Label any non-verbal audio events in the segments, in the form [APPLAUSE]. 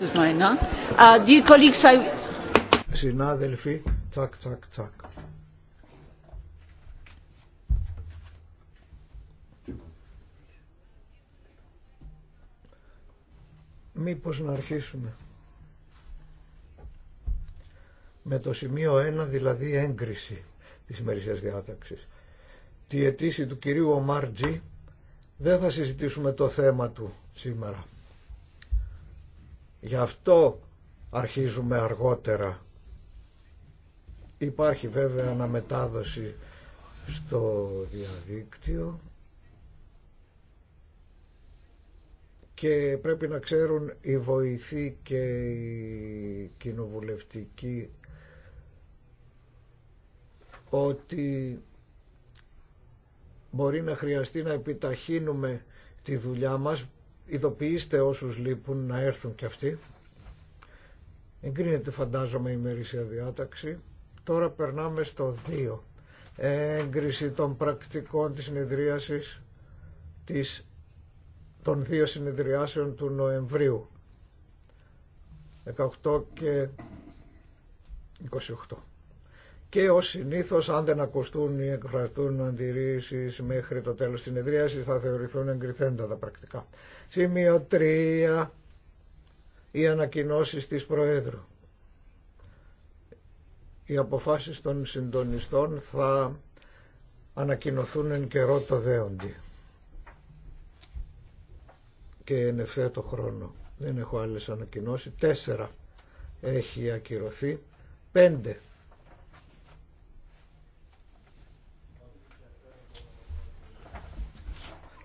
Uh, Συνάδελφοι, τσακ, τσακ, τσακ. Μήπως να αρχίσουμε. Με το σημείο 1, δηλαδή έγκριση της ημερησίας διάταξης. Τη αιτήση του κυρίου Ομάρτζη δεν θα συζητήσουμε το θέμα του σήμερα. Γι' αυτό αρχίζουμε αργότερα. Υπάρχει βέβαια αναμετάδοση στο διαδίκτυο και πρέπει να ξέρουν οι βοηθοί και οι κοινοβουλευτικοί ότι μπορεί να χρειαστεί να επιταχύνουμε τη δουλειά μας ειδοποιήστε όσους λείπουν να έρθουν κι αυτοί. Εγκρίνεται φαντάζομαι η μερίσια διάταξη. Τώρα περνάμε στο 2. Έγκριση των πρακτικών της συνεδρίασης της, των δύο συνεδριάσεων του Νοεμβρίου. 18 και 28 και ως συνήθως αν δεν ακουστούν ή εκφραστούν αντιρρήσεις μέχρι το τέλος της συνεδρίασης θα θεωρηθούν εγκριθέντα τα πρακτικά. Σημείο 3. Οι ανακοινώσει της Προέδρου. Οι αποφάσεις των συντονιστών θα ανακοινωθούν εν καιρό το δέοντι και εν ευθέτω χρόνο. Δεν έχω άλλες ανακοινώσει. Τέσσερα έχει ακυρωθεί. Πέντε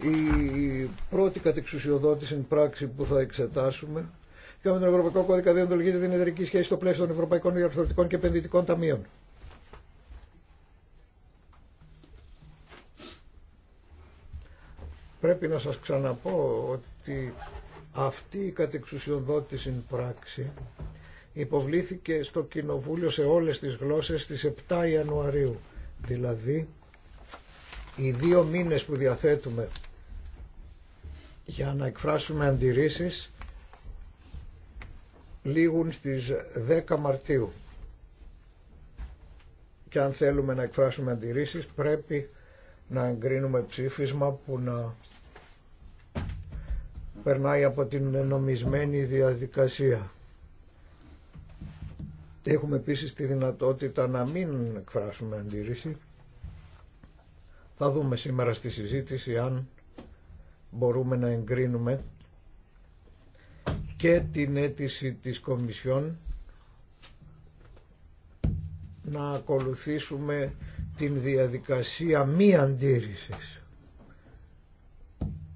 Η πρώτη κατεξουσιοδότηση πράξη που θα εξετάσουμε και με τον Ευρωπαϊκό Κώδικα Διοντολογία για την εταιρική σχέση στο πλαίσιο των Ευρωπαϊκών Διαρθρωτικών και Επενδυτικών Ταμείων. Πρέπει να σας ξαναπώ ότι αυτή η κατεξουσιοδότηση πράξη υποβλήθηκε στο Κοινοβούλιο σε όλες τις γλώσσες στις 7 Ιανουαρίου. Δηλαδή, οι δύο μήνες που διαθέτουμε για να εκφράσουμε αντιρρήσεις λίγουν στις 10 Μαρτίου. Και αν θέλουμε να εκφράσουμε αντιρρήσεις πρέπει να εγκρίνουμε ψήφισμα που να περνάει από την νομισμένη διαδικασία. Έχουμε επίσης τη δυνατότητα να μην εκφράσουμε αντίρρηση. Θα δούμε σήμερα στη συζήτηση αν μπορούμε να εγκρίνουμε και την αίτηση της Κομισιόν να ακολουθήσουμε την διαδικασία μη αντίρρησης.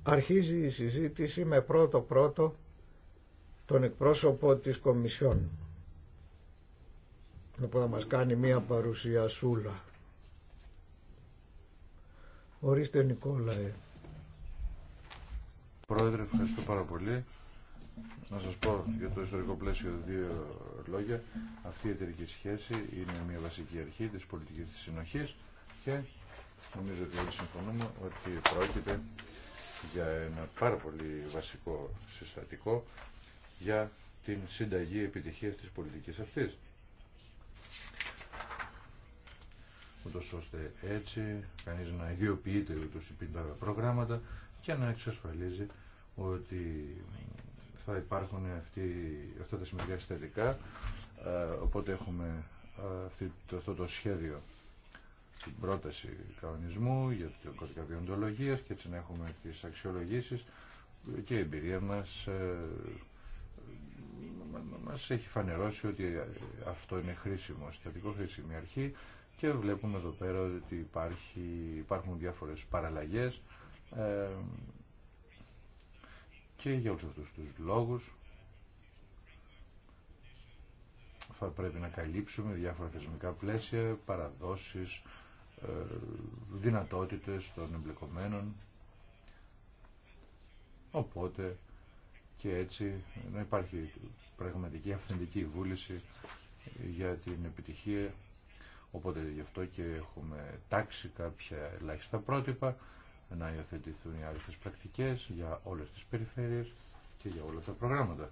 Αρχίζει η συζήτηση με πρώτο πρώτο τον εκπρόσωπο της Κομισιόν που θα μας κάνει μία παρουσιασούλα. Ορίστε Νικόλαε. Πρόεδρε, ευχαριστώ πάρα πολύ. Να σας πω για το ιστορικό πλαίσιο δύο λόγια. Αυτή η εταιρική σχέση είναι μια βασική αρχή της πολιτικής της συνοχής και νομίζω ότι όλοι συμφωνούμε ότι πρόκειται για ένα πάρα πολύ βασικό συστατικό για την συνταγή επιτυχίας της πολιτικής αυτής. ούτως ώστε έτσι κανείς να ιδιοποιείται ούτως υπήρχε προγράμματα και να εξασφαλίζει ότι θα υπάρχουν αυτοί, αυτά τα σημερινά συστατικά, ε, οπότε έχουμε ε, αυτό το σχέδιο την πρόταση κανονισμού για την κωδικά βιοντολογίας και έτσι να έχουμε τις αξιολογήσεις και η εμπειρία μας ε, μας έχει φανερώσει ότι αυτό είναι χρήσιμο, συστατικό χρήσιμη αρχή και βλέπουμε εδώ πέρα ότι υπάρχει, υπάρχουν διάφορες παραλλαγές και για όλους αυτούς τους λόγους θα πρέπει να καλύψουμε διάφορα θεσμικά πλαίσια, παραδόσεις, ε, δυνατότητες των εμπλεκομένων. Οπότε και έτσι να υπάρχει πραγματική αυθεντική βούληση για την επιτυχία. Οπότε γι' αυτό και έχουμε τάξει κάποια ελάχιστα πρότυπα να υιοθετηθούν οι άριστες πρακτικές για όλες τις περιφέρειες και για όλα τα προγράμματα.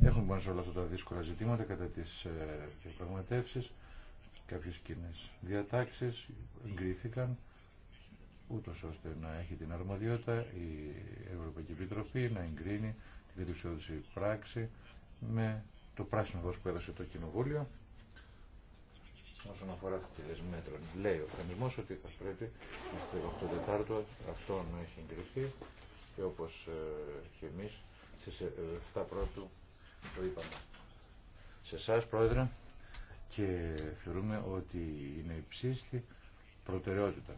Έχουν πάνω σε όλα αυτά τα δύσκολα ζητήματα κατά τις ε, διαπραγματεύσεις. Κάποιες κοινέ διατάξεις εγκρίθηκαν ούτως ώστε να έχει την αρμοδιότητα η Ευρωπαϊκή Επιτροπή να εγκρίνει την κατεξοδότηση πράξη με το πράσινο δός που έδωσε το Κοινοβούλιο όσον αφορά τι μέτρων. Λέει ο οργανισμό ότι θα πρέπει μέχρι το 8 Τετάρτο αυτό να έχει εγκριθεί και όπω ε, και εμεί στι ε, 7 Πρώτου το είπαμε. Σε εσά, Πρόεδρε, και θεωρούμε ότι είναι υψίστη προτεραιότητα.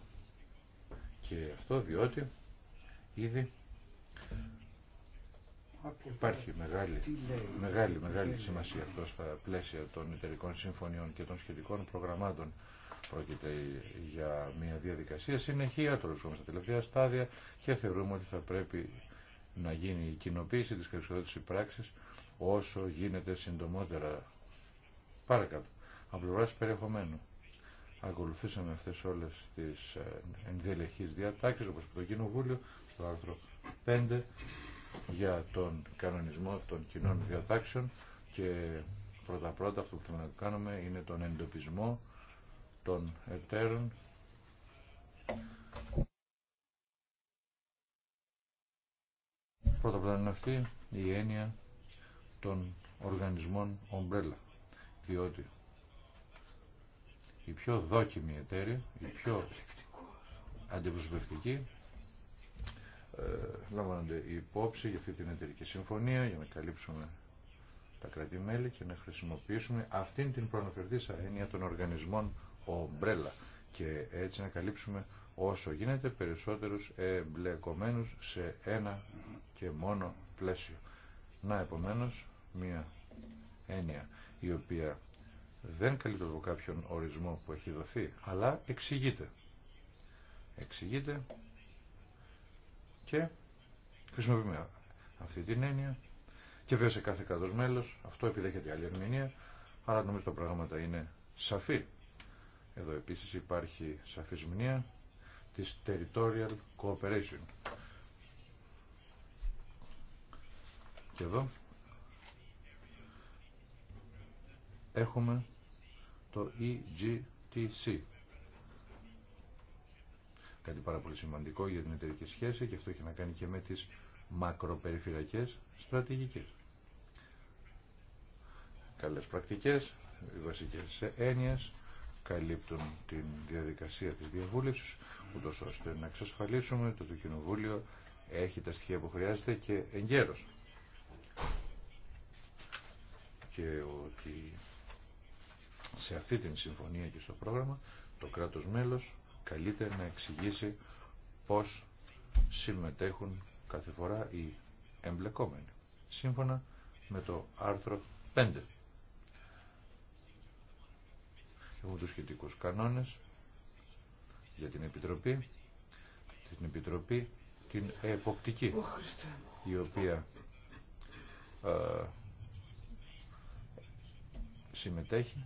Και αυτό διότι ήδη Υπάρχει μεγάλη, μεγάλη, μεγάλη σημασία αυτό στα πλαίσια των εταιρικών συμφωνιών και των σχετικών προγραμμάτων. Πρόκειται για μια διαδικασία συνεχεία, το βρισκόμαστε στα τελευταία στάδια και θεωρούμε ότι θα πρέπει να γίνει η κοινοποίηση της χρησιμοποίησης πράξης όσο γίνεται συντομότερα παρακάτω. απλουράς περιεχομένου. Ακολουθήσαμε αυτές όλες τις ε, ενδελεχείς διατάξεις όπως το Κοινοβούλιο στο άρθρο 5 για τον κανονισμό των κοινών διατάξεων και πρώτα πρώτα αυτό που θέλουμε να κάνουμε είναι τον εντοπισμό των εταίρων πρώτα πρώτα είναι αυτή η έννοια των οργανισμών ομπρέλα διότι η πιο δόκιμη εταίρη η πιο αντιπροσωπευτική. Ε, λαμβάνονται υπόψη για αυτή την εταιρική συμφωνία για να καλύψουμε τα κρατημέλη και να χρησιμοποιήσουμε αυτήν την προαναφερθήσα έννοια των οργανισμών ομπρέλα και έτσι να καλύψουμε όσο γίνεται περισσότερους εμπλεκομένους σε ένα και μόνο πλαίσιο. Να επομένως μία έννοια η οποία δεν καλύπτει από κάποιον ορισμό που έχει δοθεί αλλά εξηγείται. Εξηγείται και χρησιμοποιούμε αυτή την έννοια και βέβαια σε κάθε κράτο μέλο αυτό επιδέχεται άλλη ερμηνεία, άρα νομίζω τα πράγματα είναι σαφή. Εδώ επίσης υπάρχει σαφή μνήμα τη Territorial Cooperation. Και εδώ έχουμε το EGTC, κάτι πάρα πολύ σημαντικό για την εταιρική σχέση και αυτό έχει να κάνει και με τις μακροπεριφυρακές στρατηγικές. Καλές πρακτικές, οι βασικές έννοιες καλύπτουν την διαδικασία της διαβούλευσης, ούτως ώστε να εξασφαλίσουμε ότι το Κοινοβούλιο έχει τα στοιχεία που χρειάζεται και εγκαίρως. Και ότι σε αυτή την συμφωνία και στο πρόγραμμα το κράτος μέλος καλύτερα να εξηγήσει πώς συμμετέχουν κάθε φορά οι εμπλεκόμενοι, σύμφωνα με το άρθρο 5. Έχουμε τους σχετικούς κανόνες για την Επιτροπή, την Επιτροπή, την Εποπτική, η οποία ε, συμμετέχει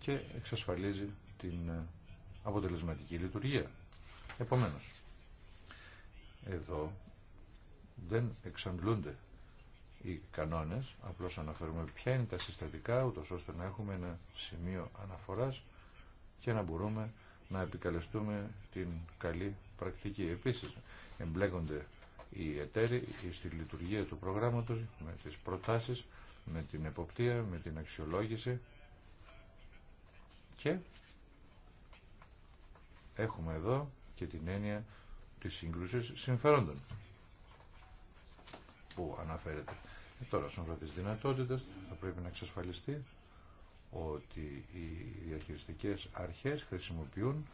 και εξασφαλίζει την ε, αποτελεσματική λειτουργία. Επομένως, εδώ δεν εξαντλούνται οι κανόνες, απλώς αναφέρουμε ποια είναι τα συστατικά, ούτως ώστε να έχουμε ένα σημείο αναφοράς και να μπορούμε να επικαλεστούμε την καλή πρακτική. Επίσης, εμπλέκονται οι εταίροι στη λειτουργία του προγράμματος, με τις προτάσεις, με την εποπτεία, με την αξιολόγηση και Έχουμε εδώ και την έννοια της σύγκρουσης συμφερόντων που αναφέρεται. Ε, τώρα, στον με τις δυνατότητες, θα πρέπει να εξασφαλιστεί ότι οι διαχειριστικές αρχές χρησιμοποιούν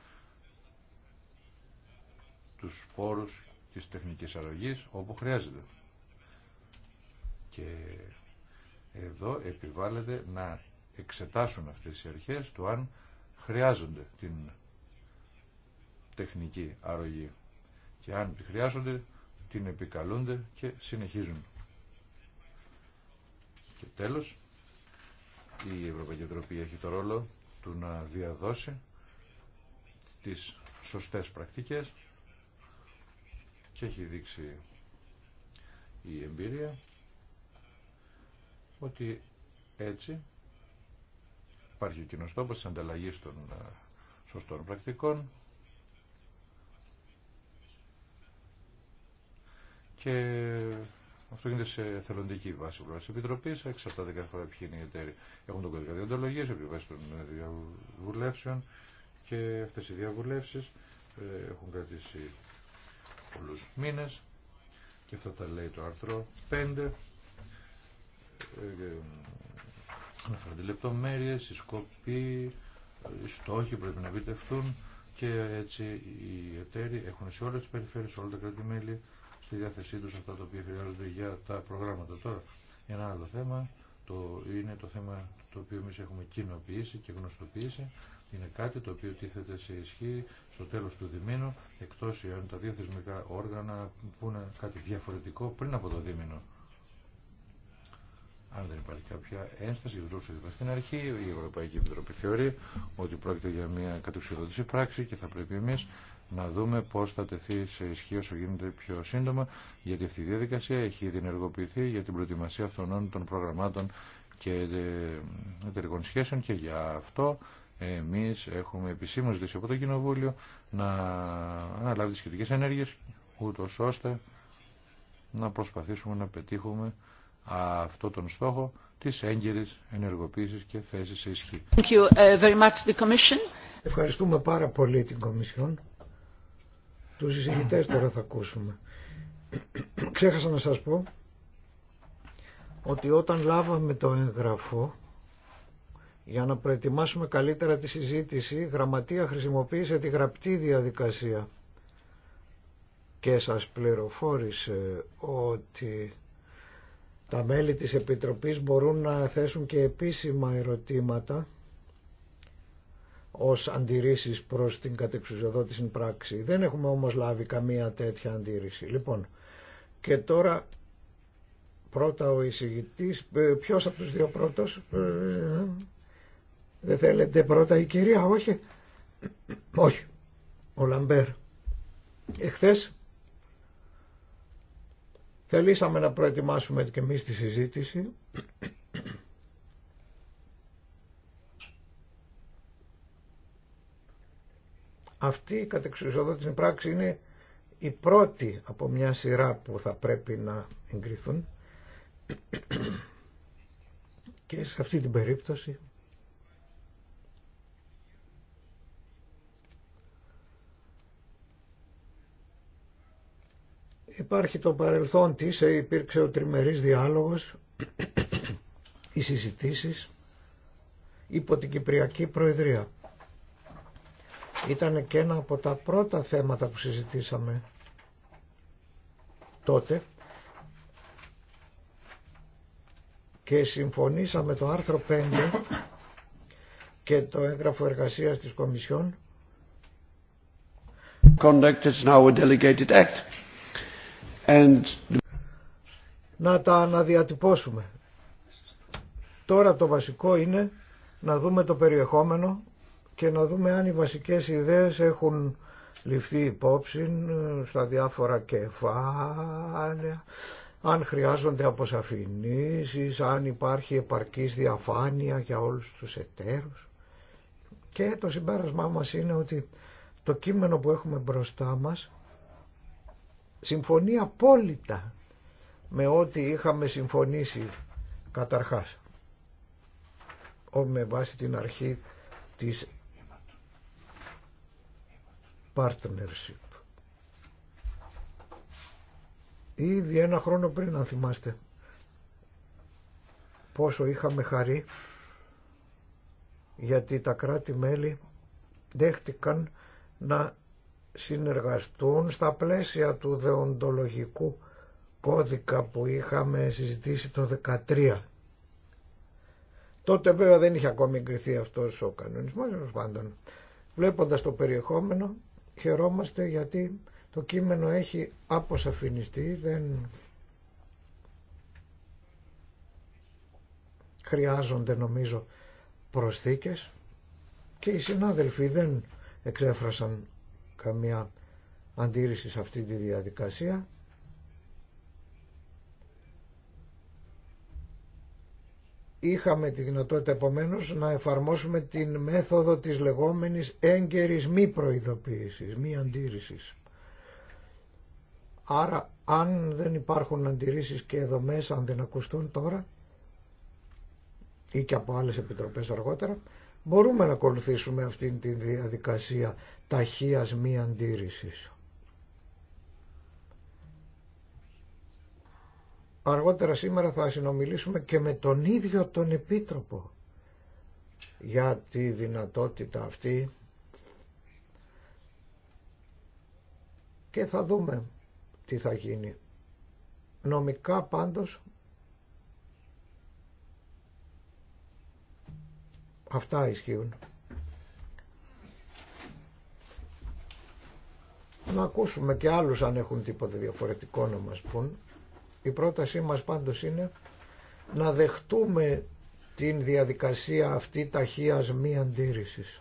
τους πόρους της τεχνικής αρρωγής όπου χρειάζεται. Και εδώ επιβάλλεται να εξετάσουν αυτές οι αρχές το αν χρειάζονται την τεχνική αρρωγή. Και αν τη χρειάζονται, την επικαλούνται και συνεχίζουν. Και τέλος, η Ευρωπαϊκή Εντροπή έχει το ρόλο του να διαδώσει τις σωστές πρακτικές και έχει δείξει η εμπειρία ότι έτσι υπάρχει ο κοινός τόπος της ανταλλαγής των ε, σωστών πρακτικών και αυτό γίνεται σε θελοντική βάση πλευρά τη Επιτροπή. Εξαρτάται κάθε φορά ποιοι είναι οι εταίροι. Έχουν τον κώδικα διοντολογία, οι επιβάσει των διαβουλεύσεων και αυτέ οι διαβουλεύσει ε, έχουν κρατήσει πολλού μήνε. Και αυτά τα λέει το άρθρο 5. Ε, ε, αναφέρονται λεπτομέρειε, οι σκοποί, οι στόχοι πρέπει να επιτευχθούν και έτσι οι εταίροι έχουν σε όλε τι περιφέρειε, σε όλα τα κράτη-μέλη στη διάθεσή τους αυτά τα οποία χρειάζονται για τα προγράμματα. Τώρα, ένα άλλο θέμα, το είναι το θέμα το οποίο εμεί έχουμε κοινοποιήσει και γνωστοποιήσει. Είναι κάτι το οποίο τίθεται σε ισχύ στο τέλος του διμήνου, εκτός αν τα δύο θεσμικά όργανα είναι κάτι διαφορετικό πριν από το δίμηνο αν δεν υπάρχει κάποια ένσταση για Στην αρχή η Ευρωπαϊκή Επιτροπή θεωρεί ότι πρόκειται για μια κατοξιδότηση πράξη και θα πρέπει εμεί να δούμε πώ θα τεθεί σε ισχύ όσο γίνεται πιο σύντομα, γιατί αυτή η διαδικασία έχει διενεργοποιηθεί για την προετοιμασία αυτών των προγραμμάτων και ε, εταιρικών σχέσεων και για αυτό εμεί έχουμε επισήμω ζητήσει από το Κοινοβούλιο να αναλάβει τι σχετικέ ενέργειε, ούτω ώστε να προσπαθήσουμε να πετύχουμε αυτό τον στόχο της έγκυρης ενεργοποίησης και θέσης σε ισχύ. Thank you uh, Ευχαριστούμε πάρα πολύ την Κομισιόν. Τους εισηγητές τώρα θα ακούσουμε. Ξέχασα να σας πω ότι όταν λάβαμε το έγγραφο για να προετοιμάσουμε καλύτερα τη συζήτηση, η Γραμματεία χρησιμοποίησε τη γραπτή διαδικασία και σας πληροφόρησε ότι τα μέλη της Επιτροπής μπορούν να θέσουν και επίσημα ερωτήματα ως αντιρρήσεις προς την κατεξουσιοδότηση πράξη. Δεν έχουμε όμως λάβει καμία τέτοια αντίρρηση. Λοιπόν, και τώρα πρώτα ο εισηγητής, ε, ποιος από τους δύο πρώτος, ε, δεν θέλετε πρώτα η κυρία, όχι, [COUGHS] όχι, ο Λαμπέρ. Εχθές Θελήσαμε να προετοιμάσουμε και εμείς τη συζήτηση. Αυτή η κατεξουσιοδότηση πράξη είναι η πρώτη από μια σειρά που θα πρέπει να εγκριθούν και σε αυτή την περίπτωση Υπάρχει το παρελθόν της, ε, υπήρξε ο τριμερής διάλογος, οι συζητήσεις υπό την Κυπριακή Προεδρία. Ήταν και ένα από τα πρώτα θέματα που συζητήσαμε τότε και συμφωνήσαμε το άρθρο 5 και το έγγραφο εργασίας της Κομισιόν Conduct now a να τα αναδιατυπώσουμε. Τώρα το βασικό είναι να δούμε το περιεχόμενο και να δούμε αν οι βασικές ιδέες έχουν ληφθεί υπόψη ε, στα διάφορα κεφάλαια, αν χρειάζονται αποσαφηνήσεις, αν υπάρχει επαρκής διαφάνεια για όλους τους εταίρους. Και το συμπέρασμά μας είναι ότι το κείμενο που έχουμε μπροστά μας συμφωνεί απόλυτα με ό,τι είχαμε συμφωνήσει καταρχάς ο, με βάση την αρχή της partnership. Ήδη ένα χρόνο πριν αν θυμάστε πόσο είχαμε χαρί γιατί τα κράτη-μέλη δέχτηκαν να συνεργαστούν στα πλαίσια του δεοντολογικού κώδικα που είχαμε συζητήσει το 2013. Τότε βέβαια δεν είχε ακόμη εγκριθεί αυτός ο κανονισμός, πάντων. Βλέποντας το περιεχόμενο χαιρόμαστε γιατί το κείμενο έχει αποσαφινιστεί, δεν χρειάζονται νομίζω προσθήκες και οι συνάδελφοι δεν εξέφρασαν καμία αντίρρηση σε αυτή τη διαδικασία. Είχαμε τη δυνατότητα επομένως να εφαρμόσουμε την μέθοδο της λεγόμενης έγκαιρης μη προειδοποίησης, μη αντίρρησης. Άρα αν δεν υπάρχουν αντιρρήσεις και εδώ μέσα, αν δεν ακουστούν τώρα ή και από άλλες επιτροπές αργότερα, μπορούμε να ακολουθήσουμε αυτή τη διαδικασία ταχείας μη αντίρρησης. Αργότερα σήμερα θα συνομιλήσουμε και με τον ίδιο τον Επίτροπο για τη δυνατότητα αυτή και θα δούμε τι θα γίνει. Νομικά πάντως Αυτά ισχύουν. Να ακούσουμε και άλλους αν έχουν τίποτα διαφορετικό να μας πούν. Η πρότασή μας πάντως είναι να δεχτούμε την διαδικασία αυτή ταχείας μη αντίρρησης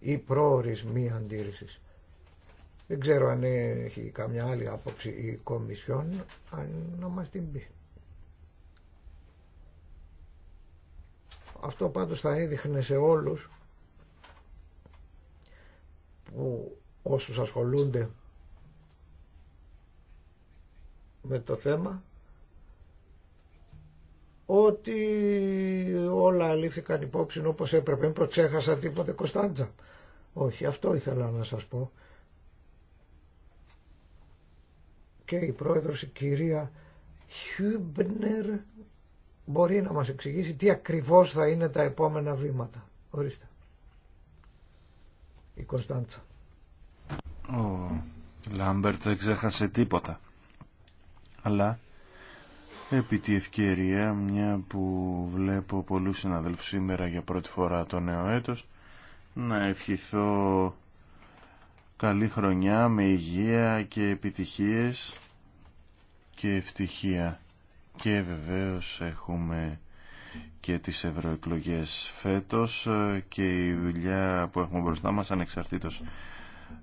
ή πρόορης μη αντίρρησης. Δεν ξέρω αν έχει καμιά άλλη άποψη η Κομισιόν, αν να μας την πει. Αυτό πάντως θα έδειχνε σε όλους που όσους ασχολούνται με το θέμα ότι όλα αλήθηκαν υπόψη όπως έπρεπε. Δεν προτσέχασα τίποτε Κωνσταντζα. Όχι, αυτό ήθελα να σας πω. Και η πρόεδρος η κυρία Χιούμπνερ μπορεί να μας εξηγήσει τι ακριβώς θα είναι τα επόμενα βήματα. Ορίστε. Η Κωνσταντσα. Ο Λάμπερτ δεν ξέχασε τίποτα. Αλλά επί τη ευκαιρία μια που βλέπω πολλούς συναδέλφους σήμερα για πρώτη φορά το νέο έτος να ευχηθώ καλή χρονιά με υγεία και επιτυχίες και ευτυχία και βεβαίως έχουμε και τις ευρωεκλογέ φέτος και η δουλειά που έχουμε μπροστά μας ανεξαρτήτως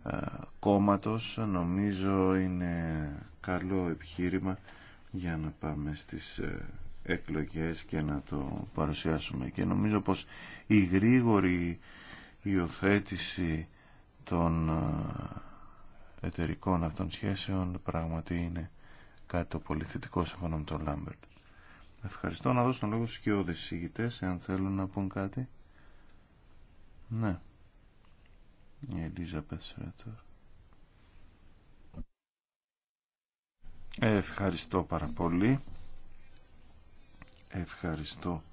ε, κόμματος νομίζω είναι καλό επιχείρημα για να πάμε στις ε, εκλογές και να το παρουσιάσουμε και νομίζω πως η γρήγορη υιοθέτηση των ε, εταιρικών αυτών σχέσεων πράγματι είναι κάτι το πολύ θετικό με τον Λάμπερτ. Ευχαριστώ να δώσω τον λόγο στους κοιόδες συζητητές, εάν θέλουν να πούν κάτι. Ναι. Η Ελίζα ε, Ευχαριστώ πάρα πολύ. Ευχαριστώ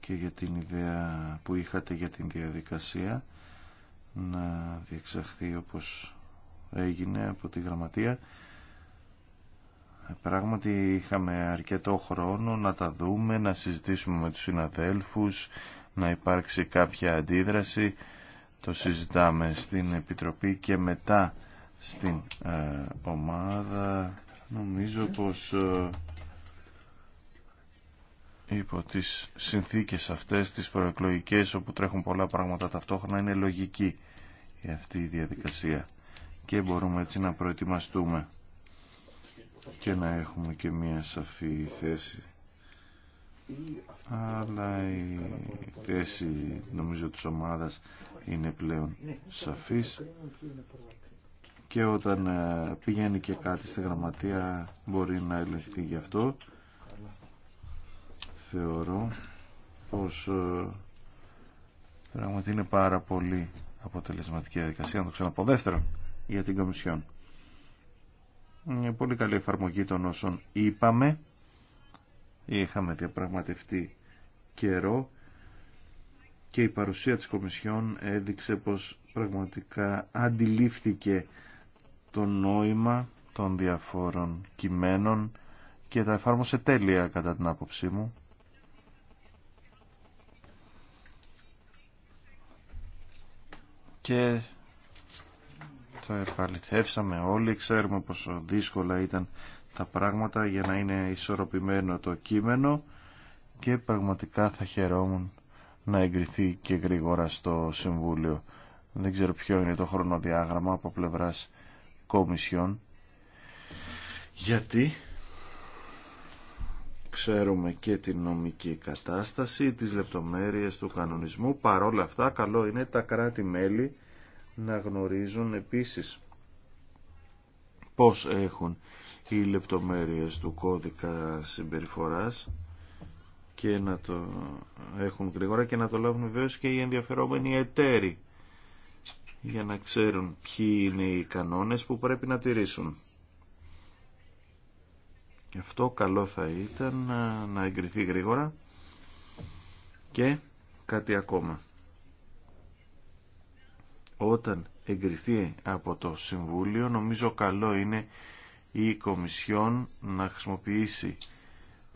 και για την ιδέα που είχατε για την διαδικασία να διεξαχθεί όπως έγινε από τη γραμματεία. Πράγματι είχαμε αρκετό χρόνο να τα δούμε, να συζητήσουμε με τους συναδέλφους, να υπάρξει κάποια αντίδραση. Το συζητάμε στην Επιτροπή και μετά στην ε, ομάδα. Νομίζω πως ε, υπό τις συνθήκες αυτές, τις προεκλογικές, όπου τρέχουν πολλά πράγματα ταυτόχρονα, είναι λογική αυτή η διαδικασία και μπορούμε έτσι να προετοιμαστούμε και να έχουμε και μια σαφή θέση αλλά η θέση νομίζω της ομάδας είναι πλέον σαφής και όταν ε, πηγαίνει και κάτι στη γραμματεία μπορεί να ελεγχθεί γι' αυτό θεωρώ πως ε, πράγματι είναι πάρα πολύ αποτελεσματική διαδικασία να το ξαναπώ δεύτερο για την Κομισιόν πολύ καλή εφαρμογή των όσων είπαμε. Είχαμε διαπραγματευτεί καιρό και η παρουσία της Κομισιόν έδειξε πως πραγματικά αντιλήφθηκε το νόημα των διαφόρων κειμένων και τα εφάρμοσε τέλεια κατά την άποψή μου. Και το επαληθεύσαμε όλοι. Ξέρουμε πόσο δύσκολα ήταν τα πράγματα για να είναι ισορροπημένο το κείμενο και πραγματικά θα χαιρόμουν να εγκριθεί και γρήγορα στο Συμβούλιο. Δεν ξέρω ποιο είναι το χρονοδιάγραμμα από πλευράς κομισιών. Γιατί ξέρουμε και την νομική κατάσταση, τις λεπτομέρειες του κανονισμού. Παρόλα αυτά καλό είναι τα κράτη-μέλη να γνωρίζουν επίσης πώς έχουν οι λεπτομέρειες του κώδικα συμπεριφοράς και να το έχουν γρήγορα και να το λάβουν βεβαίως και οι ενδιαφερόμενοι εταίροι για να ξέρουν ποιοι είναι οι κανόνες που πρέπει να τηρήσουν. Γι' αυτό καλό θα ήταν να εγκριθεί γρήγορα και κάτι ακόμα όταν εγκριθεί από το Συμβούλιο νομίζω καλό είναι η Κομισιόν να χρησιμοποιήσει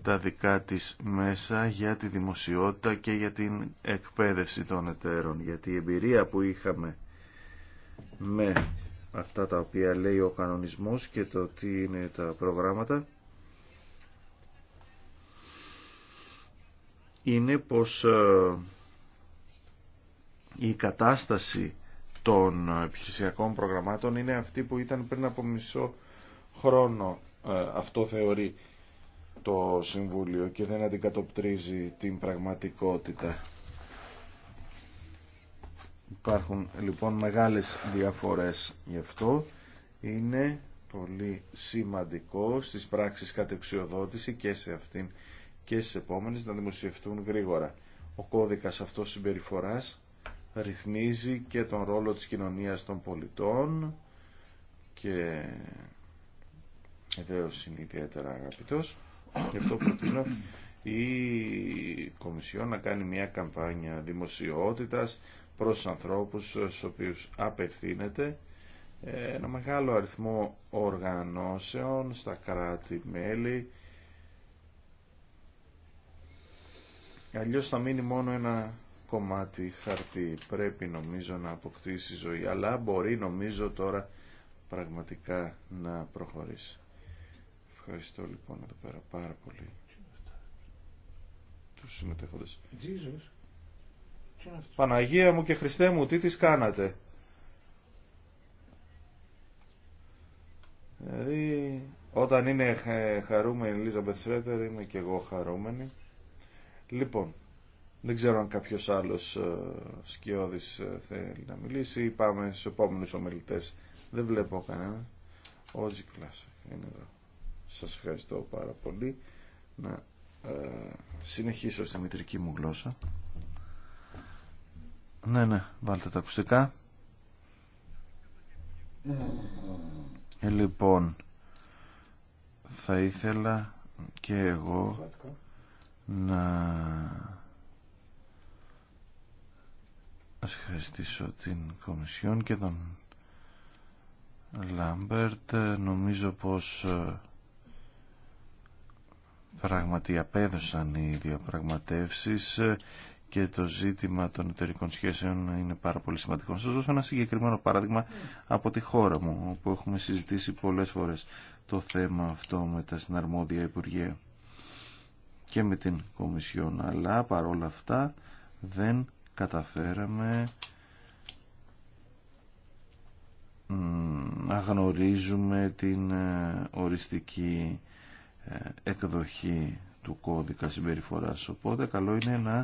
τα δικά της μέσα για τη δημοσιότητα και για την εκπαίδευση των εταίρων γιατί η εμπειρία που είχαμε με αυτά τα οποία λέει ο κανονισμός και το τι είναι τα προγράμματα είναι πως ε, η κατάσταση των επιχειρησιακών προγραμμάτων είναι αυτή που ήταν πριν από μισό χρόνο. Ε, αυτό θεωρεί το Συμβούλιο και δεν αντικατοπτρίζει την πραγματικότητα. Υπάρχουν λοιπόν μεγάλες διαφορές γι' αυτό. Είναι πολύ σημαντικό στις πράξεις κατεξιοδότηση και σε αυτήν και στις επόμενες να δημοσιευτούν γρήγορα. Ο κώδικας αυτός συμπεριφοράς ρυθμίζει και τον ρόλο της κοινωνίας των πολιτών και βεβαίω είναι ιδιαίτερα αγαπητός γι' αυτό προτείνω η Κομισιόν να κάνει μια καμπάνια δημοσιότητας προς ανθρώπους στους οποίους απευθύνεται ε, ένα μεγάλο αριθμό οργανώσεων στα κράτη-μέλη αλλιώς θα μείνει μόνο ένα κομμάτι χαρτί. Πρέπει νομίζω να αποκτήσει ζωή, αλλά μπορεί νομίζω τώρα πραγματικά να προχωρήσει. Ευχαριστώ λοιπόν εδώ πέρα πάρα πολύ τους συμμετέχοντες. Jesus. Παναγία μου και Χριστέ μου, τι τις κάνατε. Δηλαδή, όταν είναι ε, χαρούμενη η Ελίζα Μπεθρέτερ, είμαι και εγώ χαρούμενη. Λοιπόν, δεν ξέρω αν κάποιος άλλος ε, σκιώδης ε, θέλει να μιλήσει. Πάμε στους επόμενους ομιλητές. Δεν βλέπω κανένα. Ο Ζικλάς είναι εδώ. Σας ευχαριστώ πάρα πολύ. Να ε, συνεχίσω στη μητρική μου γλώσσα. Ναι, ναι, βάλτε τα ακουστικά. Ε, λοιπόν, θα ήθελα και εγώ να Ας ευχαριστήσω την Κομισιόν και τον Λάμπερτ. Νομίζω πως ε, πράγματι απέδωσαν οι διαπραγματεύσεις ε, και το ζήτημα των εταιρικών σχέσεων είναι πάρα πολύ σημαντικό. Σας δώσω ένα συγκεκριμένο παράδειγμα από τη χώρα μου, όπου έχουμε συζητήσει πολλές φορές το θέμα αυτό με τα συναρμόδια Υπουργεία και με την Κομισιόν, αλλά παρόλα αυτά δεν καταφέραμε να γνωρίζουμε την ε, οριστική ε, εκδοχή του κώδικα συμπεριφοράς. Οπότε καλό είναι να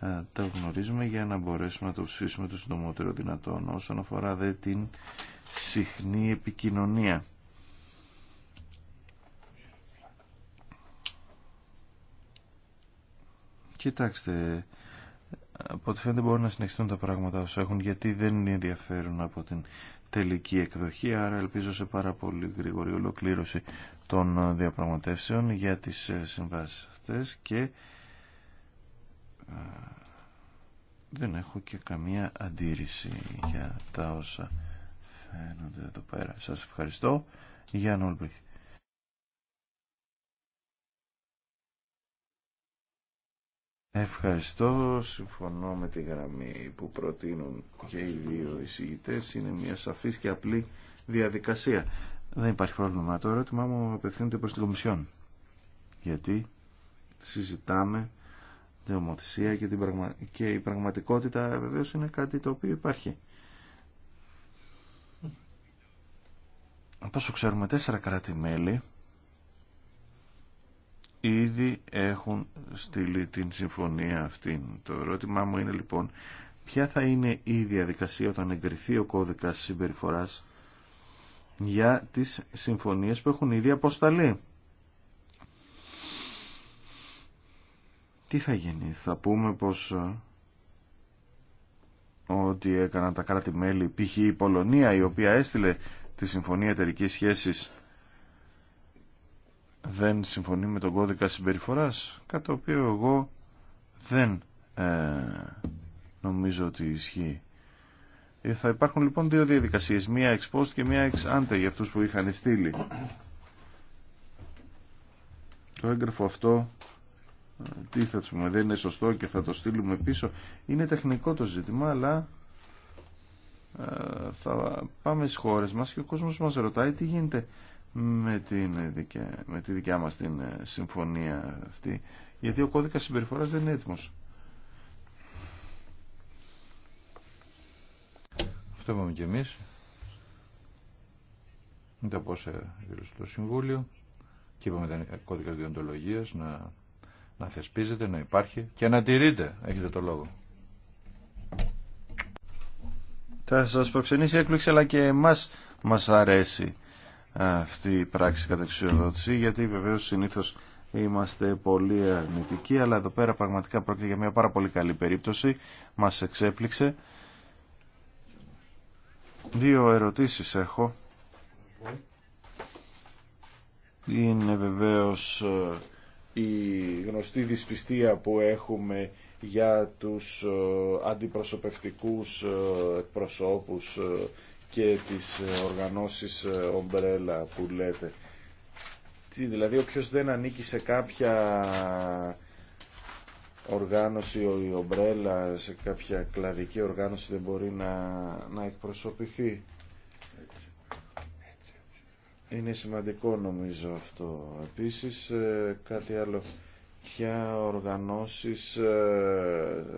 ε, τα γνωρίζουμε για να μπορέσουμε να το ψηφίσουμε το συντομότερο δυνατόν. Όσον αφορά δε την συχνή επικοινωνία. Κοιτάξτε, από ό,τι φαίνεται μπορούν να συνεχιστούν τα πράγματα όσο έχουν γιατί δεν ενδιαφέρουν από την τελική εκδοχή άρα ελπίζω σε πάρα πολύ γρήγορη ολοκλήρωση των διαπραγματεύσεων για τις ε, συμβάσεις αυτές και ε, δεν έχω και καμία αντίρρηση για τα όσα φαίνονται εδώ πέρα. Σας ευχαριστώ. Γιάννη Ολμπρίχη. Ευχαριστώ. Συμφωνώ με τη γραμμή που προτείνουν και οι δύο εισηγητέ. Είναι μια σαφής και απλή διαδικασία. Δεν υπάρχει πρόβλημα. Το ερώτημά μου απευθύνεται προς την Κομισιόν. Γιατί συζητάμε την ομοθεσία και, την και η πραγματικότητα βεβαίω είναι κάτι το οποίο υπάρχει. Πόσο ξέρουμε, τέσσερα κράτη-μέλη ήδη έχουν στείλει την συμφωνία αυτή. Το ερώτημά μου είναι λοιπόν ποια θα είναι η διαδικασία όταν εγκριθεί ο κώδικας συμπεριφοράς για τις συμφωνίες που έχουν ήδη αποσταλεί. Τι θα γίνει, θα πούμε πως ε, ότι έκαναν τα κράτη-μέλη, π.χ. η Πολωνία η οποία έστειλε τη Συμφωνία Εταιρικής Σχέσης δεν συμφωνεί με τον κώδικα συμπεριφοράς, κατά το οποίο εγώ δεν ε, νομίζω ότι ισχύει. Ε, θα υπάρχουν λοιπόν δύο διαδικασίες, μία ex post και μία ex ante για αυτούς που είχαν στείλει. Το έγγραφο αυτό, ε, τι θα τους πούμε, δεν είναι σωστό και θα το στείλουμε πίσω. Είναι τεχνικό το ζήτημα, αλλά ε, θα πάμε στις χώρες μας και ο κόσμος μας ρωτάει τι γίνεται με, την με τη δικιά μας την ε, συμφωνία αυτή γιατί ο κώδικας συμπεριφοράς δεν είναι έτοιμος. Αυτό είπαμε και εμείς. Μετά τα το Συμβούλιο και είπαμε ήταν κώδικας διοντολογίας να, να θεσπίζεται, να υπάρχει και να τηρείται. Έχετε το λόγο. Θα σας προξενήσει έκπληξη αλλά και εμάς μας αρέσει αυτή η πράξη καταξιοδότηση γιατί βεβαίως συνήθως είμαστε πολύ αρνητικοί αλλά εδώ πέρα πραγματικά πρόκειται για μια πάρα πολύ καλή περίπτωση μας εξέπληξε δύο ερωτήσεις έχω είναι βεβαίως ε, η γνωστή δυσπιστία που έχουμε για τους ε, αντιπροσωπευτικούς ε, εκπροσώπους και τις ε, οργανώσεις ομπρέλα ε, που λέτε. Τι, δηλαδή όποιος δεν ανήκει σε κάποια οργάνωση, η ομπρέλα, σε κάποια κλαδική οργάνωση δεν μπορεί να, να εκπροσωπηθεί. Είναι σημαντικό νομίζω αυτό. Επίσης ε, κάτι άλλο. Ποια οργανώσεις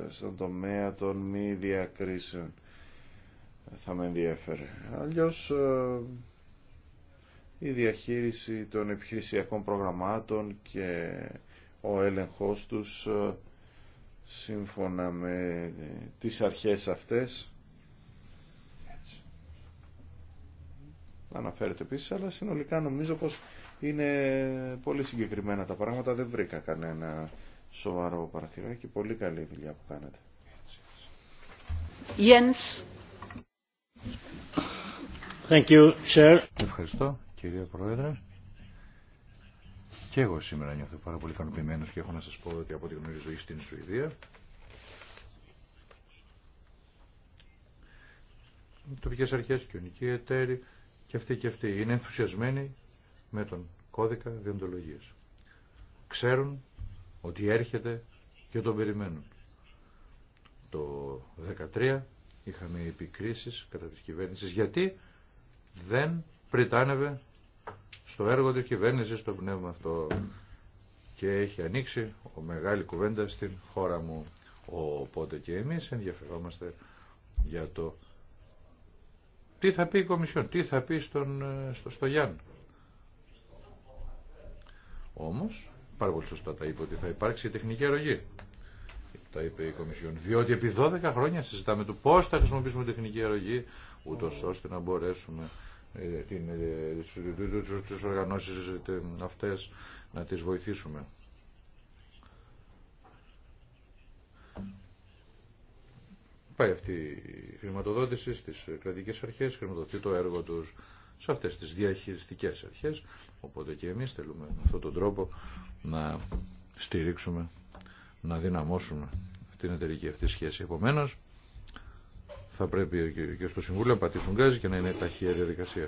στον τομέα των μη διακρίσεων θα με ενδιέφερε. Αλλιώς ε, η διαχείριση των επιχειρησιακών προγραμμάτων και ο έλεγχος τους ε, σύμφωνα με τις αρχές αυτές αναφέρεται επίση, αλλά συνολικά νομίζω πως είναι πολύ συγκεκριμένα τα πράγματα. Δεν βρήκα κανένα σοβαρό παραθυράκι. Πολύ καλή δουλειά που κάνετε. Jens. Ευχαριστώ, κύριε Πρόεδρε. Και εγώ σήμερα νιώθω πάρα πολύ ικανοποιημένο και έχω να σα πω ότι από ό,τι γνωρίζω είσαι στην Σουηδία. αρχέ αρχές, κοινωνικοί εταίροι και αυτοί και αυτοί είναι ενθουσιασμένοι με τον κώδικα διοντολογία. Ξέρουν ότι έρχεται και τον περιμένουν. Το 2013 είχαμε επικρίσεις κατά τη κυβέρνηση γιατί δεν πριτάνευε στο έργο της κυβέρνηση στο πνεύμα αυτό και έχει ανοίξει ο μεγάλη κουβέντα στην χώρα μου. Οπότε και εμείς ενδιαφερόμαστε για το τι θα πει η Κομισιόν, τι θα πει στον, ε, στο, στο Γιάννη. Όμως, πάρα πολύ σωστά τα είπε ότι θα υπάρξει τεχνική αρρωγή τα είπε η Κομισιόν. Διότι επί 12 χρόνια συζητάμε το πώ θα χρησιμοποιήσουμε τεχνική αρρωγή, ούτω ώστε να μπορέσουμε ε, ε, τι οργανώσει ε, αυτέ να τι βοηθήσουμε. Πάει αυτή η χρηματοδότηση στις κρατικέ αρχές, χρηματοδοτεί το έργο τους σε αυτές τις διαχειριστικές αρχές, οπότε και εμείς θέλουμε με αυτόν τον τρόπο να στηρίξουμε να δυναμώσουν την εταιρική αυτή σχέση. Επομένως, θα πρέπει και στο Συμβούλιο να πατήσουν γκάζι και να είναι ταχεία διαδικασία.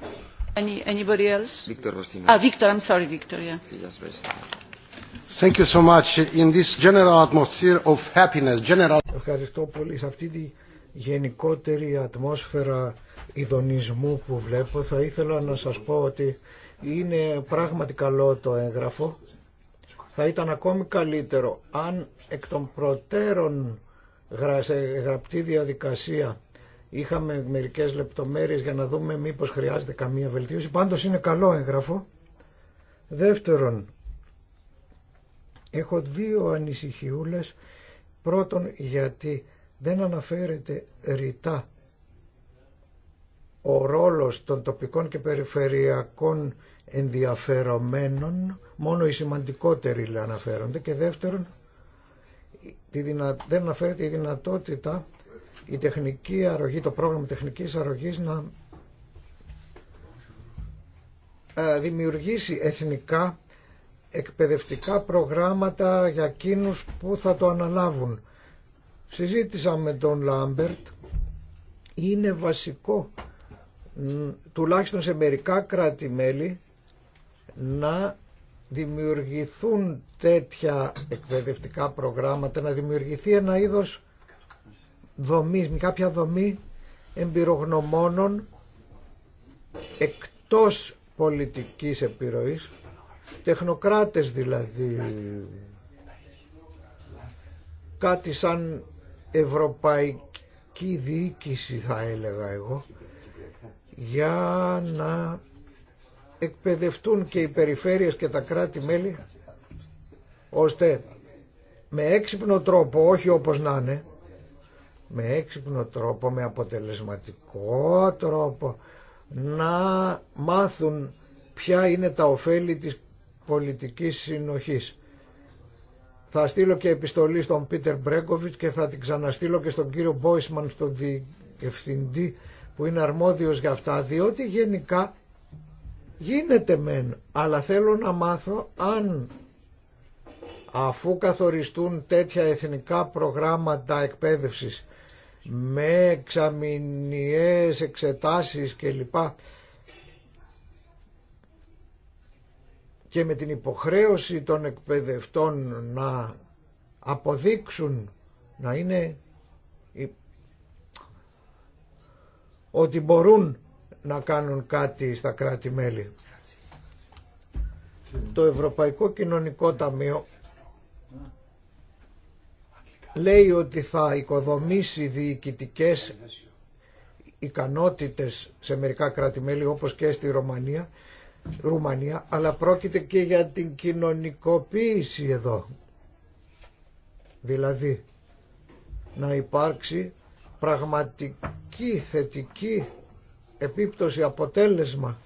Ευχαριστώ πολύ. Σε αυτή τη γενικότερη ατμόσφαιρα ειδονισμού που βλέπω θα ήθελα να σας πω ότι είναι πράγματι καλό το έγγραφο θα ήταν ακόμη καλύτερο αν εκ των προτέρων γραπτή διαδικασία είχαμε μερικές λεπτομέρειες για να δούμε μήπως χρειάζεται καμία βελτίωση. Πάντως είναι καλό έγγραφο. Δεύτερον, έχω δύο ανησυχιούλες. Πρώτον, γιατί δεν αναφέρεται ρητά ο ρόλος των τοπικών και περιφερειακών ενδιαφερομένων, μόνο οι σημαντικότεροι αναφέρονται και δεύτερον δεν αναφέρεται η δυνατότητα η τεχνική αρρωγή, το πρόγραμμα τεχνικής αρρωγής να ε, δημιουργήσει εθνικά εκπαιδευτικά προγράμματα για εκείνους που θα το αναλάβουν. Συζήτησα με τον Λάμπερτ, είναι βασικό τουλάχιστον σε μερικά κράτη-μέλη να δημιουργηθούν τέτοια εκπαιδευτικά προγράμματα, να δημιουργηθεί ένα είδος δομής, κάποια δομή εμπειρογνωμόνων εκτός πολιτικής επιρροής, τεχνοκράτες δηλαδή, κάτι σαν ευρωπαϊκή διοίκηση θα έλεγα εγώ, για να εκπαιδευτούν και οι περιφέρειες και τα κράτη-μέλη ώστε με έξυπνο τρόπο, όχι όπως να είναι, με έξυπνο τρόπο, με αποτελεσματικό τρόπο να μάθουν ποια είναι τα ωφέλη της πολιτικής συνοχής. Θα στείλω και επιστολή στον Πίτερ Μπρέγκοβιτς και θα την ξαναστείλω και στον κύριο Μπόισμαν, στον διευθυντή που είναι αρμόδιος για αυτά, διότι γενικά Γίνεται μεν, αλλά θέλω να μάθω αν αφού καθοριστούν τέτοια εθνικά προγράμματα εκπαίδευσης με εξαμηνιές εξετάσεις κλπ. και με την υποχρέωση των εκπαιδευτών να αποδείξουν να είναι ότι μπορούν να κάνουν κάτι στα κράτη-μέλη. Το Ευρωπαϊκό Κοινωνικό Ταμείο λέει ότι θα οικοδομήσει διοικητικές ικανότητες σε μερικά κράτη-μέλη όπως και στη Ρωμανία, Ρουμανία, αλλά πρόκειται και για την κοινωνικοποίηση εδώ. Δηλαδή να υπάρξει πραγματική θετική επίπτωση, αποτέλεσμα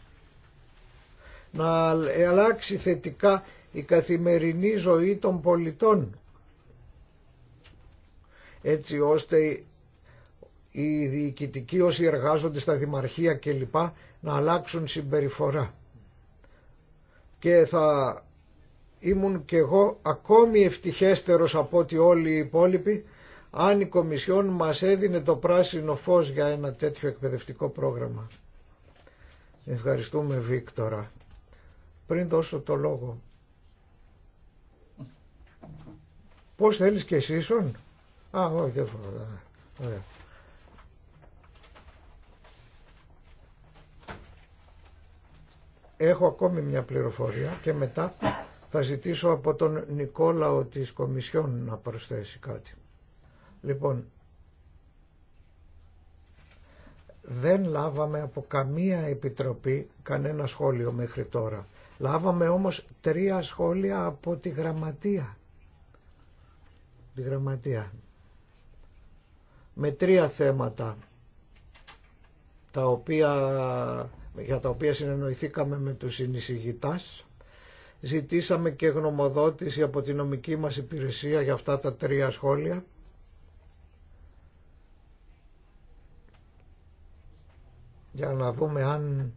να ε, αλλάξει θετικά η καθημερινή ζωή των πολιτών έτσι ώστε οι διοικητικοί όσοι εργάζονται στα δημαρχία κλπ να αλλάξουν συμπεριφορά. Και θα ήμουν και εγώ ακόμη ευτυχέστερος από ότι όλοι οι υπόλοιποι αν η Κομισιόν μας έδινε το πράσινο φως για ένα τέτοιο εκπαιδευτικό πρόγραμμα. Ευχαριστούμε Βίκτορα. Πριν δώσω το λόγο. Πώς θέλεις και εσύ Α, όχι, δεν Έχω ακόμη μια πληροφορία και μετά θα ζητήσω από τον Νικόλαο της Κομισιόν να προσθέσει κάτι. Λοιπόν, δεν λάβαμε από καμία επιτροπή κανένα σχόλιο μέχρι τώρα. Λάβαμε όμως τρία σχόλια από τη γραμματεία. Τη γραμματεία. Με τρία θέματα τα οποία, για τα οποία συνεννοηθήκαμε με τους συνεισηγητάς. Ζητήσαμε και γνωμοδότηση από τη νομική μας υπηρεσία για αυτά τα τρία σχόλια για να δούμε αν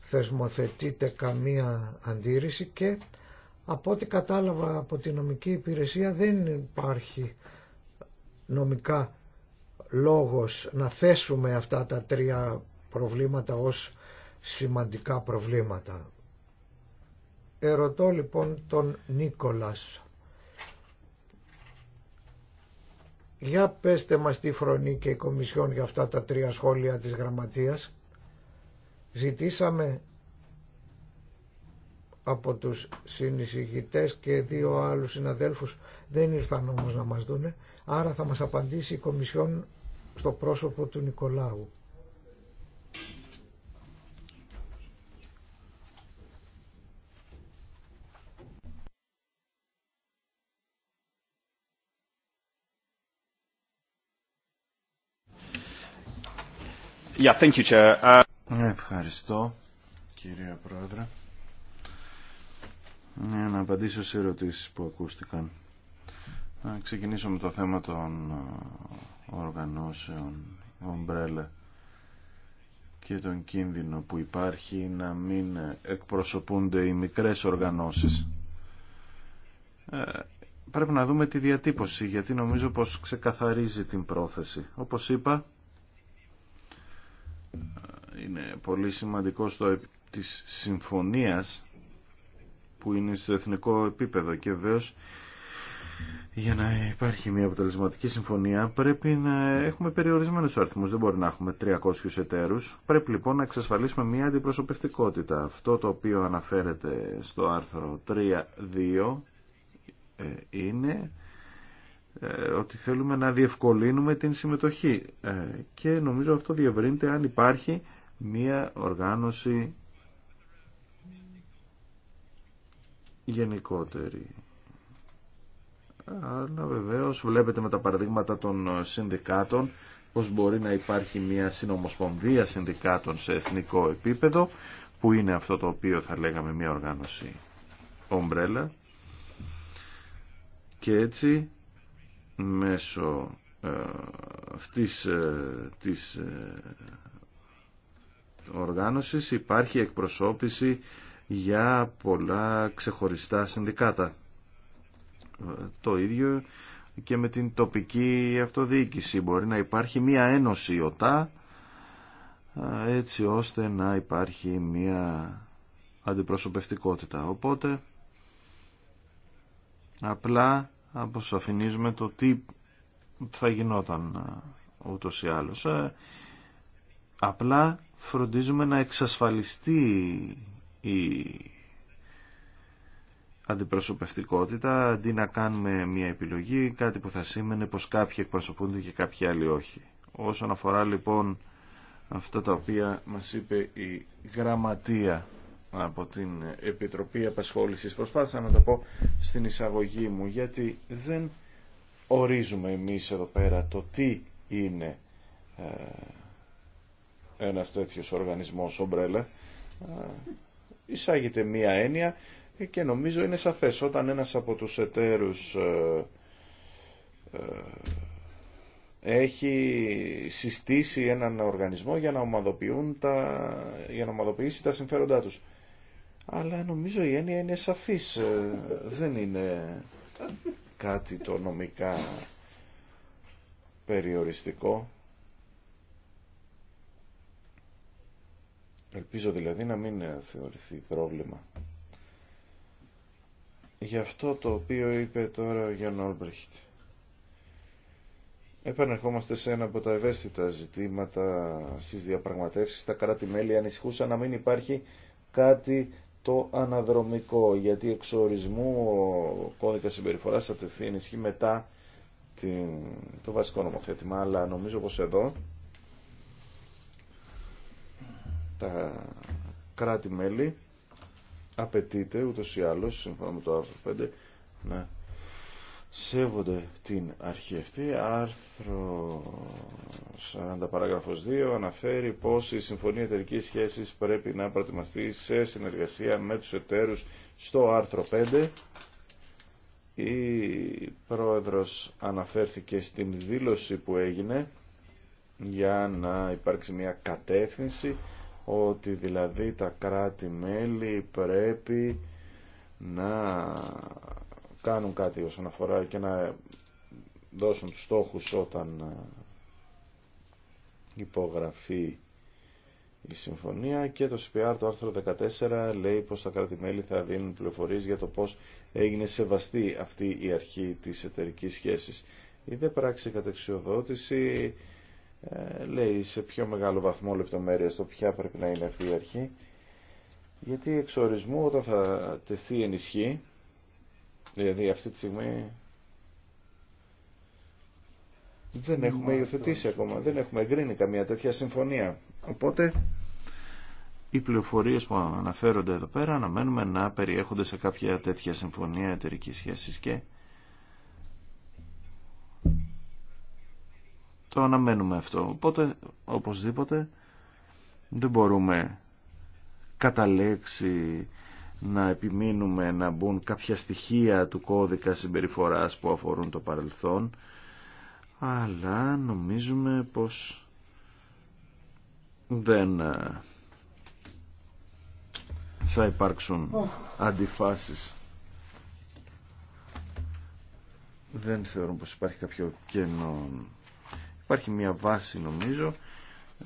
θεσμοθετείτε καμία αντίρρηση και από ό,τι κατάλαβα από τη νομική υπηρεσία δεν υπάρχει νομικά λόγος να θέσουμε αυτά τα τρία προβλήματα ως σημαντικά προβλήματα. Ερωτώ λοιπόν τον Νίκολας Για πέστε μας τι φρονεί και η Κομισιόν για αυτά τα τρία σχόλια της Γραμματείας. Ζητήσαμε από τους συνεισηγητές και δύο άλλους συναδέλφους δεν ήρθαν όμως να μας δούνε άρα θα μας απαντήσει η Κομισιόν στο πρόσωπο του Νικολάου. Uh, Ευχαριστώ, κυρία Πρόεδρε. Ναι, να απαντήσω σε ερωτήσεις που ακούστηκαν. Να ξεκινήσω με το θέμα των ε, οργανώσεων, ομπρέλε και τον κίνδυνο που υπάρχει να μην εκπροσωπούνται οι μικρές οργανώσεις. Ε, πρέπει να δούμε τη διατύπωση, γιατί νομίζω πως ξεκαθαρίζει την πρόθεση. Όπως είπα, είναι πολύ σημαντικό στο της συμφωνίας που είναι στο εθνικό επίπεδο και βεβαίω για να υπάρχει μια αποτελεσματική συμφωνία πρέπει να έχουμε περιορισμένους αριθμούς, δεν μπορεί να έχουμε 300 εταίρους. Πρέπει λοιπόν να εξασφαλίσουμε μια αντιπροσωπευτικότητα. Αυτό το οποίο αναφέρεται στο άρθρο 3.2 ε, είναι ε, ότι θέλουμε να διευκολύνουμε την συμμετοχή ε, και νομίζω αυτό διευρύνεται αν υπάρχει μία οργάνωση γενικότερη. Αλλά βεβαίως βλέπετε με τα παραδείγματα των συνδικάτων πως μπορεί να υπάρχει μια συνομοσπονδία συνδικάτων σε εθνικό επίπεδο που είναι αυτό το οποίο θα λέγαμε μια οργάνωση ομπρέλα και έτσι μέσω ε, αυτής ε, της ε, οργάνωσης υπάρχει εκπροσώπηση για πολλά ξεχωριστά συνδικάτα. Το ίδιο και με την τοπική αυτοδιοίκηση. Μπορεί να υπάρχει μία ένωση οτά έτσι ώστε να υπάρχει μία αντιπροσωπευτικότητα. Οπότε απλά αποσαφηνίζουμε το τι θα γινόταν ε, ούτως ή άλλως. Ε, απλά φροντίζουμε να εξασφαλιστεί η αντιπροσωπευτικότητα αντί να κάνουμε μια επιλογή κάτι που θα σήμαινε πως κάποιοι εκπροσωπούνται και κάποιοι άλλοι όχι. Όσον αφορά λοιπόν αυτά τα οποία μας είπε η γραμματεία από την Επιτροπή Απασχόλησης. Προσπάθησα να το πω στην εισαγωγή μου, γιατί δεν ορίζουμε εμείς εδώ πέρα το τι είναι ε, ένας τέτοιος οργανισμός ομπρέλα. Ε, εισάγεται μία έννοια και νομίζω είναι σαφές όταν ένας από τους εταίρους ε, έχει συστήσει έναν οργανισμό για να, ομαδοποιούν τα, για να ομαδοποιήσει τα συμφέροντά τους αλλά νομίζω η έννοια είναι σαφής. Ε, δεν είναι κάτι το νομικά περιοριστικό. Ελπίζω δηλαδή να μην θεωρηθεί πρόβλημα. Γι' αυτό το οποίο είπε τώρα ο Γιάνν Όλμπριχτ. Επανερχόμαστε σε ένα από τα ευαίσθητα ζητήματα στις διαπραγματεύσεις. Τα κράτη-μέλη ανησυχούσαν να μην υπάρχει κάτι το αναδρομικό, γιατί ορισμού ο κώδικας συμπεριφοράς θα τεθεί ενισχύ μετά το βασικό νομοθέτημα, αλλά νομίζω πως εδώ τα κράτη-μέλη απαιτείται ούτως ή άλλως, σύμφωνα με το άρθρο 5, να σέβονται την αρχή αυτή. Άρθρο 40 παράγραφος 2 αναφέρει πως η Συμφωνία Εταιρικής Σχέσης πρέπει να προετοιμαστεί σε συνεργασία με τους εταίρους στο άρθρο 5. Η πρόεδρος αναφέρθηκε στην δήλωση που έγινε για να υπάρξει μια κατεύθυνση ότι δηλαδή τα κράτη-μέλη πρέπει να κάνουν κάτι όσον αφορά και να δώσουν τους στόχους όταν ε, υπογραφεί η συμφωνία και το CPR το άρθρο 14 λέει πως τα κράτη-μέλη θα δίνουν πληροφορίες για το πως έγινε σεβαστή αυτή η αρχή της εταιρικής σχέσης. Η δε πράξη κατεξιοδότηση ε, λέει σε πιο μεγάλο βαθμό λεπτομέρεια... το ποια πρέπει να είναι αυτή η αρχή γιατί ορισμού όταν θα τεθεί ενισχύ Δηλαδή αυτή τη στιγμή δεν έχουμε υιοθετήσει ακόμα, δεν έχουμε εγκρίνει καμία τέτοια συμφωνία. Οπότε οι πληροφορίε που αναφέρονται εδώ πέρα αναμένουμε να περιέχονται σε κάποια τέτοια συμφωνία εταιρική σχέση και το αναμένουμε αυτό. Οπότε οπωσδήποτε δεν μπορούμε κατά να επιμείνουμε να μπουν κάποια στοιχεία του κώδικα συμπεριφοράς που αφορούν το παρελθόν, αλλά νομίζουμε πως δεν ε, θα υπάρξουν αντιφάσεις. Δεν θεωρούμε πως υπάρχει κάποιο κενό. Υπάρχει μια βάση νομίζω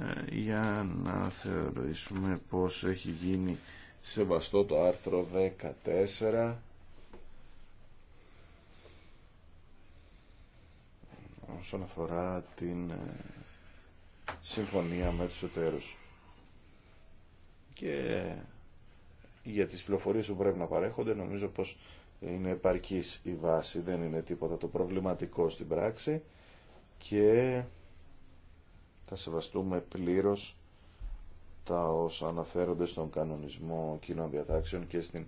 ε, για να θεωρήσουμε πως έχει γίνει σεβαστό το άρθρο 14 όσον αφορά την ε, συμφωνία με τους εταίρους και για τις πληροφορίες που πρέπει να παρέχονται νομίζω πως είναι επαρκής η βάση, δεν είναι τίποτα το προβληματικό στην πράξη και θα σεβαστούμε πλήρως τα όσα αναφέρονται στον κανονισμό κοινών διατάξεων και στην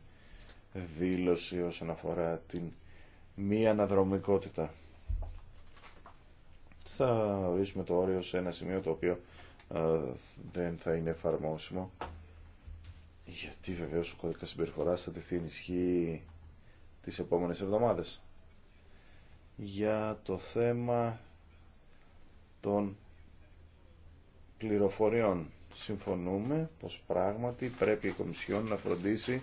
δήλωση όσον αφορά την μη αναδρομικότητα. Θα ορίσουμε το όριο σε ένα σημείο το οποίο ε, δεν θα είναι εφαρμόσιμο γιατί βεβαίως ο κώδικας συμπεριφοράς θα τεθεί ενισχύ τις επόμενες εβδομάδες. Για το θέμα των πληροφοριών συμφωνούμε πως πράγματι πρέπει η Κομισιόν να φροντίσει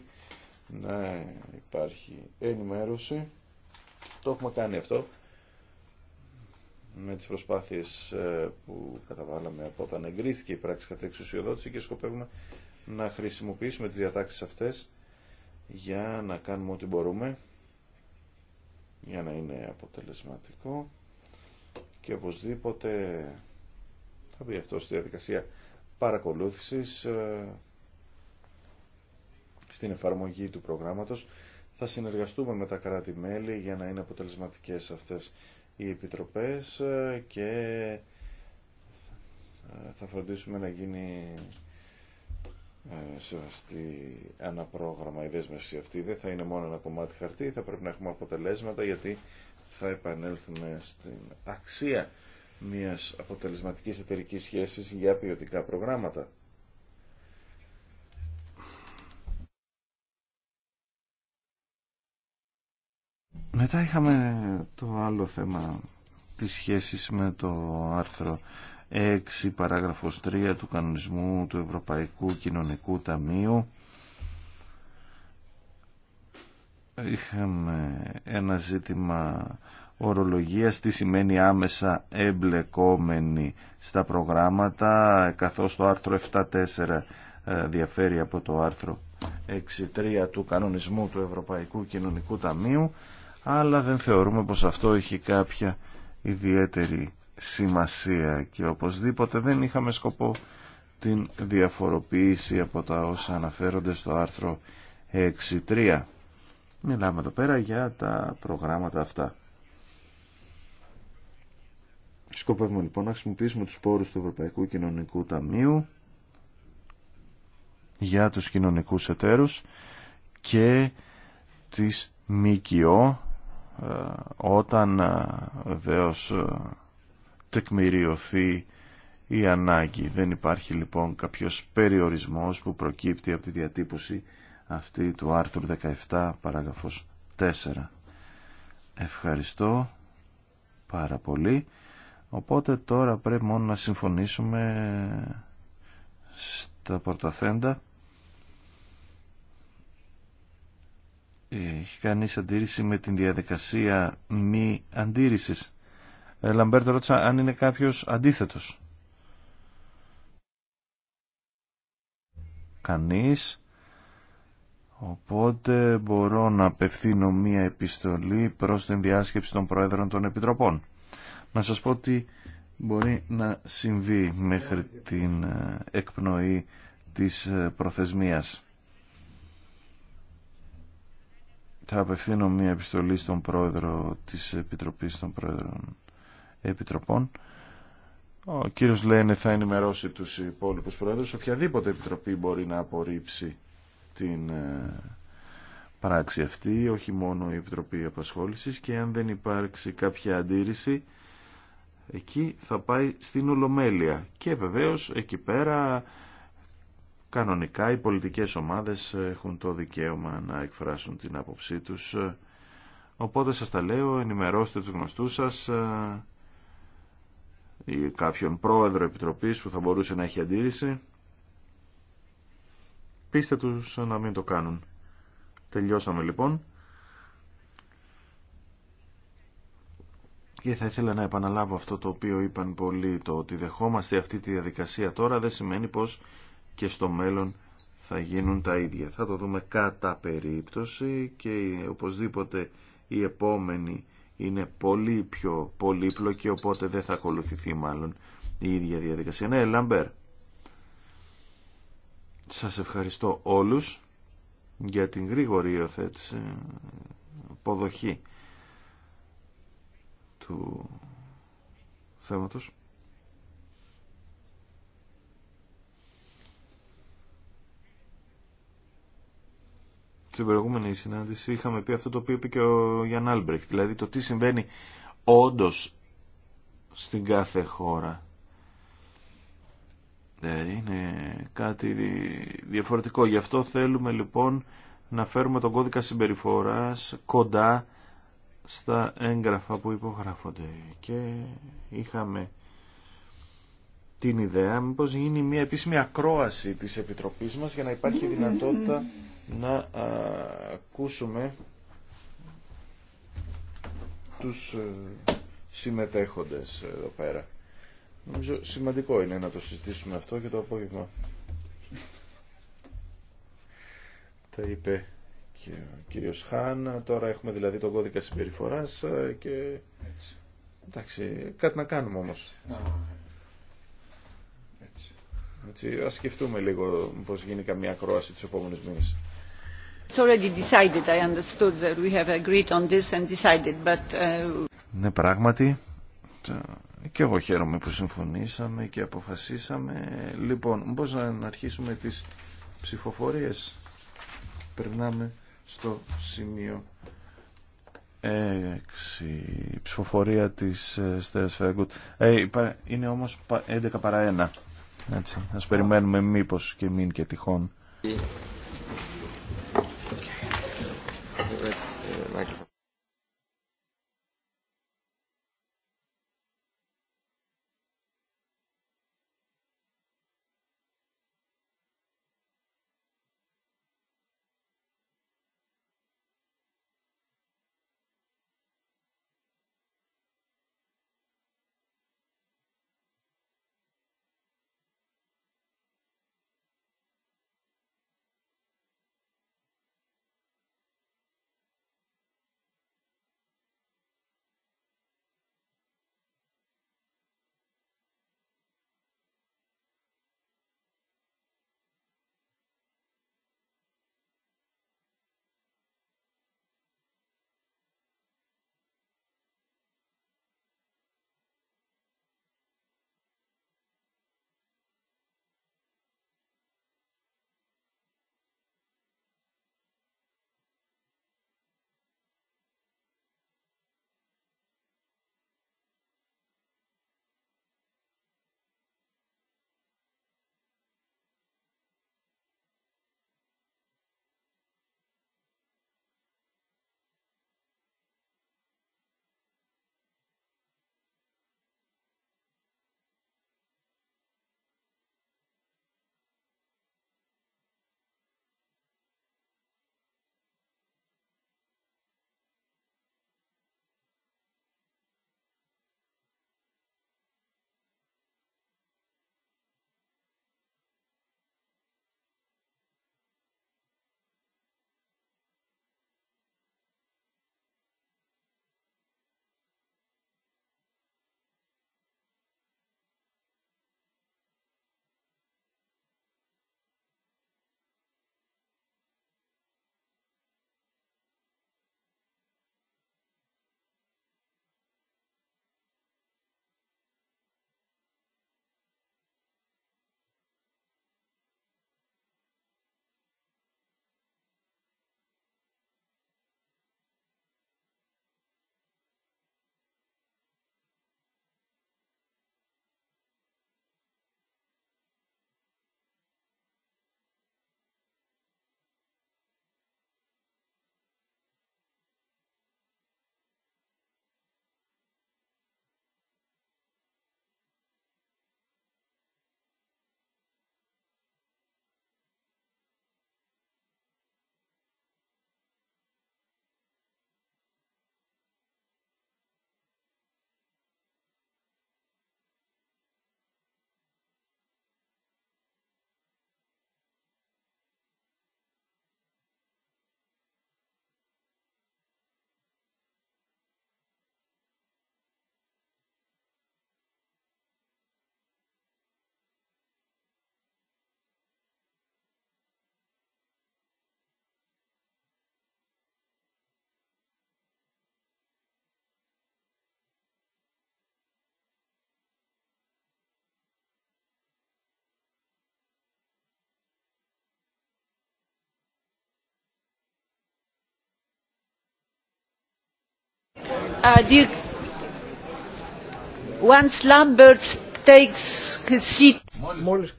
να υπάρχει ενημέρωση. Το έχουμε κάνει αυτό με τις προσπάθειες ε, που καταβάλαμε από όταν εγκρίθηκε η πράξη κατά εξουσιοδότηση και σκοπεύουμε να χρησιμοποιήσουμε τις διατάξεις αυτές για να κάνουμε ό,τι μπορούμε για να είναι αποτελεσματικό και οπωσδήποτε θα μπει αυτό στη διαδικασία παρακολούθησης ε, στην εφαρμογή του προγράμματος. Θα συνεργαστούμε με τα κράτη-μέλη για να είναι αποτελεσματικές αυτές οι επιτροπές ε, και ε, θα φροντίσουμε να γίνει σεβαστή πρόγραμμα η δέσμευση αυτή. Δεν θα είναι μόνο ένα κομμάτι χαρτί, θα πρέπει να έχουμε αποτελέσματα γιατί θα επανέλθουμε στην αξία μιας αποτελεσματικής εταιρικής σχέσης για ποιοτικά προγράμματα. Μετά είχαμε το άλλο θέμα της σχέσης με το άρθρο 6 παράγραφος 3 του κανονισμού του Ευρωπαϊκού Κοινωνικού Ταμείου. Είχαμε ένα ζήτημα ορολογίας τι σημαίνει άμεσα εμπλεκόμενη στα προγράμματα καθώς το άρθρο 7.4 ε, διαφέρει από το άρθρο 6.3 του κανονισμού του Ευρωπαϊκού Κοινωνικού Ταμείου αλλά δεν θεωρούμε πως αυτό έχει κάποια ιδιαίτερη σημασία και οπωσδήποτε δεν είχαμε σκοπό την διαφοροποίηση από τα όσα αναφέρονται στο άρθρο 6.3. Μιλάμε εδώ πέρα για τα προγράμματα αυτά. Σκοπεύουμε λοιπόν να χρησιμοποιήσουμε τους πόρους του Ευρωπαϊκού Κοινωνικού Ταμείου για τους κοινωνικούς εταίρους και τις ΜΚΟ ε, όταν ε, βεβαίω ε, τεκμηριωθεί η ανάγκη. Δεν υπάρχει λοιπόν κάποιος περιορισμός που προκύπτει από τη διατύπωση αυτή του άρθρου 17 παράγραφος 4. Ευχαριστώ πάρα πολύ. Οπότε τώρα πρέπει μόνο να συμφωνήσουμε στα πορταθέντα. Έχει κανείς αντίρρηση με την διαδικασία μη αντίρρησης. Ε, Λαμπέρτο ρώτησα αν είναι κάποιος αντίθετος. Κανείς. Οπότε μπορώ να απευθύνω μία επιστολή προς την διάσκεψη των Προέδρων των Επιτροπών να σας πω ότι μπορεί να συμβεί μέχρι την ε, εκπνοή της ε, προθεσμίας. Θα απευθύνω μία επιστολή στον πρόεδρο της Επιτροπής των Πρόεδρων Επιτροπών. Ο κύριος Λένε θα ενημερώσει τους υπόλοιπους πρόεδρους. Οποιαδήποτε επιτροπή μπορεί να απορρίψει την ε, πράξη αυτή, όχι μόνο η Επιτροπή Απασχόλησης και αν δεν υπάρξει κάποια αντίρρηση εκεί θα πάει στην Ολομέλεια. Και βεβαίως εκεί πέρα κανονικά οι πολιτικές ομάδες έχουν το δικαίωμα να εκφράσουν την άποψή τους. Οπότε σας τα λέω, ενημερώστε τους γνωστούς σας ε, ή κάποιον πρόεδρο επιτροπής που θα μπορούσε να έχει αντίρρηση. Πείστε τους να μην το κάνουν. Τελειώσαμε λοιπόν. Και θα ήθελα να επαναλάβω αυτό το οποίο είπαν πολλοί, το ότι δεχόμαστε αυτή τη διαδικασία τώρα δεν σημαίνει πως και στο μέλλον θα γίνουν τα ίδια. Θα το δούμε κατά περίπτωση και οπωσδήποτε η επόμενη είναι πολύ πιο πολύπλοκη οπότε δεν θα ακολουθηθεί μάλλον η ίδια διαδικασία. Ναι, Λαμπέρ. Σας ευχαριστώ όλους για την γρήγορη υιοθέτηση του θέματος. Στην προηγούμενη συνάντηση είχαμε πει αυτό το οποίο είπε και ο Γιάνν Άλμπρεχτ, δηλαδή το τι συμβαίνει όντως στην κάθε χώρα. Ε, είναι κάτι διαφορετικό. Γι' αυτό θέλουμε λοιπόν να φέρουμε τον κώδικα συμπεριφοράς κοντά στα έγγραφα που υπογράφονται και είχαμε την ιδέα μήπως γίνει μια επίσημη ακρόαση της Επιτροπής μας για να υπάρχει δυνατότητα να ακούσουμε τους ε, συμμετέχοντες εδώ πέρα. Νομίζω σημαντικό είναι να το συζητήσουμε αυτό και το απόγευμα. Τα είπε και ο κύριος Χάν. Τώρα έχουμε δηλαδή τον κώδικα συμπεριφοράς ε, και... Έτσι. Εντάξει, κάτι να κάνουμε όμως. Έτσι. Έτσι, ας σκεφτούμε λίγο πώς γίνει καμία κρόαση τις επόμενες μήνες. It's decided, I understood that we have agreed on this and decided, but... Uh, ναι, πράγματι, και εγώ χαίρομαι που συμφωνήσαμε και αποφασίσαμε. Λοιπόν, πώς να αρχίσουμε τις ψηφοφορίες. Περνάμε στο σημείο 6. Η ψηφοφορία της ε, Στέρας Φέγκουτ. Ε, είναι όμως 11 παρά 1. Έτσι. Ας περιμένουμε μήπως και μην και τυχόν. Uh, once Lambert takes his seat. Μόλις,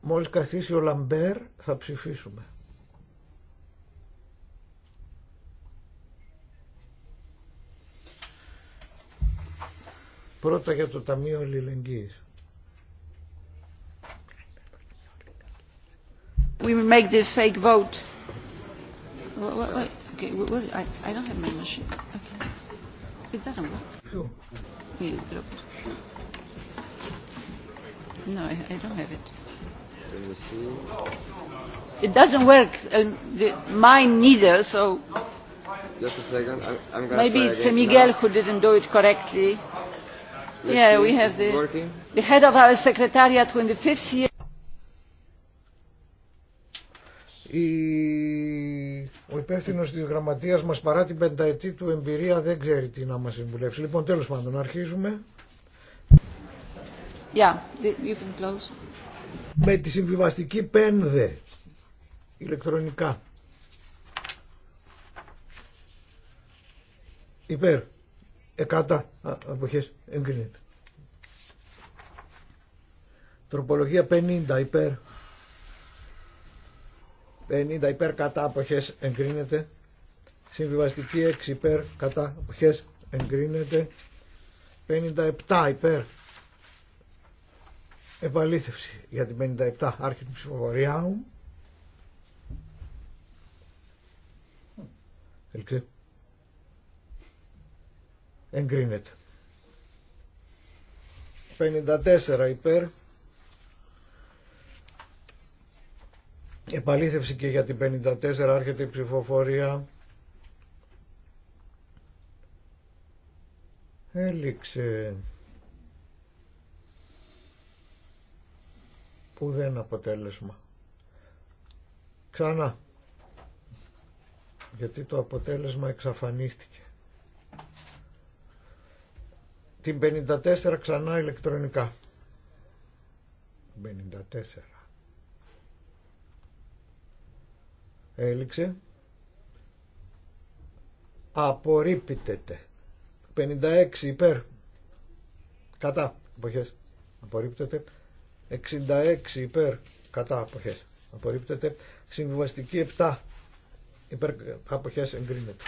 μόλις καθίσει ο Λαμπέρ θα ψηφίσουμε. Πρώτα για το Ταμείο Αλληλεγγύης. We make this fake vote. What, what, what? Okay, I, I don't have my machine. Okay. It doesn't work. No, I, don't have it. It doesn't work, and the, mine neither, so... Just a second, I'm, I'm gonna Maybe it's Miguel who didn't do it correctly. yeah, we have the, the head of our secretariat when in the fifth year... Ο υπεύθυνο τη γραμματεία μα παρά την πενταετή του εμπειρία δεν ξέρει τι να μα συμβουλεύσει. Λοιπόν, τέλο πάντων, αρχίζουμε. Yeah, you Με τη συμβιβαστική πένδε ηλεκτρονικά. Υπέρ. Εκάτα. Αποχέ. Εγκρίνεται. Τροπολογία 50. Υπέρ. 50 υπέρ κατά αποχές εγκρίνεται. Συμβιβαστική 6 υπέρ κατά αποχές εγκρίνεται. 57 υπέρ επαλήθευση για την 57 άρχη του ψηφοφορία. Εγκρίνεται. 54 υπέρ Επαλήθευση και για την 54 άρχεται η ψηφοφορία. Έληξε. Που δεν αποτέλεσμα. Ξανά. Γιατί το αποτέλεσμα εξαφανίστηκε. Την 54 ξανά ηλεκτρονικά. 54. έληξε απορρίπτεται 56 υπέρ κατά αποχές απορρίπτεται 66 υπέρ κατά αποχές απορρίπτεται συμβιβαστική 7 υπέρ αποχές εγκρίνεται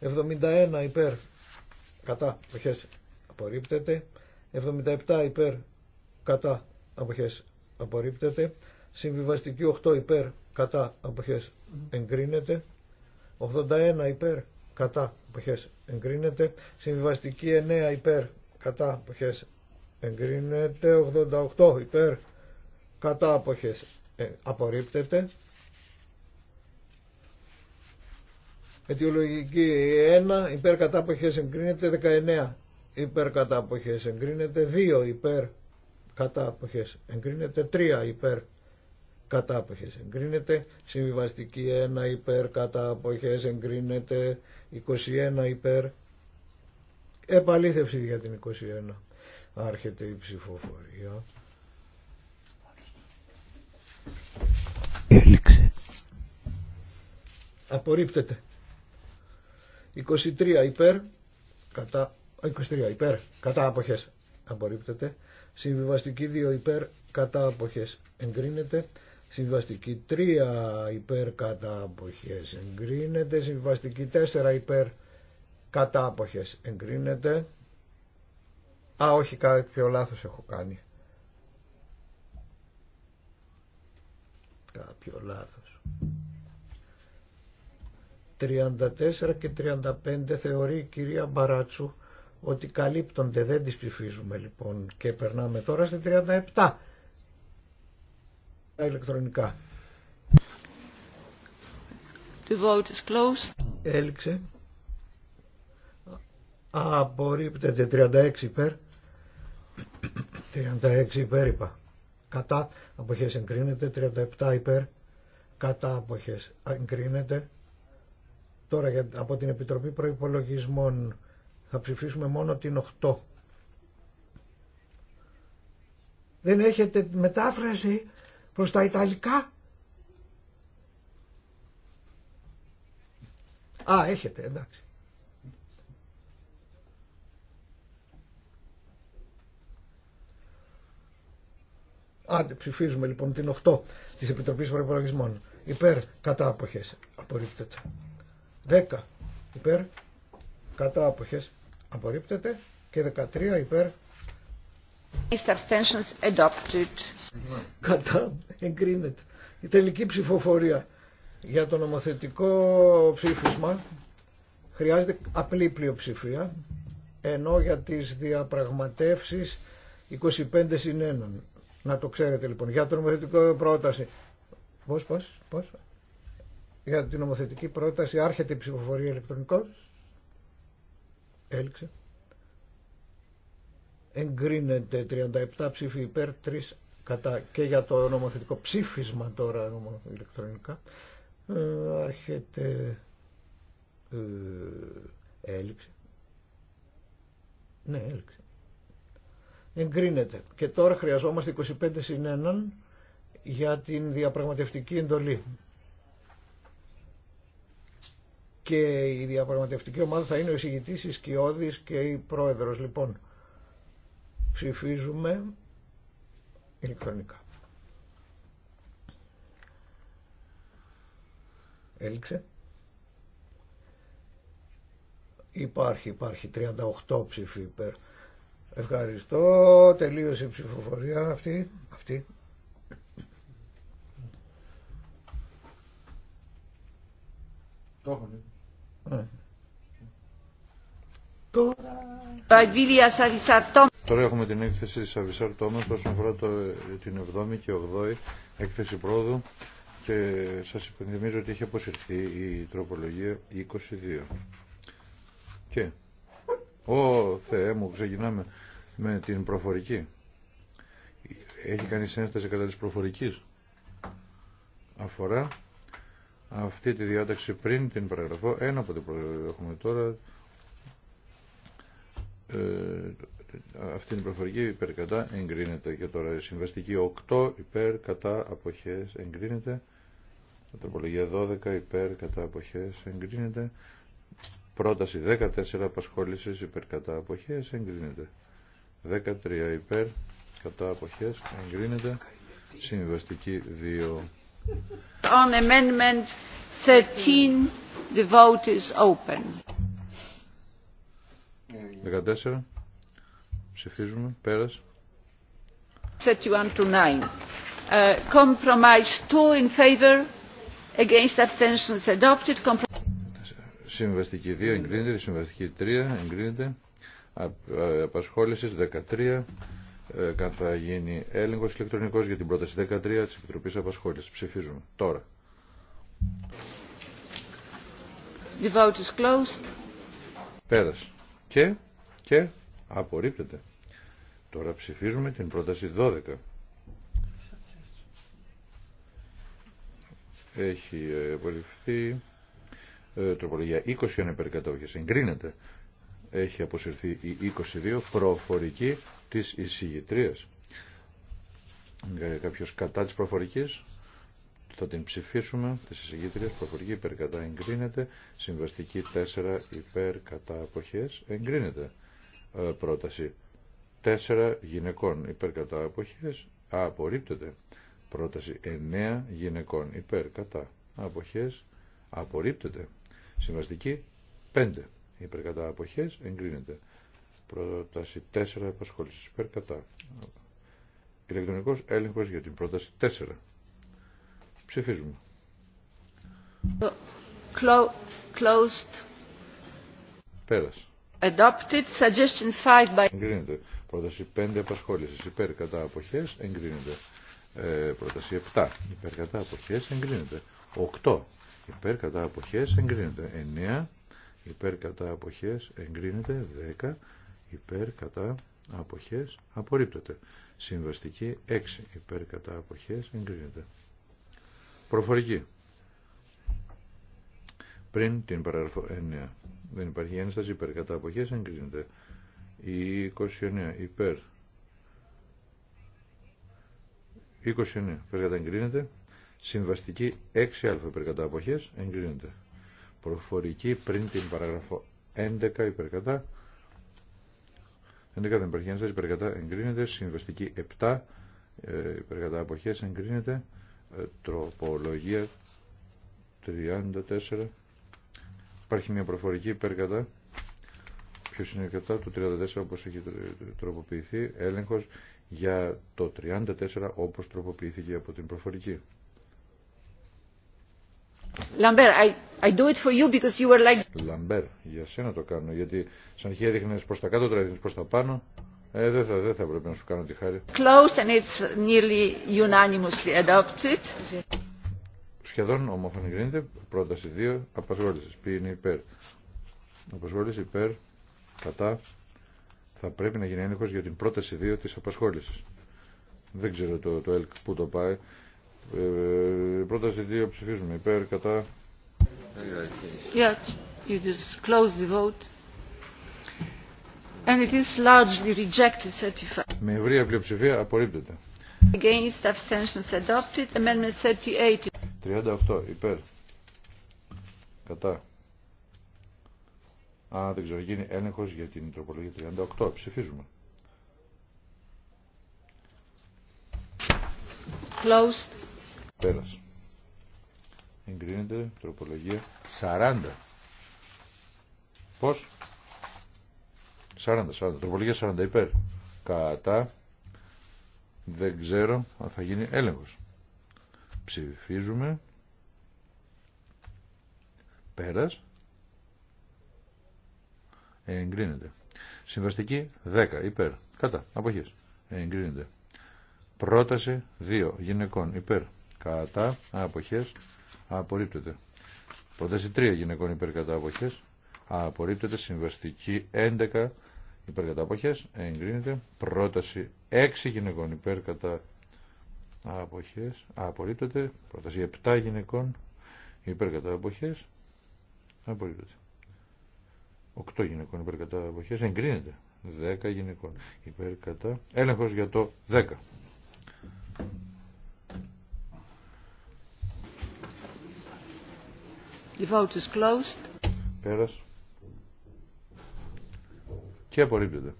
71 υπέρ κατά αποχές απορρίπτεται 77 υπέρ κατά αποχές απορρίπτεται συμβιβαστική 8 υπέρ κατά αποχές εγκρίνεται 81 υπέρ κατά αποχές εγκρίνεται συμβιβαστική 9 υπέρ κατά αποχές εγκρίνεται 88 υπέρ κατά αποχές ε, απορρίπτεται αιτιολογική 1 υπέρ κατά αποχές εγκρίνεται 19 υπέρ κατά αποχές εγκρίνεται 2 υπέρ κατά αποχές εγκρίνεται 3 υπέρ κατά εγκρίνεται, συμβιβαστική 1 υπέρ κατά εγκρίνεται, 21 υπέρ, επαλήθευση για την 21. Άρχεται η ψηφοφορία. Έληξε. Απορρίπτεται. 23 υπέρ, κατά, 23 υπέρ, κατά αποχές. Απορρίπτεται. Συμβιβαστική 2 υπέρ, κατά αποχές. Εγκρίνεται. Συμβαστική 3 υπέρ κατά αποχές εγκρίνεται. Συμβαστική 4 υπέρ κατά εγκρίνεται. Α, όχι, κάποιο λάθος έχω κάνει. Κάποιο λάθος. 34 και 35 θεωρεί η κυρία Μπαράτσου ότι καλύπτονται, δεν τις ψηφίζουμε λοιπόν και περνάμε τώρα στη 37 ηλεκτρονικά. The vote is closed. Έληξε. Απορρίπτεται 36 υπέρ. 36 υπέρ είπα. Κατά αποχές εγκρίνεται 37 υπέρ. Κατά αποχές εγκρίνεται. Τώρα από την Επιτροπή Προϋπολογισμών θα ψηφίσουμε μόνο την 8. Δεν έχετε μετάφραση προς τα Ιταλικά. Α, έχετε, εντάξει. Άντε, ψηφίζουμε λοιπόν την 8 της Επιτροπής Προπολογισμών. Υπέρ, κατά αποχές, απορρίπτεται. 10 υπέρ, κατά αποχές, απορρίπτεται. Και 13 υπέρ, Κατά εγκρίνεται. Η τελική ψηφοφορία για το νομοθετικό ψήφισμα χρειάζεται απλή πλειοψηφία ενώ για τις διαπραγματεύσεις 25 συν Να το ξέρετε λοιπόν. Για το νομοθετικό πρόταση. Πώς, πώς, πώς. Για την νομοθετική πρόταση άρχεται η ψηφοφορία ηλεκτρονικός. Έληξε εγκρίνεται 37 ψήφοι υπέρ 3 κατά και για το νομοθετικό ψήφισμα τώρα ηλεκτρονικά ε, άρχεται ε, ναι έλειξη εγκρίνεται και τώρα χρειαζόμαστε 25 συνέναν για την διαπραγματευτική εντολή και η διαπραγματευτική ομάδα θα είναι ο εισηγητής, η Σκιώδης και η πρόεδρος λοιπόν Ψηφίζουμε ηλεκτρονικά. Έληξε. Υπάρχει, υπάρχει 38 ψήφοι Ευχαριστώ. Τελείωσε η ψηφοφορία αυτή. αυτή. Το έχω, ναι. Τώρα... Τώρα έχουμε την έκθεση της Αβυσάρ Τόμας όσον αφορά το, την 7η και 8η έκθεση πρόοδου και σας υπενθυμίζω ότι έχει αποσυρθεί η τροπολογία 22. Και, ο Θεέ μου, ξεκινάμε με την προφορική. Έχει κάνει ένσταση κατά της προφορικής. Αφορά αυτή τη διάταξη πριν την παραγράφω ένα από την έχουμε τώρα ε, αυτή είναι η προφορική υπέρ κατά εγκρίνεται και τώρα η συμβαστική 8 υπέρ κατά αποχές εγκρίνεται τροπολογία 12 υπέρ κατά αποχές εγκρίνεται πρόταση 14 απασχόλησης υπέρ κατά αποχές εγκρίνεται 13 υπέρ κατά αποχές εγκρίνεται συμβαστική 2 On amendment 13, the vote is open. 14. Ψηφίζουμε. Πέρας. 2 uh, in favor Συμβαστική 2 εγκρίνεται, συμβαστική 3 εγκρίνεται, απασχόλησης 13, ε, θα γίνει έλεγχος ηλεκτρονικός για την πρόταση 13 της Επιτροπής Απασχόλησης. Ψηφίζουμε τώρα. The vote is closed. Πέρασε και, και απορρίπτεται. Τώρα ψηφίζουμε την πρόταση 12. Έχει ε, απορριφθεί ε, τροπολογία 20 έχει. Εγκρίνεται. Έχει αποσυρθεί η 22 προφορική της εισηγητρίας. Ε, κάποιος κατά της προφορικής θα την ψηφίσουμε, τη εισηγήτριες προφορική υπέρ εγκρίνεται, συμβαστική 4 υπέρ κατά αποχές εγκρίνεται ε, πρόταση. 4 γυναικών υπέρ κατά αποχές α, απορρίπτεται. Πρόταση 9 γυναικών υπέρ κατά αποχές απορρίπτεται. Συμβαστική 5 υπέρ κατά αποχές εγκρίνεται. Πρόταση 4 επασχόλησης υπερκατά. κατά. Ηλεκτρονικός έλεγχος για την πρόταση 4. Ψηφίζουμε. Closed. Πέρασε. Adopted. Suggestion 5 by... Εγκρίνεται. Πρόταση 5 απασχόλησης. Υπέρ κατά αποχές. Εγκρίνεται. Ε, πρόταση 7. Υπέρ κατά αποχές. Εγκρίνεται. 8. Υπέρ κατά αποχές. Εγκρίνεται. 9. Υπέρ κατά αποχές. Εγκρίνεται. 10. Υπέρ κατά αποχές. Απορρίπτεται. Συμβαστική 6. Υπέρ κατά αποχές. Εγκρίνεται. Προφορική. Πριν την παραγραφό 9. Δεν υπάρχει ένσταση υπέρ. Κατά αποχές εγκρίνεται. Η 29 υπέρ. 29 υπέρ κατά εγκρίνεται. Συμβαστική 6α υπέρ κατά αποχές εγκρίνεται. Προφορική πριν την παραγραφό 11 υπέρ κατά. 11 δεν υπάρχει ένσταση υπέρ κατά εγκρίνεται. Συμβαστική 7 ε, υπέρ κατά αποχές εγκρίνεται. Ε, τροπολογία 34 υπάρχει μια προφορική υπερκατά ποιος είναι κατά του 34 όπως έχει τροποποιηθεί έλεγχος για το 34 όπως τροποποιήθηκε από την προφορική Λαμπέρ, I, I do it for you because you were like... Λαμπέρ, για σένα το κάνω, γιατί σαν χέρι έδειχνες προς τα κάτω, τώρα έδειχνες προς τα πάνω. Ε, δεν θα, δεν θα πρέπει να σου κάνω τη χάρη. Close and it's nearly unanimously adopted. Σχεδόν ομόφωνη γίνεται. Πρόταση 2. Απασχόληση. Ποιοι είναι υπέρ. Απασχόληση υπέρ. Κατά. Θα πρέπει να γίνει ένοχο για την πρόταση 2 της απασχόλησης. Δεν ξέρω το, το ΕΛΚ που το πάει. Ε, πρόταση 2 ψηφίζουμε υπέρ. Κατά. Yeah, you just close the vote. And it is largely rejected. 35. Με ευρία πλειοψηφία απορρίπτεται. Against abstentions adopted. Amendment 38. 38 υπέρ. Κατά. Α, δεν ξέρω, γίνει έλεγχος για την τροπολογία 38. Ψηφίζουμε. Closed. Πέρας. Εγκρίνεται τροπολογία 40. Πώς? 40, 40. Τροπολογία 40 υπέρ. Κατά. Δεν ξέρω αν θα γίνει έλεγχος. Ψηφίζουμε. Πέρας. Εγκρίνεται. Συμβαστική 10 υπέρ. Κατά. Αποχές. Εγκρίνεται. Πρόταση 2 γυναικών υπέρ. Κατά. Αποχές. Απορρίπτεται. Πρόταση 3 γυναικών υπέρ. Κατά. Αποχές. Απορρίπτεται. Συμβαστική 11 υπερκατάποχε. εγκρίνεται πρόταση 6 γυναικών υπέρ κατά πρόταση 7 γυναικών υπέρ κατά αποχές απορρίπτεται 8 γυναικών υπέρ αποχές εγκρίνεται 10 γυναικών υπερκατα κατά έλεγχος για το 10 The vote is closed. Πέρασε και απορρίπτεται.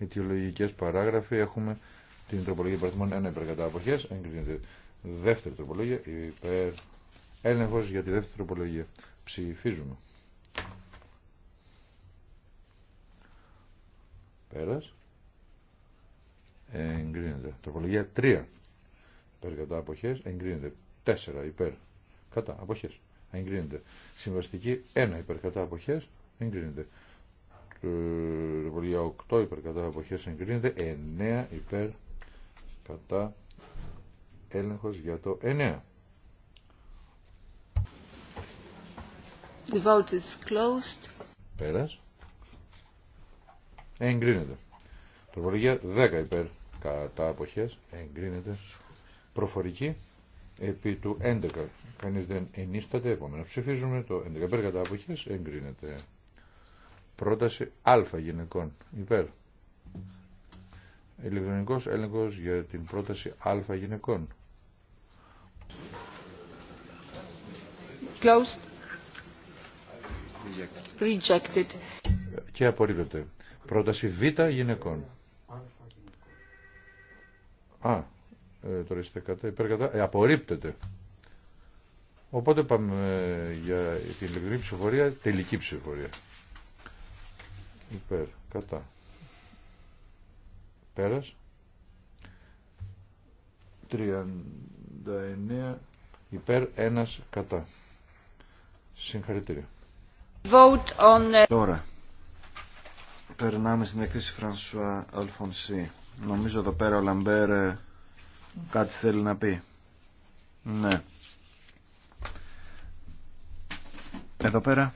Αιτιολογικέ παράγραφοι έχουμε την τροπολογία παραθμών 1 υπέρ κατά αποχές, εγκρίνεται δεύτερη τροπολογία υπέρ έλεγχος για τη δεύτερη τροπολογία. Ψηφίζουμε. Πέρας. Εγκρίνεται. Τροπολογία 3 υπέρ κατά εγκρίνεται 4 υπέρ κατά αποχές, εγκρίνεται. Συμβαστική 1 υπέρ κατά αποχές, εγκρίνεται. Τροπολογία 8 υπέρ κατά εποχές εγκρίνεται. 9 υπέρ κατά έλεγχος για το 9. The vote is closed. Πέρας. Εγκρίνεται. Τροπολογία 10 υπέρ κατά αποχές εγκρίνεται. Προφορική επί του 11. Κανείς δεν ενίσταται. Επόμενα ψηφίζουμε το 11 υπέρ κατά αποχές εγκρίνεται πρόταση α γυναικών. Υπέρ. Ηλεκτρονικός έλεγχος για την πρόταση α γυναικών. Closed. Rejected. Και απορρίπτεται. Πρόταση β γυναικών. Α, ε, τώρα είστε κατά, υπέρ κατά, ε, απορρίπτεται. Οπότε πάμε για την ηλεκτρική ψηφοφορία, τελική ψηφοφορία υπέρ, κατά. Πέρας. 39 υπέρ, ένας κατά. Συγχαρητήρια. Vote on... Τώρα, περνάμε στην εκθέση Φρανσουά Αλφονσί. Νομίζω εδώ πέρα ο Λαμπέρ ε, κάτι θέλει να πει. Ναι. Εδώ πέρα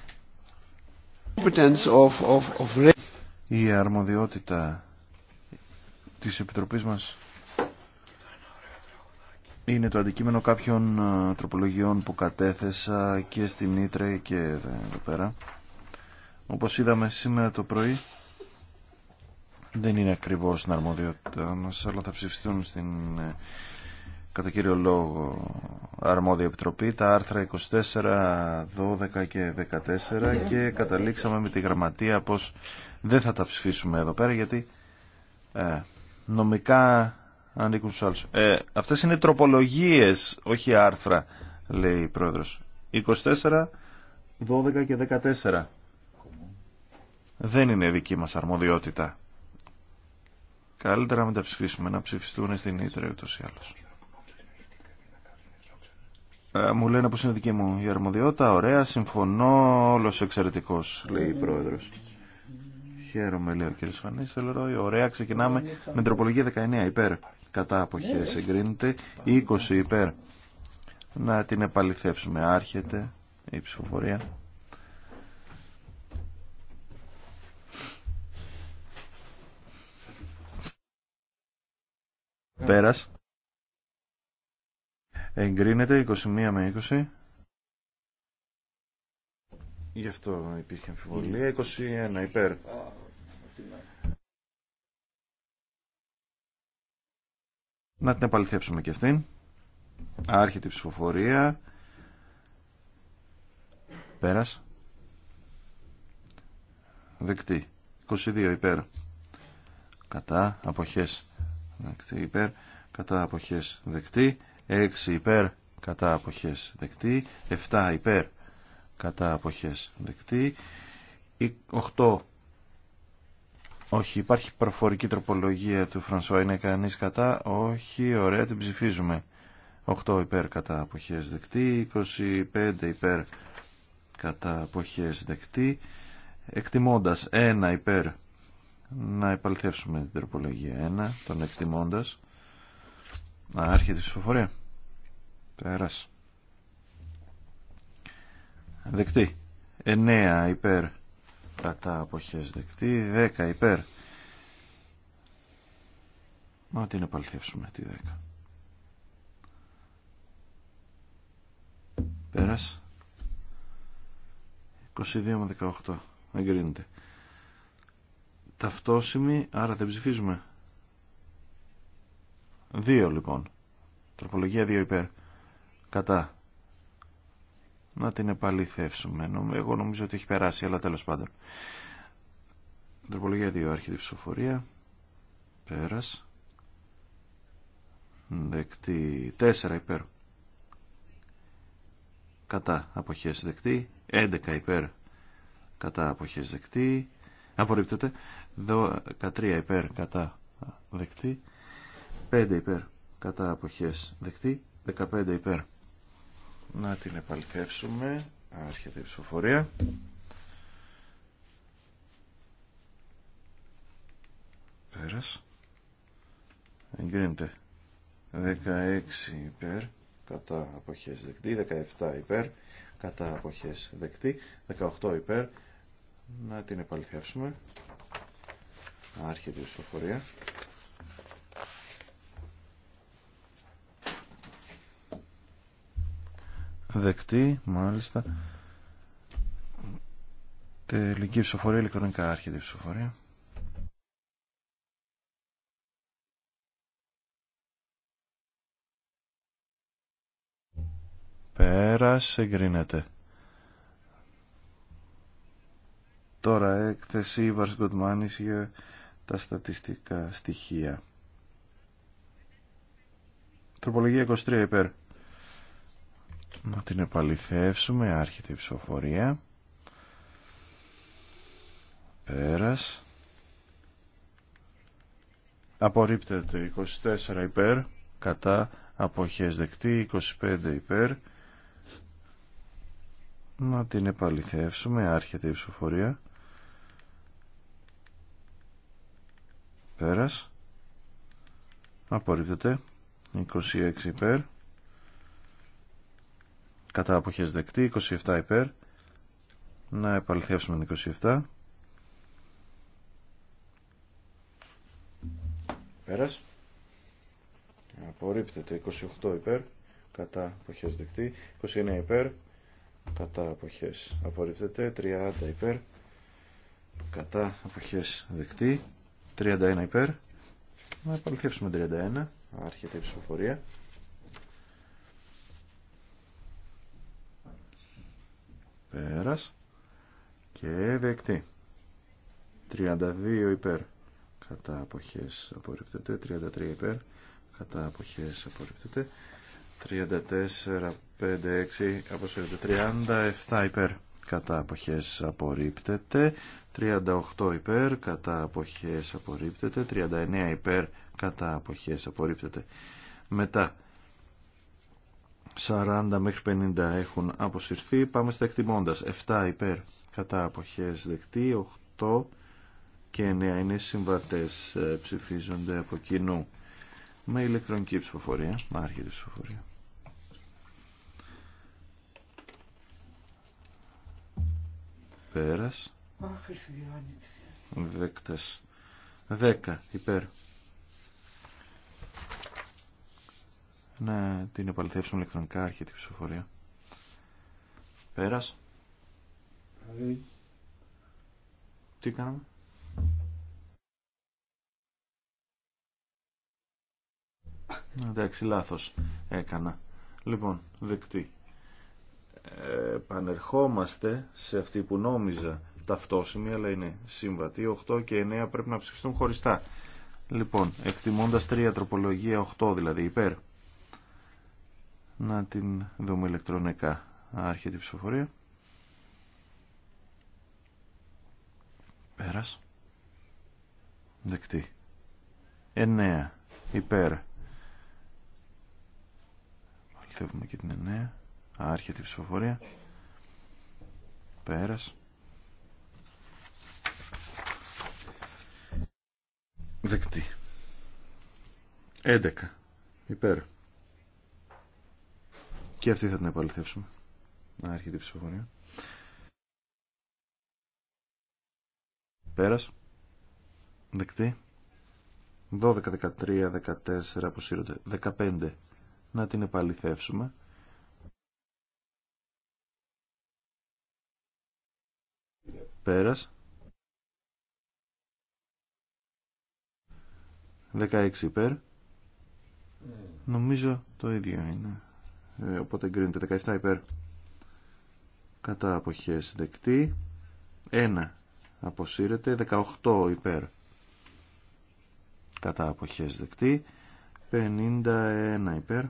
η αρμοδιότητα της Επιτροπής μας είναι το αντικείμενο κάποιων ε, τροπολογιών που κατέθεσα και στην Ήτρε και εδώ πέρα. Όπως είδαμε σήμερα το πρωί, δεν είναι ακριβώς την αρμοδιότητά μας, αλλά θα ψηφιστούν στην, ε, κατά κύριο λόγο αρμόδια επιτροπή τα άρθρα 24, 12 και 14 ναι. και καταλήξαμε με τη γραμματεία πως δεν θα τα ψηφίσουμε εδώ πέρα γιατί ε, νομικά ανήκουν στους άλλους. Ε, αυτές είναι τροπολογίες, όχι άρθρα, λέει η πρόεδρος. 24, 12 και 14. Δεν είναι δική μας αρμοδιότητα. Καλύτερα να τα ψηφίσουμε, να ψηφιστούν στην Ήτρε ούτως ή άλλως. Ε, μου λένε πως είναι δική μου η αρμοδιότητα. Ωραία, συμφωνώ, όλος εξαιρετικός, λέει η Πρόεδρος. Χαίρομαι, λέει ο κ. Φανής, Ωραία, ξεκινάμε με τροπολογία 19 υπέρ. Κατά αποχές εγκρίνεται, 20 υπέρ. Να την επαληθεύσουμε. Άρχεται η ψηφοφορία. Πέρας. Εγκρίνεται 21 με 20. Γι' αυτό υπήρχε αμφιβολία. 21 υπέρ. Να την επαληθεύσουμε και αυτήν. Άρχεται η ψηφοφορία. Πέρας. Δεκτή. 22 υπέρ. Κατά αποχές. Δεκτή υπέρ. Κατά αποχές δεκτή. 6 υπέρ κατά αποχές δεκτή 7 υπέρ κατά αποχές δεκτή 8 όχι, υπάρχει προφορική τροπολογία του Φρανσουά, είναι κανείς κατά, όχι, ωραία, την ψηφίζουμε. 8 υπέρ κατά αποχές δεκτή, 25 υπέρ κατά αποχές δεκτή, εκτιμώντας 1 υπέρ, να επαληθεύσουμε την τροπολογία 1, τον εκτιμώντας. Να έρχεται η ψηφοφορία. Πέρας. Δεκτή. 9 υπέρ κατά αποχές δεκτή. 10 υπέρ. Μα την επαληθεύσουμε τη 10. Πέρας. 22 με 18. Εγκρίνεται. Ταυτόσημη, άρα δεν ψηφίζουμε. Δύο, λοιπόν. Τροπολογία 2 υπέρ. Κατά. Να την επαληθεύσουμε. Εγώ νομίζω ότι έχει περάσει, αλλά τέλος πάντων. Τροπολογία 2, άρχιτη ψηφοφορία. Πέρας. Δεκτή. Τέσσερα υπέρ. Κατά αποχές δεκτή. Έντεκα υπέρ. Κατά αποχές δεκτή. Απορρίπτεται. κατρία υπέρ. Κατά δεκτή. 15 υπέρ κατά αποχές δεκτή 15 υπέρ να την επαληθεύσουμε άρχεται η ψηφοφορία πέρας εγκρίνεται 16 υπέρ κατά αποχές δεκτή 17 υπέρ κατά αποχές δεκτή 18 υπέρ να την επαληθεύσουμε άρχεται η ψηφοφορία Δεκτή, μάλιστα. Τελική ψηφοφορία, ηλεκτρονικά άρχεται ψηφοφορία. Πέρασε, εγκρίνεται. Τώρα έκθεση Γκοτμάνης για τα στατιστικά στοιχεία. Τροπολογία 23 υπέρ. Να την επαληθεύσουμε, άρχεται η ψηφοφορία. Πέρας. Απορρίπτεται 24 υπέρ, κατά αποχές δεκτή, 25 υπέρ. Να την επαληθεύσουμε, άρχεται η ψηφοφορία. Πέρας. Απορρίπτεται 26 υπέρ κατά αποχές δεκτεί 27 υπέρ να επαληθεύσουμε την 27 πέρας απορρίπτεται 28 υπέρ κατά αποχές δεκτεί 29 υπέρ κατά αποχές απορρίπτεται 30 υπέρ κατά αποχές δεκτή 31 υπέρ να επαληθεύσουμε 31 άρχεται η ψηφοφορία Πέρας. Και δεκτή. 32 υπέρ. Κατά αποχές απορρίπτεται. 33 υπέρ. Κατά αποχές απορρίπτεται. 34, 5, 6, 37 υπέρ. Κατά αποχές απορρίπτεται. 38 υπέρ. Κατά αποχές απορρίπτεται. 39 υπέρ. Κατά αποχές απορρίπτεται. Μετά 40 μέχρι 50 έχουν αποσυρθεί. Πάμε στα εκτιμώντας. 7 υπέρ κατά αποχές δεκτή. 8 και 9 είναι συμβατές ε, ψηφίζονται από κοινού. Με ηλεκτρονική ψηφοφορία. Άρχεται ψηφοφορία. Πέρας. Δεκτές. 10 υπέρ να την επαληθεύσουμε ηλεκτρονικά αρχή τη ψηφοφορία. Πέρας. Τι κάναμε. Εντάξει, λάθος έκανα. Λοιπόν, δεκτή. Ε, πανερχόμαστε σε αυτή που νόμιζα ταυτόσημη, αλλά είναι συμβατή. 8 και 9 πρέπει να ψηφιστούν χωριστά. Λοιπόν, εκτιμώντας 3 τροπολογία 8 δηλαδή υπέρ να την δούμε ηλεκτρονικά. Άρχεται η ψηφοφορία. Πέρας. Δεκτή. Εννέα. Υπέρ. Βαλθεύουμε και την εννέα. Άρχεται η ψηφοφορία. Πέρας. Δεκτή. Έντεκα. Υπέρ. Και αυτή θα την επαληθεύσουμε. Να έρχεται η ψηφοφορία. Πέρας. Δεκτή. 12, 13, 14 αποσύρονται. 15. Να την επαληθεύσουμε. Πέρας. 16 υπέρ. Ναι. Νομίζω το ίδιο είναι. Ε, οπότε εγκρίνεται 17 υπέρ κατά αποχές δεκτή 1 αποσύρεται 18 υπέρ κατά αποχές δεκτή 51 υπέρ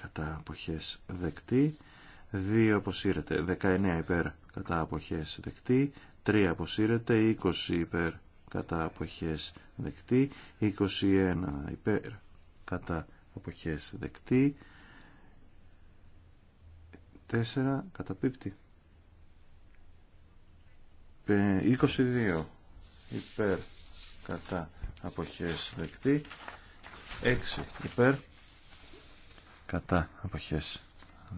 κατά αποχές δεκτή 2 αποσύρεται 19 υπέρ κατά αποχές δεκτή 3 αποσύρεται 20 υπέρ κατά αποχές δεκτή 21 υπέρ κατά αποχές δεκτή 4 καταπίπτει. 22 υπέρ κατά αποχές δεκτή. 6 υπέρ κατά αποχές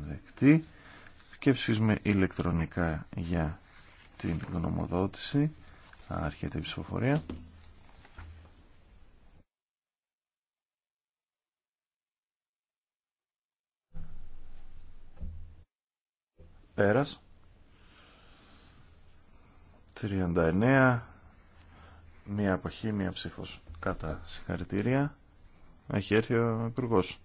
δεκτή. Και ψηφίζουμε ηλεκτρονικά για την γνωμοδότηση. Άρχεται η ψηφοφορία. Πέρας. 39. Μία αποχή, μία ψήφος. Κατά συγχαρητήρια. Έχει έρθει ο Υπουργός.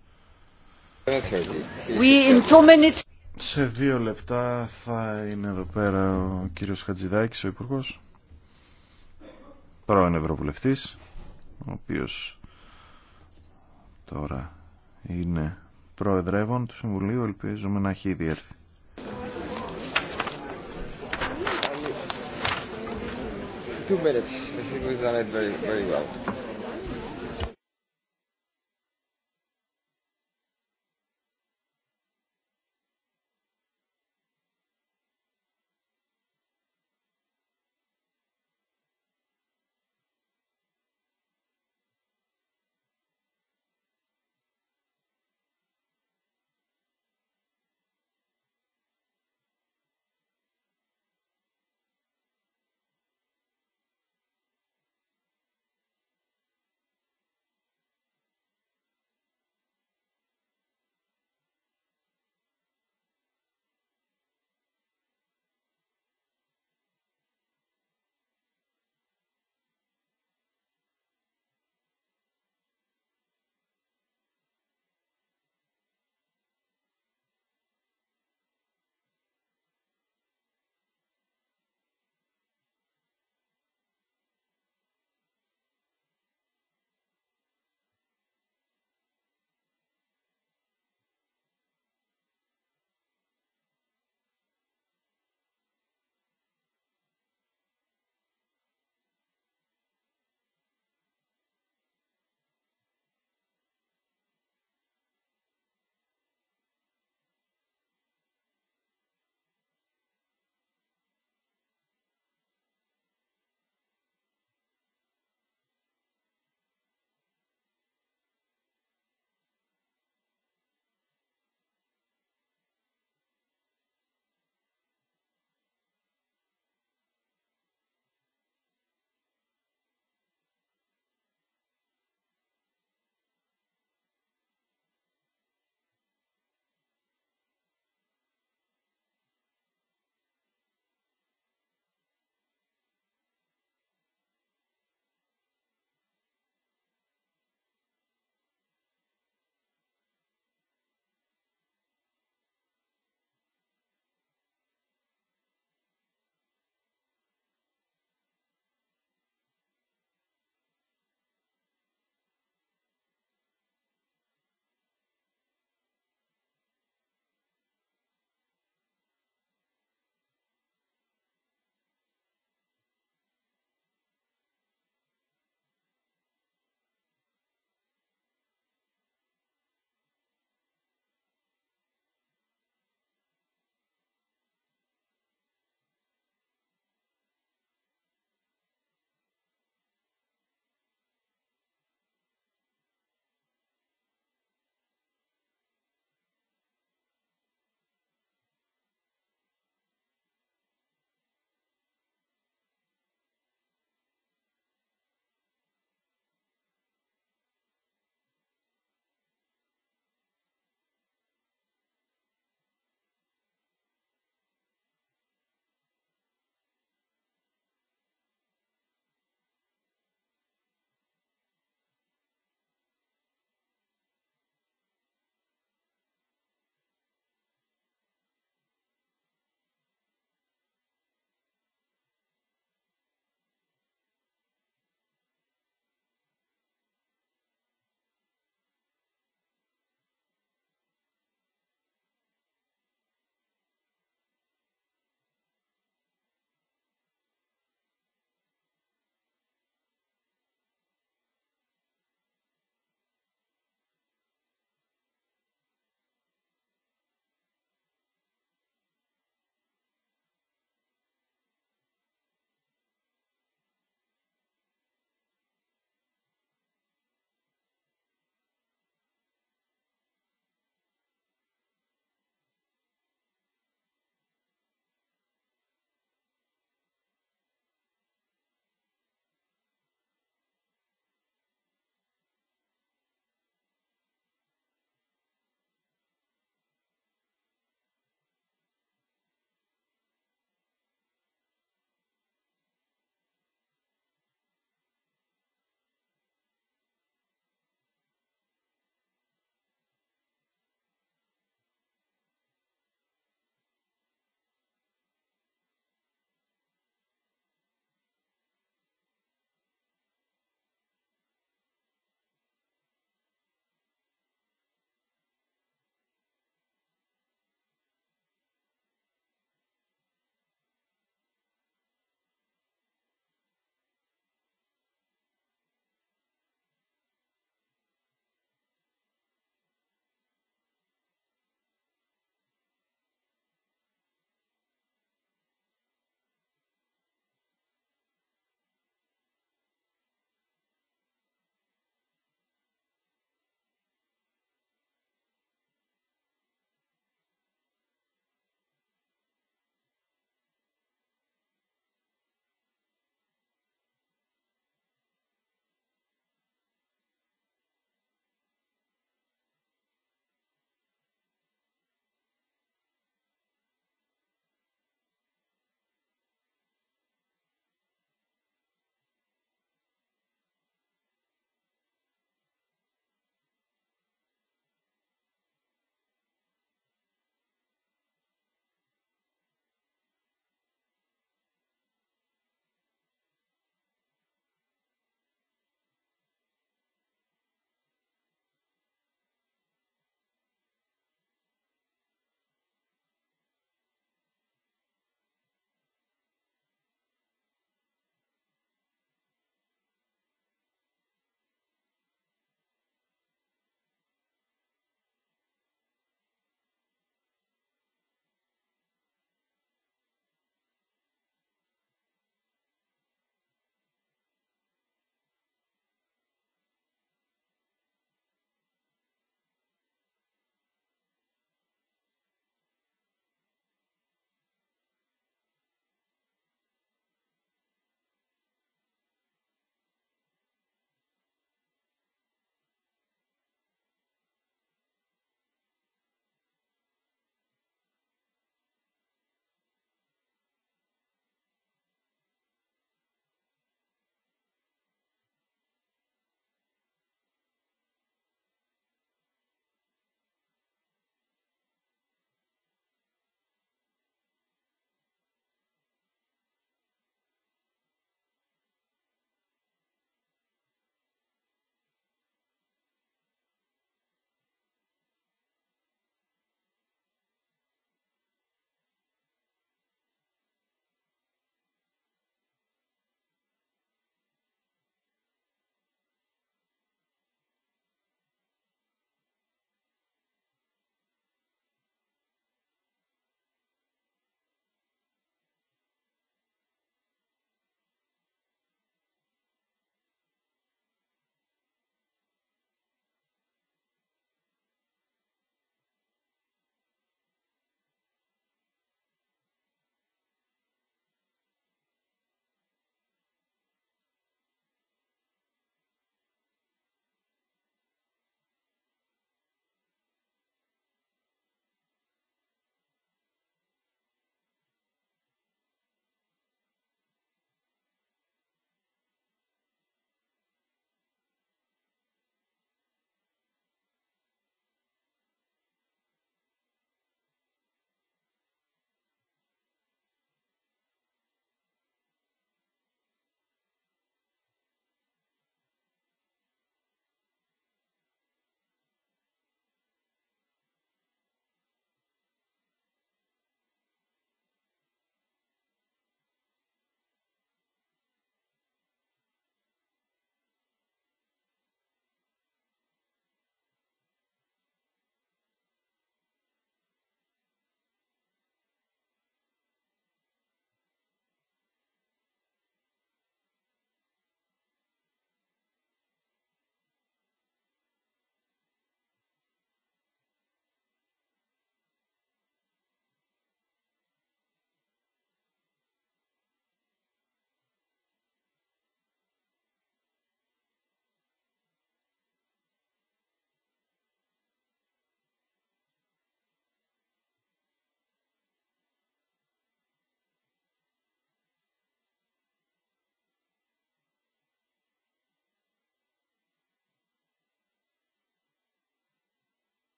Σε δύο λεπτά θα είναι εδώ πέρα ο κύριος Χατζηδάκης, ο Υπουργός, Πρώην Ευρωβουλευτής, ο οποίος τώρα είναι προεδρεύων του Συμβουλίου, ελπίζουμε να έχει ήδη έρθει. two minutes. I think we've done it very, very well.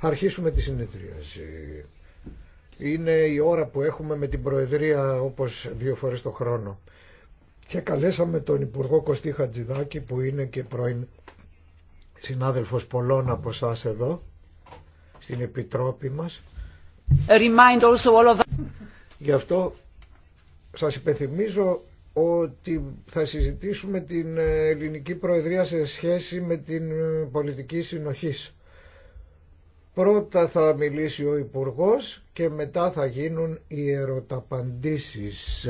Αρχίσουμε τη συνεδρίαση. Είναι η ώρα που έχουμε με την Προεδρία όπως δύο φορές το χρόνο. Και καλέσαμε τον Υπουργό Κωστή Χατζηδάκη που είναι και πρώην συνάδελφος πολλών από εσά εδώ στην Επιτρόπη μας. Remind also all of... Γι' αυτό σας υπενθυμίζω ότι θα συζητήσουμε την ε, ελληνική προεδρία σε σχέση με την ε, πολιτική συνοχής. Πρώτα θα μιλήσει ο Υπουργός και μετά θα γίνουν οι ερωταπαντήσεις.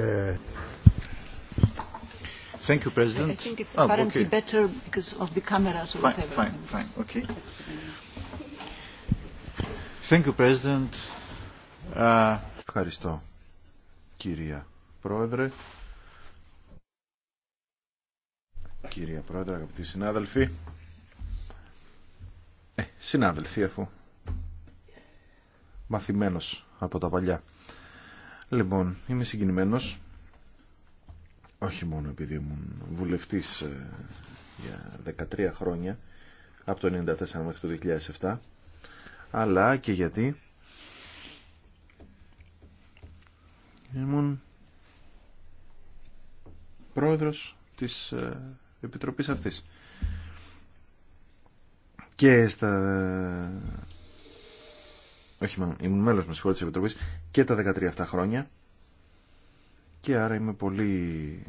Thank you, President. I think it's ah, apparently oh, okay. better because of the cameras or fine, whatever. Fine, fine, okay. Thank you, President. Uh... Ευχαριστώ, κυρία Πρόεδρε. Κύριε Πρόεδρε, αγαπητοί συνάδελφοι. Ε, συνάδελφοι, αφού μαθημένος από τα παλιά. Λοιπόν, είμαι συγκινημένος, όχι μόνο επειδή ήμουν βουλευτής ε, για 13 χρόνια, από το 1994 μέχρι το 2007, αλλά και γιατί ήμουν πρόεδρος της ε, επιτροπής αυτής. Και στα... Όχι, ήμουν μέλος με συγχωρείτε της Επιτροπής και τα 13 αυτά χρόνια και άρα είμαι πολύ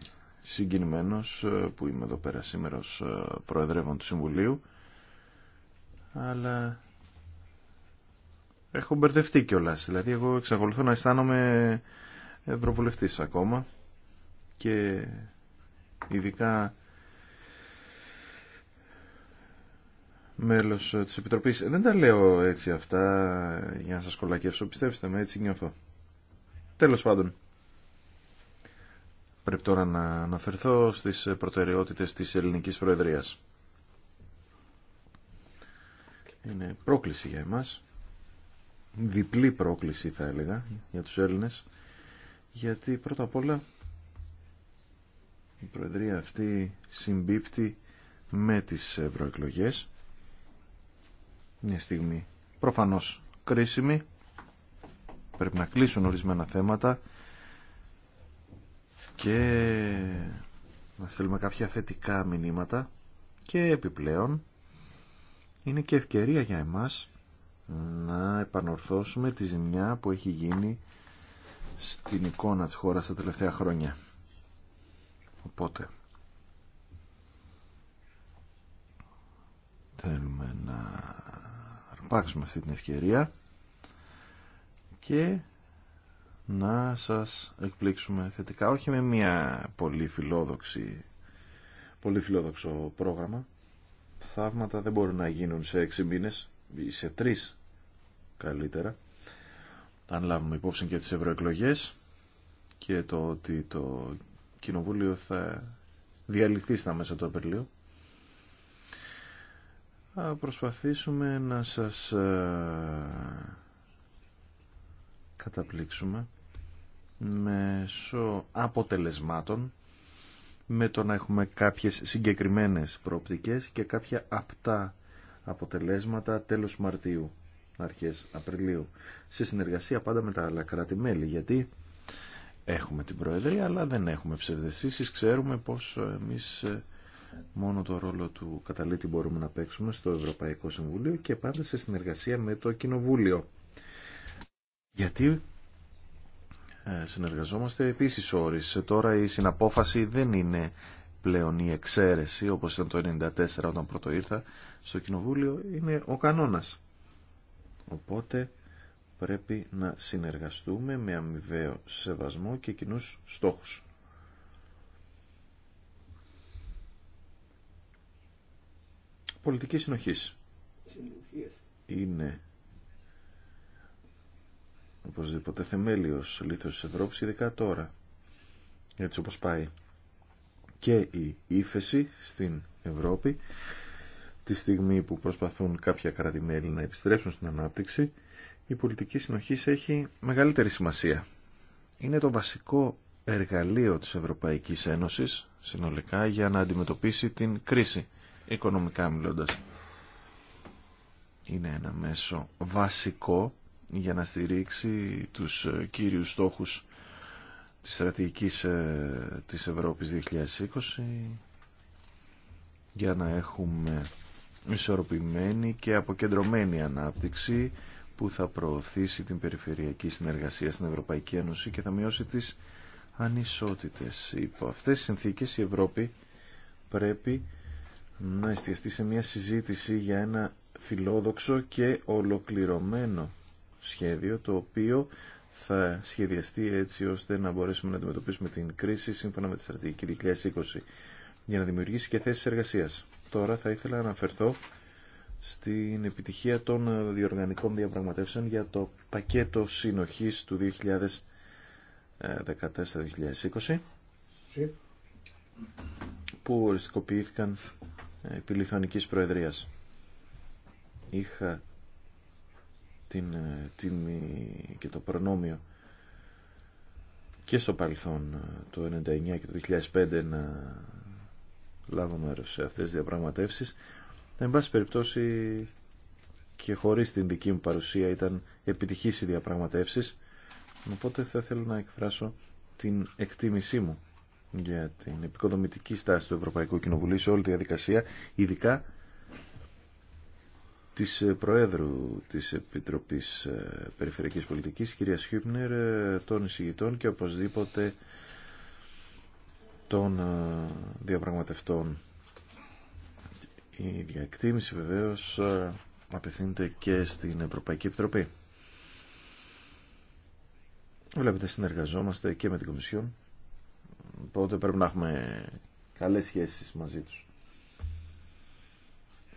συγκινημένος ε, που είμαι εδώ πέρα σήμερα ως ε, Προεδρεύων του Συμβουλίου αλλά έχω μπερδευτεί κιόλα. δηλαδή εγώ εξακολουθώ να αισθάνομαι ευρωβουλευτής ακόμα και ειδικά μέλος ε, της Επιτροπής. Ε, δεν τα λέω έτσι αυτά για να σας κολακεύσω, πιστέψτε με, έτσι νιώθω. Τέλος πάντων. Πρέπει τώρα να αναφερθώ στις προτεραιότητες της ελληνικής προεδρίας. Είναι πρόκληση για εμάς, διπλή πρόκληση θα έλεγα για τους Έλληνες, γιατί πρώτα απ' όλα η προεδρία αυτή συμπίπτει με τις ευρωεκλογές μια στιγμή προφανώς κρίσιμη. Πρέπει να κλείσουν ορισμένα θέματα και να στείλουμε κάποια θετικά μηνύματα και επιπλέον είναι και ευκαιρία για εμάς να επανορθώσουμε τη ζημιά που έχει γίνει στην εικόνα της χώρας τα τελευταία χρόνια. Οπότε θέλουμε να αρπάξουμε αυτή την ευκαιρία και να σας εκπλήξουμε θετικά, όχι με μια πολύ φιλόδοξη, πολύ φιλόδοξο πρόγραμμα. Θαύματα δεν μπορούν να γίνουν σε έξι μήνες ή σε τρεις καλύτερα. Αν λάβουμε υπόψη και τις ευρωεκλογέ και το ότι το Κοινοβούλιο θα διαλυθεί στα μέσα του Απριλίου. Θα προσπαθήσουμε να σας ε, καταπλήξουμε μέσω αποτελεσμάτων με το να έχουμε κάποιες συγκεκριμένες προοπτικές και κάποια απτά αποτελέσματα τέλος Μαρτίου, αρχές Απριλίου, σε συνεργασία πάντα με τα άλλα κράτη-μέλη, γιατί έχουμε την Προεδρία αλλά δεν έχουμε ψευδεστήσεις, ξέρουμε πως εμείς ε, μόνο το ρόλο του καταλήτη μπορούμε να παίξουμε στο Ευρωπαϊκό Συμβούλιο και πάντα σε συνεργασία με το Κοινοβούλιο. Γιατί ε, συνεργαζόμαστε επίσης όρις. Τώρα η συναπόφαση δεν είναι πλέον η εξαίρεση όπως ήταν το 1994 όταν πρώτο ήρθα στο Κοινοβούλιο είναι ο κανόνας. Οπότε πρέπει να συνεργαστούμε με αμοιβαίο σεβασμό και κοινού στόχους. πολιτική συνοχής. Είναι οπωσδήποτε θεμέλιο λίθος τη Ευρώπη, ειδικά τώρα. Έτσι όπως πάει και η ύφεση στην Ευρώπη, τη στιγμή που προσπαθούν κάποια κράτη-μέλη να επιστρέψουν στην ανάπτυξη, η πολιτική συνοχής έχει μεγαλύτερη σημασία. Είναι το βασικό εργαλείο της Ευρωπαϊκής Ένωσης συνολικά για να αντιμετωπίσει την κρίση οικονομικά μιλώντας. Είναι ένα μέσο βασικό για να στηρίξει τους ε, κύριους στόχους της στρατηγικής ε, της Ευρώπης 2020 για να έχουμε ισορροπημένη και αποκεντρωμένη ανάπτυξη που θα προωθήσει την περιφερειακή συνεργασία στην Ευρωπαϊκή Ένωση και θα μειώσει τις ανισότητες. Υπό αυτές τις συνθήκες η Ευρώπη πρέπει να εστιαστεί σε μια συζήτηση για ένα φιλόδοξο και ολοκληρωμένο σχέδιο το οποίο θα σχεδιαστεί έτσι ώστε να μπορέσουμε να αντιμετωπίσουμε την κρίση σύμφωνα με τη στρατηγική 2020 για να δημιουργήσει και θέσεις εργασίας. Τώρα θα ήθελα να αναφερθώ στην επιτυχία των διοργανικών διαπραγματεύσεων για το πακέτο συνοχής του 2014-2020 που οριστικοποιήθηκαν Επιληθανικής προεδρίας. Είχα την ε, τιμή και το προνόμιο και στο παρελθόν ε, το 1999 και το 2005 να λάβω μέρος σε αυτές τις διαπραγματεύσεις. Εν πάση περιπτώσει και χωρίς την δική μου παρουσία ήταν επιτυχής οι διαπραγματεύσεις. Οπότε θα θέλω να εκφράσω την εκτίμησή μου για την επικοδομητική στάση του Ευρωπαϊκού Κοινοβουλίου σε όλη τη διαδικασία, ειδικά της ε, Προέδρου της Επιτροπής ε, Περιφερειακής Πολιτικής, κυρία Χιούπνερ, ε, των εισηγητών και οπωσδήποτε των διαπραγματευτών. Η διακτήμηση βεβαίως απευθύνεται και στην Ευρωπαϊκή Επιτροπή. Βλέπετε συνεργαζόμαστε και με την Κομισιόν Οπότε πρέπει να έχουμε καλές σχέσεις μαζί τους.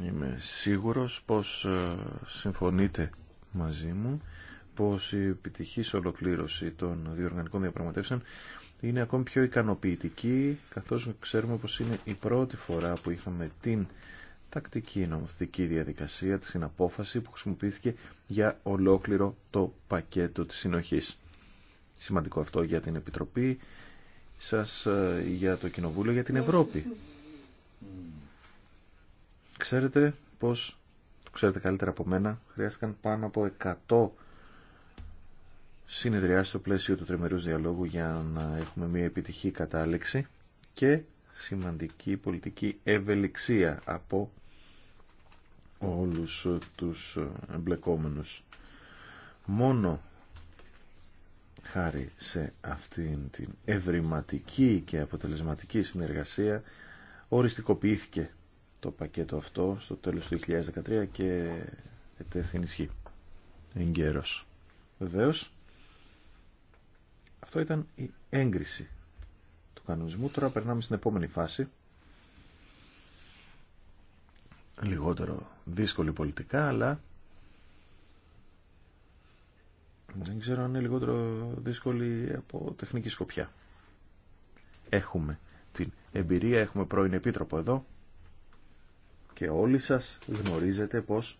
Είμαι σίγουρος πως ε, συμφωνείτε μαζί μου πως η επιτυχής ολοκλήρωση των διοργανικών διαπραγματεύσεων είναι ακόμη πιο ικανοποιητική καθώς ξέρουμε πως είναι η πρώτη φορά που είχαμε την τακτική νομοθετική διαδικασία της συναπόφαση που χρησιμοποιήθηκε για ολόκληρο το πακέτο της συνοχής. Σημαντικό αυτό για την Επιτροπή, σας ε, για το Κοινοβούλιο για την Ευρώπη. Ξέρετε πως, το ξέρετε καλύτερα από μένα, χρειάστηκαν πάνω από 100 συνεδριάσεις στο πλαίσιο του τριμερούς διαλόγου για να έχουμε μια επιτυχή κατάληξη και σημαντική πολιτική ευελιξία από όλους τους εμπλεκόμενους. Μόνο χάρη σε αυτήν την ευρηματική και αποτελεσματική συνεργασία οριστικοποιήθηκε το πακέτο αυτό στο τέλος του 2013 και ετέθη ενισχύ εγκαίρος. Βεβαίως, αυτό ήταν η έγκριση του κανονισμού. Τώρα περνάμε στην επόμενη φάση. Λιγότερο δύσκολη πολιτικά, αλλά δεν ξέρω αν είναι λιγότερο δύσκολη από τεχνική σκοπιά. Έχουμε την εμπειρία, έχουμε πρώην επίτροπο εδώ και όλοι σας γνωρίζετε πως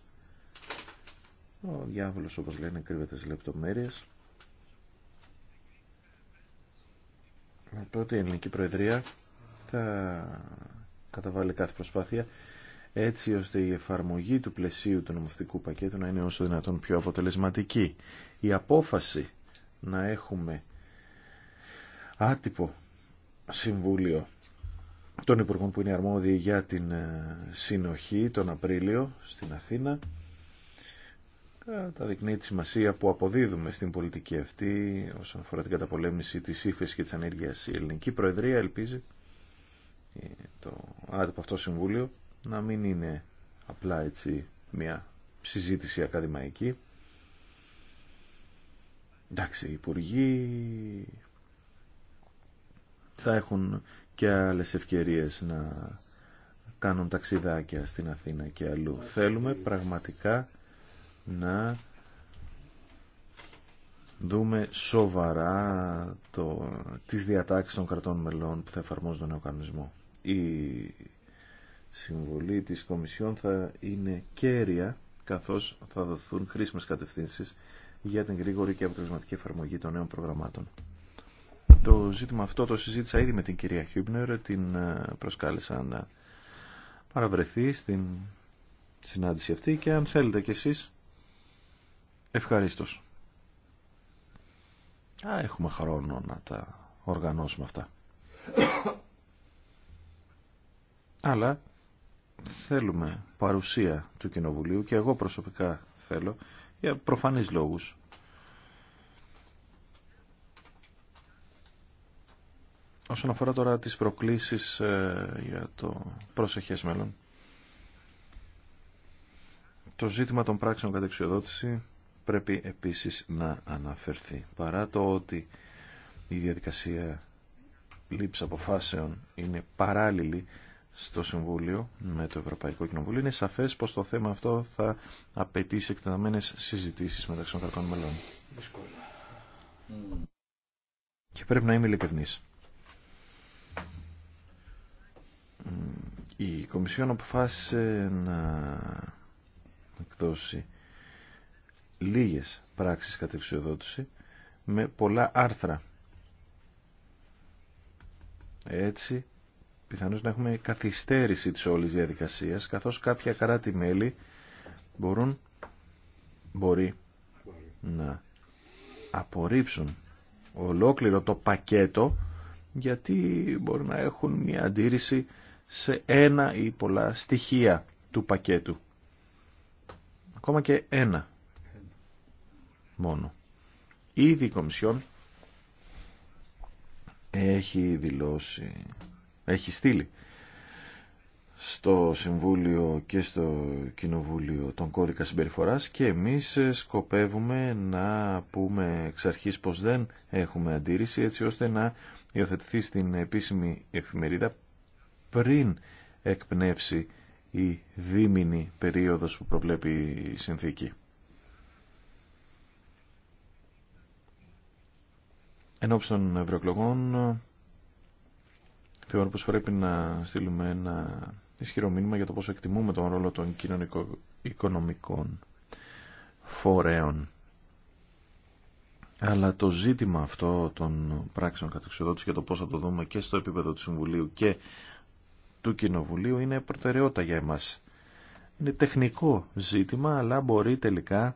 ο διάβολος όπως λένε κρύβεται στις λεπτομέρειες. τότε η Ελληνική Προεδρία θα καταβάλει κάθε προσπάθεια έτσι ώστε η εφαρμογή του πλαισίου του νομοθετικού πακέτου να είναι όσο δυνατόν πιο αποτελεσματική. Η απόφαση να έχουμε άτυπο συμβούλιο των Υπουργών που είναι αρμόδιοι για την ε, συνοχή τον Απρίλιο στην Αθήνα καταδεικνύει ε, τη σημασία που αποδίδουμε στην πολιτική αυτή όσον αφορά την καταπολέμηση της ύφεσης και της ανέργειας. Η Ελληνική Προεδρία ελπίζει ε, το άτυπο αυτό συμβούλιο να μην είναι απλά έτσι μια συζήτηση ακαδημαϊκή. Εντάξει, οι υπουργοί θα έχουν και άλλες ευκαιρίες να κάνουν ταξιδάκια στην Αθήνα και αλλού. Θέλουμε πραγματικά να δούμε σοβαρά το, τις διατάξεις των κρατών μελών που θα εφαρμόζουν τον νέο κανονισμό. Η συμβολή της Κομισιόν θα είναι κέρια καθώς θα δοθούν χρήσιμες κατευθύνσεις για την γρήγορη και αποτελεσματική εφαρμογή των νέων προγραμμάτων. Το ζήτημα αυτό το συζήτησα ήδη με την κυρία Χιούμπνερ, την ε, προσκάλεσα να παραβρεθεί στην συνάντηση αυτή και αν θέλετε κι εσείς ευχαρίστως. Α, έχουμε χρόνο να τα οργανώσουμε αυτά. [COUGHS] Αλλά θέλουμε παρουσία του Κοινοβουλίου και εγώ προσωπικά θέλω για προφανείς λόγους. Όσον αφορά τώρα τις προκλήσεις ε, για το προσεχές μέλλον, το ζήτημα των πράξεων κατεξιοδότηση πρέπει επίσης να αναφερθεί. Παρά το ότι η διαδικασία λήψη αποφάσεων είναι παράλληλη στο Συμβούλιο με το Ευρωπαϊκό Κοινοβούλιο. Είναι σαφές πως το θέμα αυτό θα απαιτήσει εκτεταμένες συζητήσεις μεταξύ των κρατών μελών. Και πρέπει να είμαι ειλικρινής. Η Κομισιόν αποφάσισε να εκδώσει λίγες πράξεις κατευσιοδότηση με πολλά άρθρα. Έτσι πιθανώς να έχουμε καθυστέρηση της όλης διαδικασίας, καθώς κάποια κράτη-μέλη μπορούν, μπορεί να απορρίψουν ολόκληρο το πακέτο, γιατί μπορεί να έχουν μια αντίρρηση σε ένα ή πολλά στοιχεία του πακέτου. Ακόμα και ένα μόνο. Ήδη η Κομισιόν έχει δηλώσει έχει στείλει στο Συμβούλιο και στο Κοινοβούλιο τον κώδικα συμπεριφοράς και εμείς ε, σκοπεύουμε να πούμε εξ αρχής πως δεν έχουμε αντίρρηση έτσι ώστε να υιοθετηθεί στην επίσημη εφημερίδα πριν εκπνεύσει η δίμηνη περίοδος που προβλέπει η συνθήκη. Ενώπιση των ευρωεκλογών Θεωρώ πως πρέπει να στείλουμε ένα ισχυρό μήνυμα για το πόσο εκτιμούμε τον ρόλο των κοινωνικο-οικονομικών φορέων. Αλλά το ζήτημα αυτό των πράξεων κατεξοδότηση και το πώς θα το δούμε και στο επίπεδο του Συμβουλίου και του Κοινοβουλίου είναι προτεραιότητα για εμάς. Είναι τεχνικό ζήτημα, αλλά μπορεί τελικά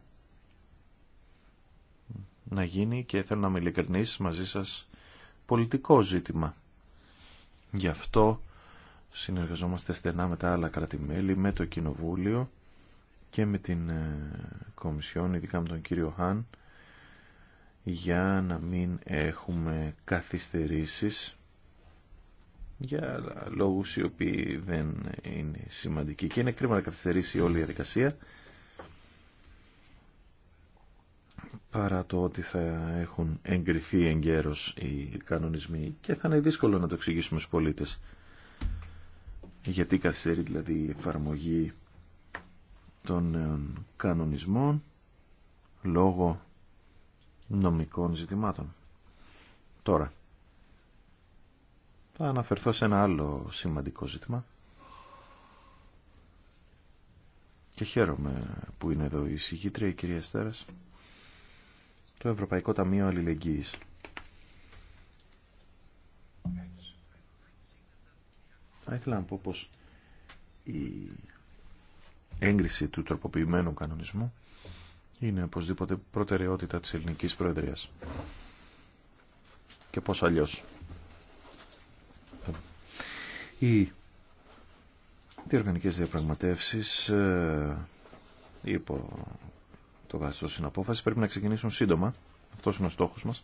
να γίνει και θέλω να με μαζί σας πολιτικό ζήτημα. Γι' αυτό συνεργαζόμαστε στενά με τα άλλα κράτη-μέλη, με το Κοινοβούλιο και με την ε, Κομισιόν, ειδικά με τον κύριο Χάν, για να μην έχουμε καθυστερήσεις για λόγους οι οποίοι δεν είναι σημαντικοί και είναι κρίμα να καθυστερήσει όλη η διαδικασία παρά το ότι θα έχουν εγκριθεί εγκαίρως οι κανονισμοί και θα είναι δύσκολο να το εξηγήσουμε στους πολίτες. Γιατί καθυστερεί δηλαδή η εφαρμογή των νέων κανονισμών λόγω νομικών ζητημάτων. Τώρα, θα αναφερθώ σε ένα άλλο σημαντικό ζήτημα και χαίρομαι που είναι εδώ η συγκήτρια η κυρία Στέρας το Ευρωπαϊκό Ταμείο Αλληλεγγύης. Θα ήθελα να πω πως η έγκριση του τροποποιημένου κανονισμού είναι οπωσδήποτε προτεραιότητα της ελληνικής προεδρίας. Και πώς αλλιώς. Οι διοργανικές διαπραγματεύσεις ε, υπό το στην απόφαση. πρέπει να ξεκινήσουν σύντομα. Αυτός είναι ο στόχος μας.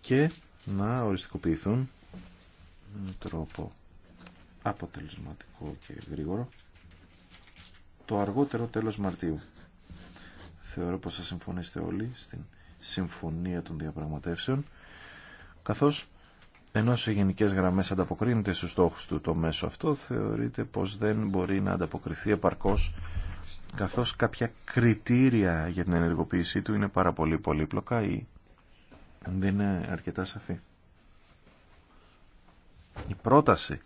Και να οριστικοποιηθούν με τρόπο αποτελεσματικό και γρήγορο το αργότερο τέλος Μαρτίου. Θεωρώ πως θα συμφωνήσετε όλοι στην συμφωνία των διαπραγματεύσεων καθώς ενώ σε γενικές γραμμές ανταποκρίνεται στους στόχους του το μέσο αυτό θεωρείται πως δεν μπορεί να ανταποκριθεί επαρκώς καθώς κάποια κριτήρια για την ενεργοποίησή του είναι πάρα πολύ πολύπλοκα ή δεν είναι αρκετά σαφή. Η πρόταση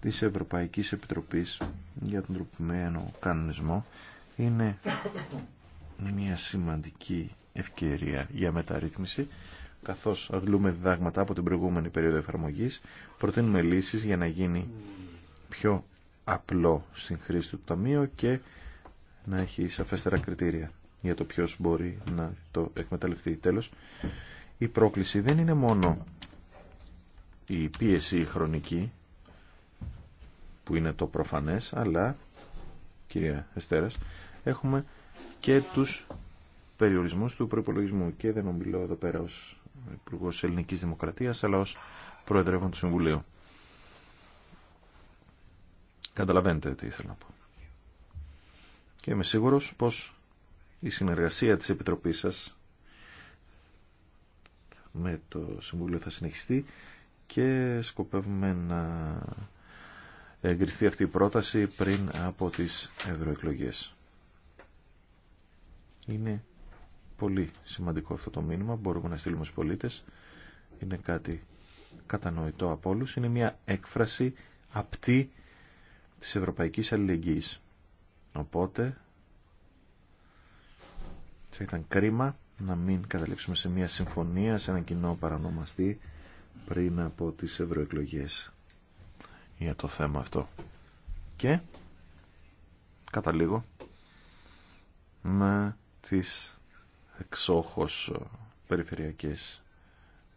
της Ευρωπαϊκής Επιτροπής για τον τροπημένο κανονισμό είναι μια σημαντική ευκαιρία για μεταρρύθμιση καθώς αδλούμε διδάγματα από την προηγούμενη περίοδο εφαρμογής προτείνουμε λύσεις για να γίνει πιο απλό στην χρήση του ταμείου και να έχει σαφέστερα κριτήρια για το ποιος μπορεί να το εκμεταλλευτεί. Τέλος, η πρόκληση δεν είναι μόνο η πίεση χρονική, που είναι το προφανές, αλλά, κυρία Εστέρας, έχουμε και τους περιορισμούς του προϋπολογισμού και δεν ομιλώ εδώ πέρα ως υπουργό Ελληνικής Δημοκρατίας, αλλά ως Προεδρεύον του Συμβουλίου. Καταλαβαίνετε τι ήθελα να πω και είμαι σίγουρος πως η συνεργασία της Επιτροπής σας με το Συμβούλιο θα συνεχιστεί και σκοπεύουμε να εγκριθεί αυτή η πρόταση πριν από τις ευρωεκλογέ. Είναι πολύ σημαντικό αυτό το μήνυμα, μπορούμε να στείλουμε στους πολίτες. Είναι κάτι κατανοητό από όλους. Είναι μια έκφραση απτή της ευρωπαϊκής αλληλεγγύης. Οπότε θα ήταν κρίμα να μην καταλήξουμε σε μια συμφωνία, σε ένα κοινό παρανομαστή πριν από τις ευρωεκλογές για το θέμα αυτό. Και καταλήγω με τις εξόχως περιφερειακές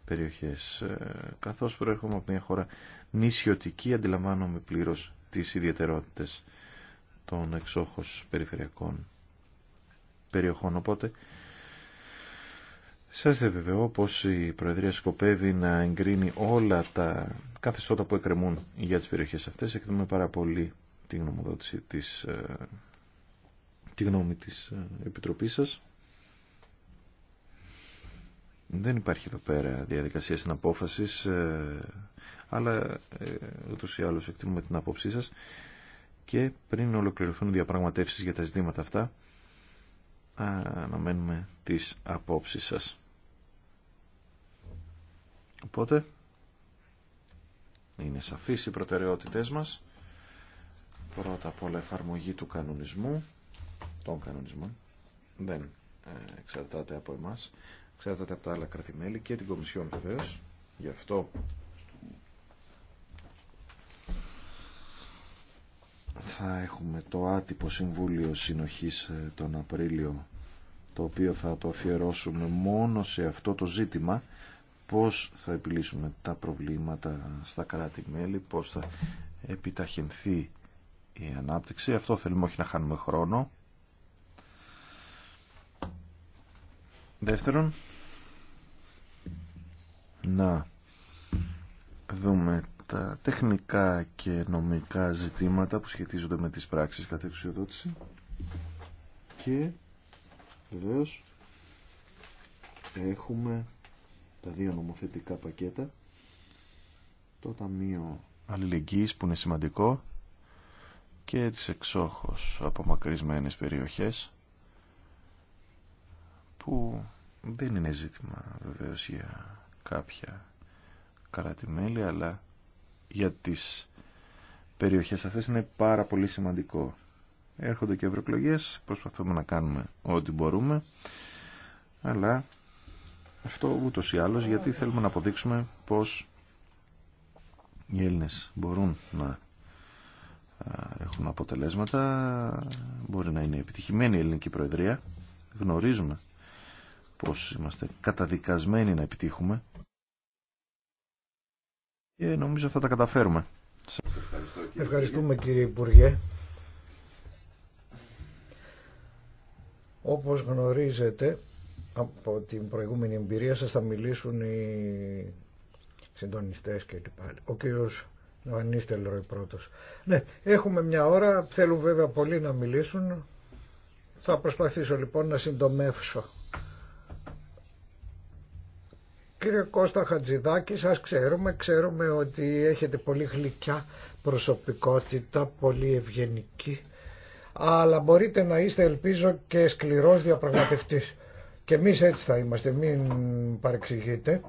περιοχές. Ε, καθώς προέρχομαι από μια χώρα νησιωτική αντιλαμβάνομαι πλήρως τις ιδιαιτερότητες των εξόχως περιφερειακών περιοχών. Οπότε, σας επιβεβαιώ πως η Προεδρία σκοπεύει να εγκρίνει όλα τα καθεστώτα που εκκρεμούν για τις περιοχές αυτές. Εκτιμούμε πάρα πολύ τη γνωμοδότηση της, ε, τη γνώμη της ε, Επιτροπής σας. Δεν υπάρχει εδώ πέρα διαδικασία απόφαση ε, αλλά ούτως ή άλλως εκτιμούμε την άποψή σας και πριν ολοκληρωθούν οι διαπραγματεύσεις για τα ζητήματα αυτά αναμένουμε τις απόψεις σας. Οπότε είναι σαφείς οι προτεραιότητες μας. Πρώτα απ' όλα εφαρμογή του κανονισμού, των κανονισμών, δεν ε, εξαρτάται από εμάς, εξαρτάται από τα άλλα κρατημέλη και την Κομισιόν βεβαίω. Γι' αυτό θα έχουμε το άτυπο Συμβούλιο Συνοχής ε, τον Απρίλιο το οποίο θα το αφιερώσουμε μόνο σε αυτό το ζήτημα πώς θα επιλύσουμε τα προβλήματα στα κράτη-μέλη, πώς θα επιταχυνθεί η ανάπτυξη. Αυτό θέλουμε όχι να χάνουμε χρόνο. Δεύτερον, να δούμε τα τεχνικά και νομικά ζητήματα που σχετίζονται με τις πράξεις κατά εξουσιοδότηση και βεβαίω έχουμε τα δύο νομοθετικά πακέτα το Ταμείο Αλληλεγγύης που είναι σημαντικό και τις εξόχως απομακρυσμένες περιοχές που δεν είναι ζήτημα βεβαίως για κάποια καρατιμέλη αλλά για τις περιοχές αυτές είναι πάρα πολύ σημαντικό. Έρχονται και ευρωεκλογέ, προσπαθούμε να κάνουμε ό,τι μπορούμε, αλλά αυτό ούτως ή άλλως γιατί θέλουμε να αποδείξουμε πως οι Έλληνες μπορούν να έχουν αποτελέσματα, μπορεί να είναι επιτυχημένη η ελληνική προεδρία, γνωρίζουμε πως είμαστε καταδικασμένοι να επιτύχουμε και νομίζω θα τα καταφέρουμε. Ευχαριστούμε κύριε Υπουργέ. Όπως γνωρίζετε από την προηγούμενη εμπειρία σας θα μιλήσουν οι συντονιστές και την Ο κύριος Βανίστελροι πρώτος. Ναι, έχουμε μια ώρα, θέλουν βέβαια πολλοί να μιλήσουν. Θα προσπαθήσω λοιπόν να συντομεύσω. Κύριε Κώστα Χατζηδάκη, σας ξέρουμε, ξέρουμε ότι έχετε πολύ γλυκιά προσωπικότητα, πολύ ευγενική, αλλά μπορείτε να είστε ελπίζω και σκληρός διαπραγματευτής. Και εμείς έτσι θα είμαστε, μην παρεξηγείτε.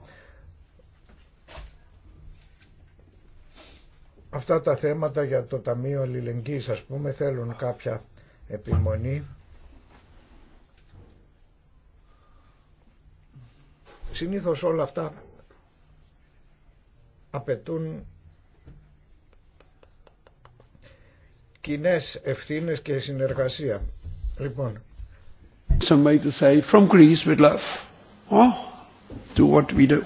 Αυτά τα θέματα για το Ταμείο Αλληλεγγύης, ας πούμε, θέλουν κάποια επιμονή. Συνήθως όλα αυτά απαιτούν κοινέ ευθύνες και συνεργασία. Λοιπόν. to say from Greece love. Oh, what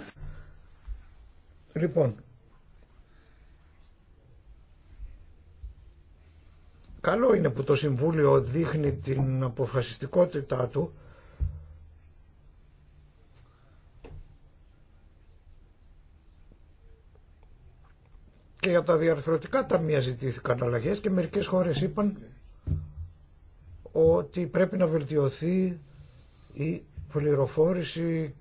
Λοιπόν. Καλό είναι που το Συμβούλιο δείχνει την αποφασιστικότητά του και για τα διαρθρωτικά ταμεία ζητήθηκαν αλλαγέ και μερικέ χώρε είπαν ότι πρέπει να βελτιωθεί η πληροφόρηση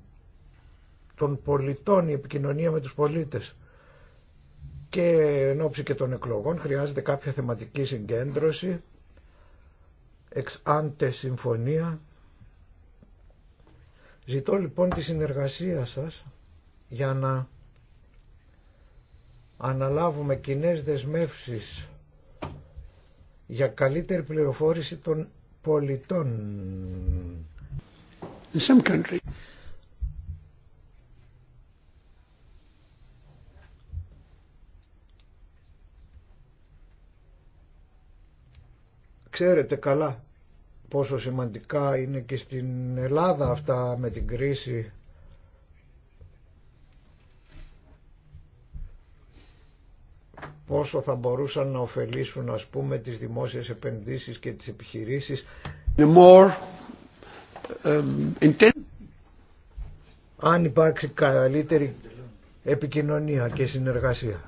των πολιτών, η επικοινωνία με τους πολίτες. Και εν ώψη και των εκλογών χρειάζεται κάποια θεματική συγκέντρωση, εξ συμφωνία. Ζητώ λοιπόν τη συνεργασία σας για να αναλάβουμε κοινέ δεσμεύσεις για καλύτερη πληροφόρηση των πολιτών. In some country. Ξέρετε καλά πόσο σημαντικά είναι και στην Ελλάδα αυτά με την κρίση πόσο θα μπορούσαν να ωφελήσουν ας πούμε τις δημόσιες επενδύσεις και τις επιχειρήσεις um, αν υπάρξει καλύτερη επικοινωνία και συνεργασία.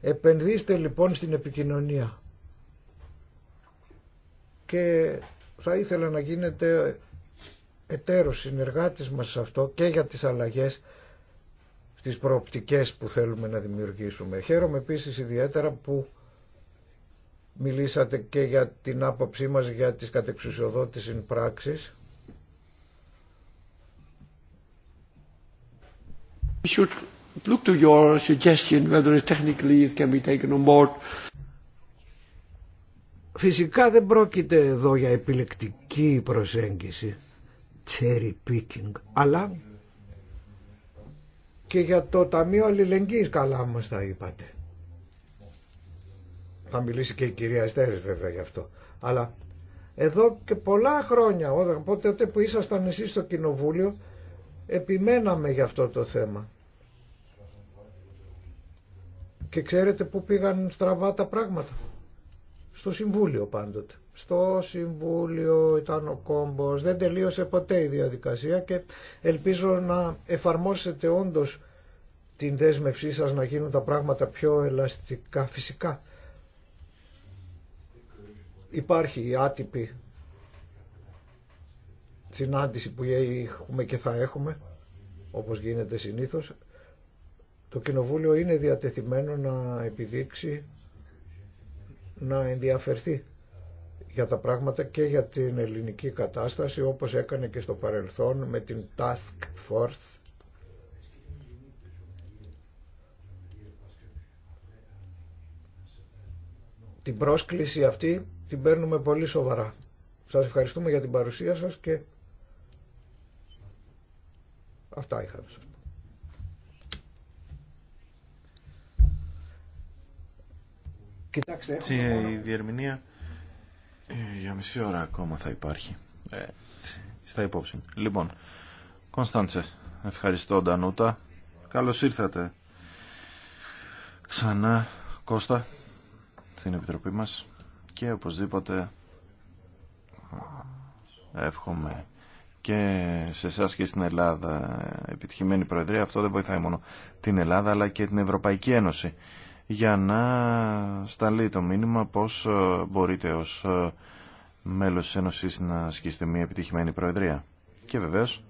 Επενδύστε λοιπόν στην επικοινωνία και θα ήθελα να γίνετε εταίρος, συνεργάτης μας σε αυτό και για τις αλλαγές στις προοπτικές που θέλουμε να δημιουργήσουμε. Χαίρομαι επίσης ιδιαίτερα που μιλήσατε και για την άποψή μας για τις κατεξουσιοδότηση πράξεις. Look to your suggestion whether technically it can be taken on board. Φυσικά δεν πρόκειται εδώ για επιλεκτική προσέγγιση cherry picking αλλά και για το Ταμείο Αλληλεγγύης καλά μας τα είπατε. Θα μιλήσει και η κυρία Εστέρης βέβαια γι' αυτό. Αλλά εδώ και πολλά χρόνια, οπότε τότε που ήσασταν εσείς στο Κοινοβούλιο, επιμέναμε γι' αυτό το θέμα. Και ξέρετε πού πήγαν στραβά τα πράγματα. Στο Συμβούλιο πάντοτε στο Συμβούλιο ήταν ο κόμπος, δεν τελείωσε ποτέ η διαδικασία και ελπίζω να εφαρμόσετε όντως την δέσμευσή σας να γίνουν τα πράγματα πιο ελαστικά φυσικά. Υπάρχει η άτυπη συνάντηση που έχουμε και θα έχουμε, όπως γίνεται συνήθως. Το Κοινοβούλιο είναι διατεθειμένο να επιδείξει, να ενδιαφερθεί για τα πράγματα και για την ελληνική κατάσταση όπως έκανε και στο παρελθόν με την Task Force την πρόσκληση αυτή την παίρνουμε πολύ σοβαρά. Σας ευχαριστούμε για την παρουσία σας και αυτά είχα να σας πω. Κοιτάξτε. Η ε, για μισή ώρα ακόμα θα υπάρχει. Ε, στα υπόψη. Λοιπόν, Κωνσταντσε, ευχαριστώ Ντανούτα. Καλώς ήρθατε. Ξανά, Κώστα, στην Επιτροπή μας. Και οπωσδήποτε εύχομαι και σε εσά και στην Ελλάδα επιτυχημένη Προεδρία. Αυτό δεν βοηθάει μόνο την Ελλάδα αλλά και την Ευρωπαϊκή Ένωση για να σταλεί το μήνυμα πώς ε, μπορείτε ως ε, μέλος Ένωσης να ασκήσετε μια επιτυχημένη προεδρία. Και βεβαίως,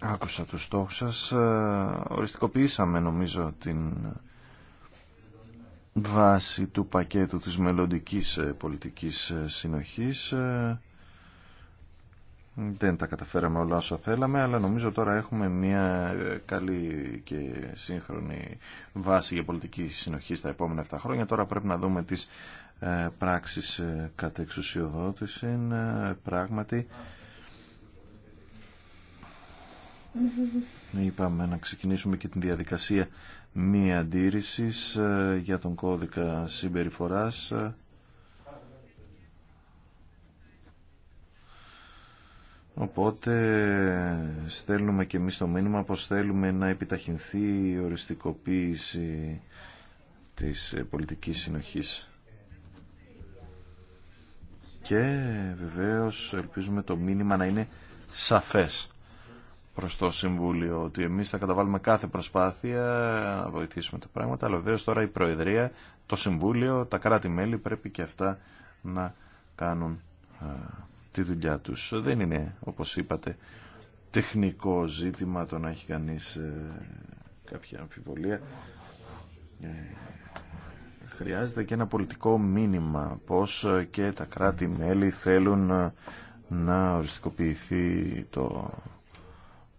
άκουσα τους στόχους σας, ε, οριστικοποιήσαμε νομίζω την βάση του πακέτου της μελλοντικής πολιτικής συνοχής δεν τα καταφέραμε όλα όσα θέλαμε, αλλά νομίζω τώρα έχουμε μια ε, καλή και σύγχρονη βάση για πολιτική συνοχή στα επόμενα 7 χρόνια. Τώρα πρέπει να δούμε τις ε, πράξεις ε, κατ' εξουσιοδότηση. Πράγματι, είπαμε να ξεκινήσουμε και την διαδικασία μη αντίρρησης για τον κώδικα συμπεριφοράς Οπότε στέλνουμε και εμείς το μήνυμα πως θέλουμε να επιταχυνθεί η οριστικοποίηση της ε, πολιτικής συνοχής. Και βεβαίως ελπίζουμε το μήνυμα να είναι σαφές προς το Συμβούλιο ότι εμείς θα καταβάλουμε κάθε προσπάθεια να βοηθήσουμε τα πράγματα αλλά βεβαίως τώρα η Προεδρία, το Συμβούλιο, τα κράτη-μέλη πρέπει και αυτά να κάνουν ε, τη δουλειά τους. Δεν είναι, όπως είπατε, τεχνικό ζήτημα το να έχει κανείς ε, κάποια αμφιβολία. Ε, χρειάζεται και ένα πολιτικό μήνυμα πως ε, και τα κράτη-μέλη θέλουν να οριστικοποιηθεί το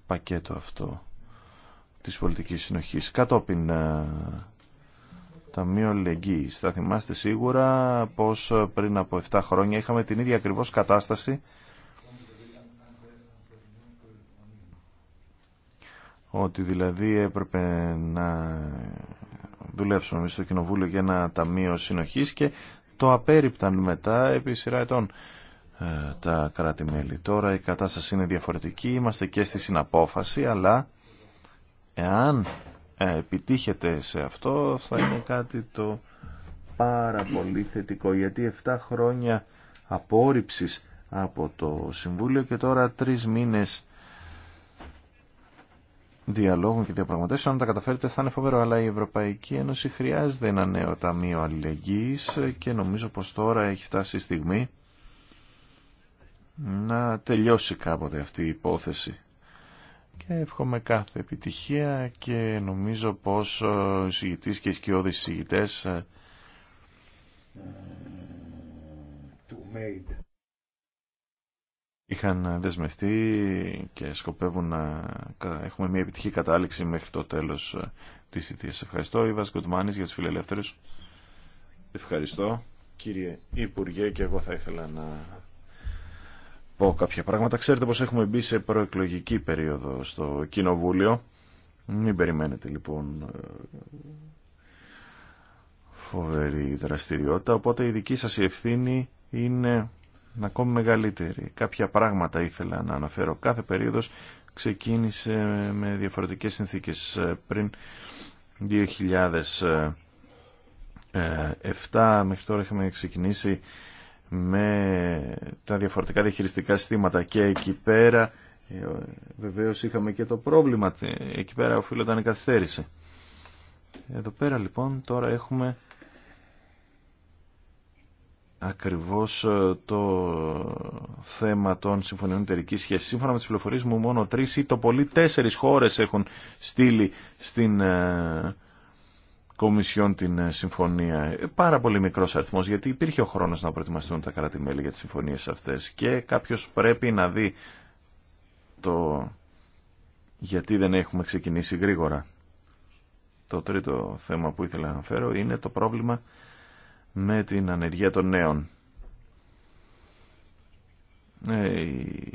πακέτο αυτό της πολιτικής συνοχής. Κατόπιν Ταμείο Λεγγύης. Θα θυμάστε σίγουρα πως πριν από 7 χρόνια είχαμε την ίδια ακριβώς κατάσταση ότι δηλαδή έπρεπε να δουλέψουμε εμείς στο Κοινοβούλιο για ένα Ταμείο Συνοχής και το απέριπταν μετά επί σειρά ετών ε, τα κράτη-μέλη. Τώρα η κατάσταση είναι διαφορετική, είμαστε και στη συναπόφαση, αλλά εάν ε, επιτύχετε σε αυτό θα είναι κάτι το πάρα πολύ θετικό γιατί 7 χρόνια απόρριψης από το Συμβούλιο και τώρα 3 μήνες διαλόγων και διαπραγματεύσεων. Αν τα καταφέρετε θα είναι φοβερό, αλλά η Ευρωπαϊκή Ένωση χρειάζεται ένα νέο ταμείο αλληλεγγύης και νομίζω πως τώρα έχει φτάσει η στιγμή να τελειώσει κάποτε αυτή η υπόθεση και εύχομαι κάθε επιτυχία και νομίζω πως οι συγητής και οι σκιώδεις συγητές ε, είχαν δεσμευτεί και σκοπεύουν να έχουμε μια επιτυχή κατάληξη μέχρι το τέλος ε, της θητείας. Ευχαριστώ Ιβας Γκουτμάνης για τους φιλελεύθερους. Ευχαριστώ κύριε Υπουργέ και εγώ θα ήθελα να πω κάποια πράγματα. Ξέρετε πως έχουμε μπει σε προεκλογική περίοδο στο Κοινοβούλιο. Μην περιμένετε λοιπόν ε, φοβερή δραστηριότητα, οπότε η δική σας ευθύνη είναι ακόμη μεγαλύτερη. Κάποια πράγματα ήθελα να αναφέρω. Κάθε περίοδος ξεκίνησε με διαφορετικές συνθήκες. Πριν 2007 ε, μέχρι τώρα είχαμε ξεκινήσει με τα διαφορετικά διαχειριστικά συστήματα και εκεί πέρα ε, βεβαίως είχαμε και το πρόβλημα εκεί πέρα οφείλονταν η καθυστέρηση εδώ πέρα λοιπόν τώρα έχουμε ακριβώς ε, το θέμα των συμφωνιών εταιρικής σχέσης. Σύμφωνα με τις πληροφορίες μου μόνο τρεις ή το πολύ τέσσερις χώρες έχουν στείλει στην ε, Κομισιόν την ε, συμφωνία. Ε, πάρα πολύ μικρό αριθμό γιατί υπήρχε ο χρόνο να προετοιμαστούν τα κράτη-μέλη για τι συμφωνίε αυτέ. και κάποιο πρέπει να δει το γιατί δεν έχουμε ξεκινήσει γρήγορα. Το τρίτο θέμα που ήθελα να αναφέρω είναι το πρόβλημα με την ανεργία των νέων. Ε, η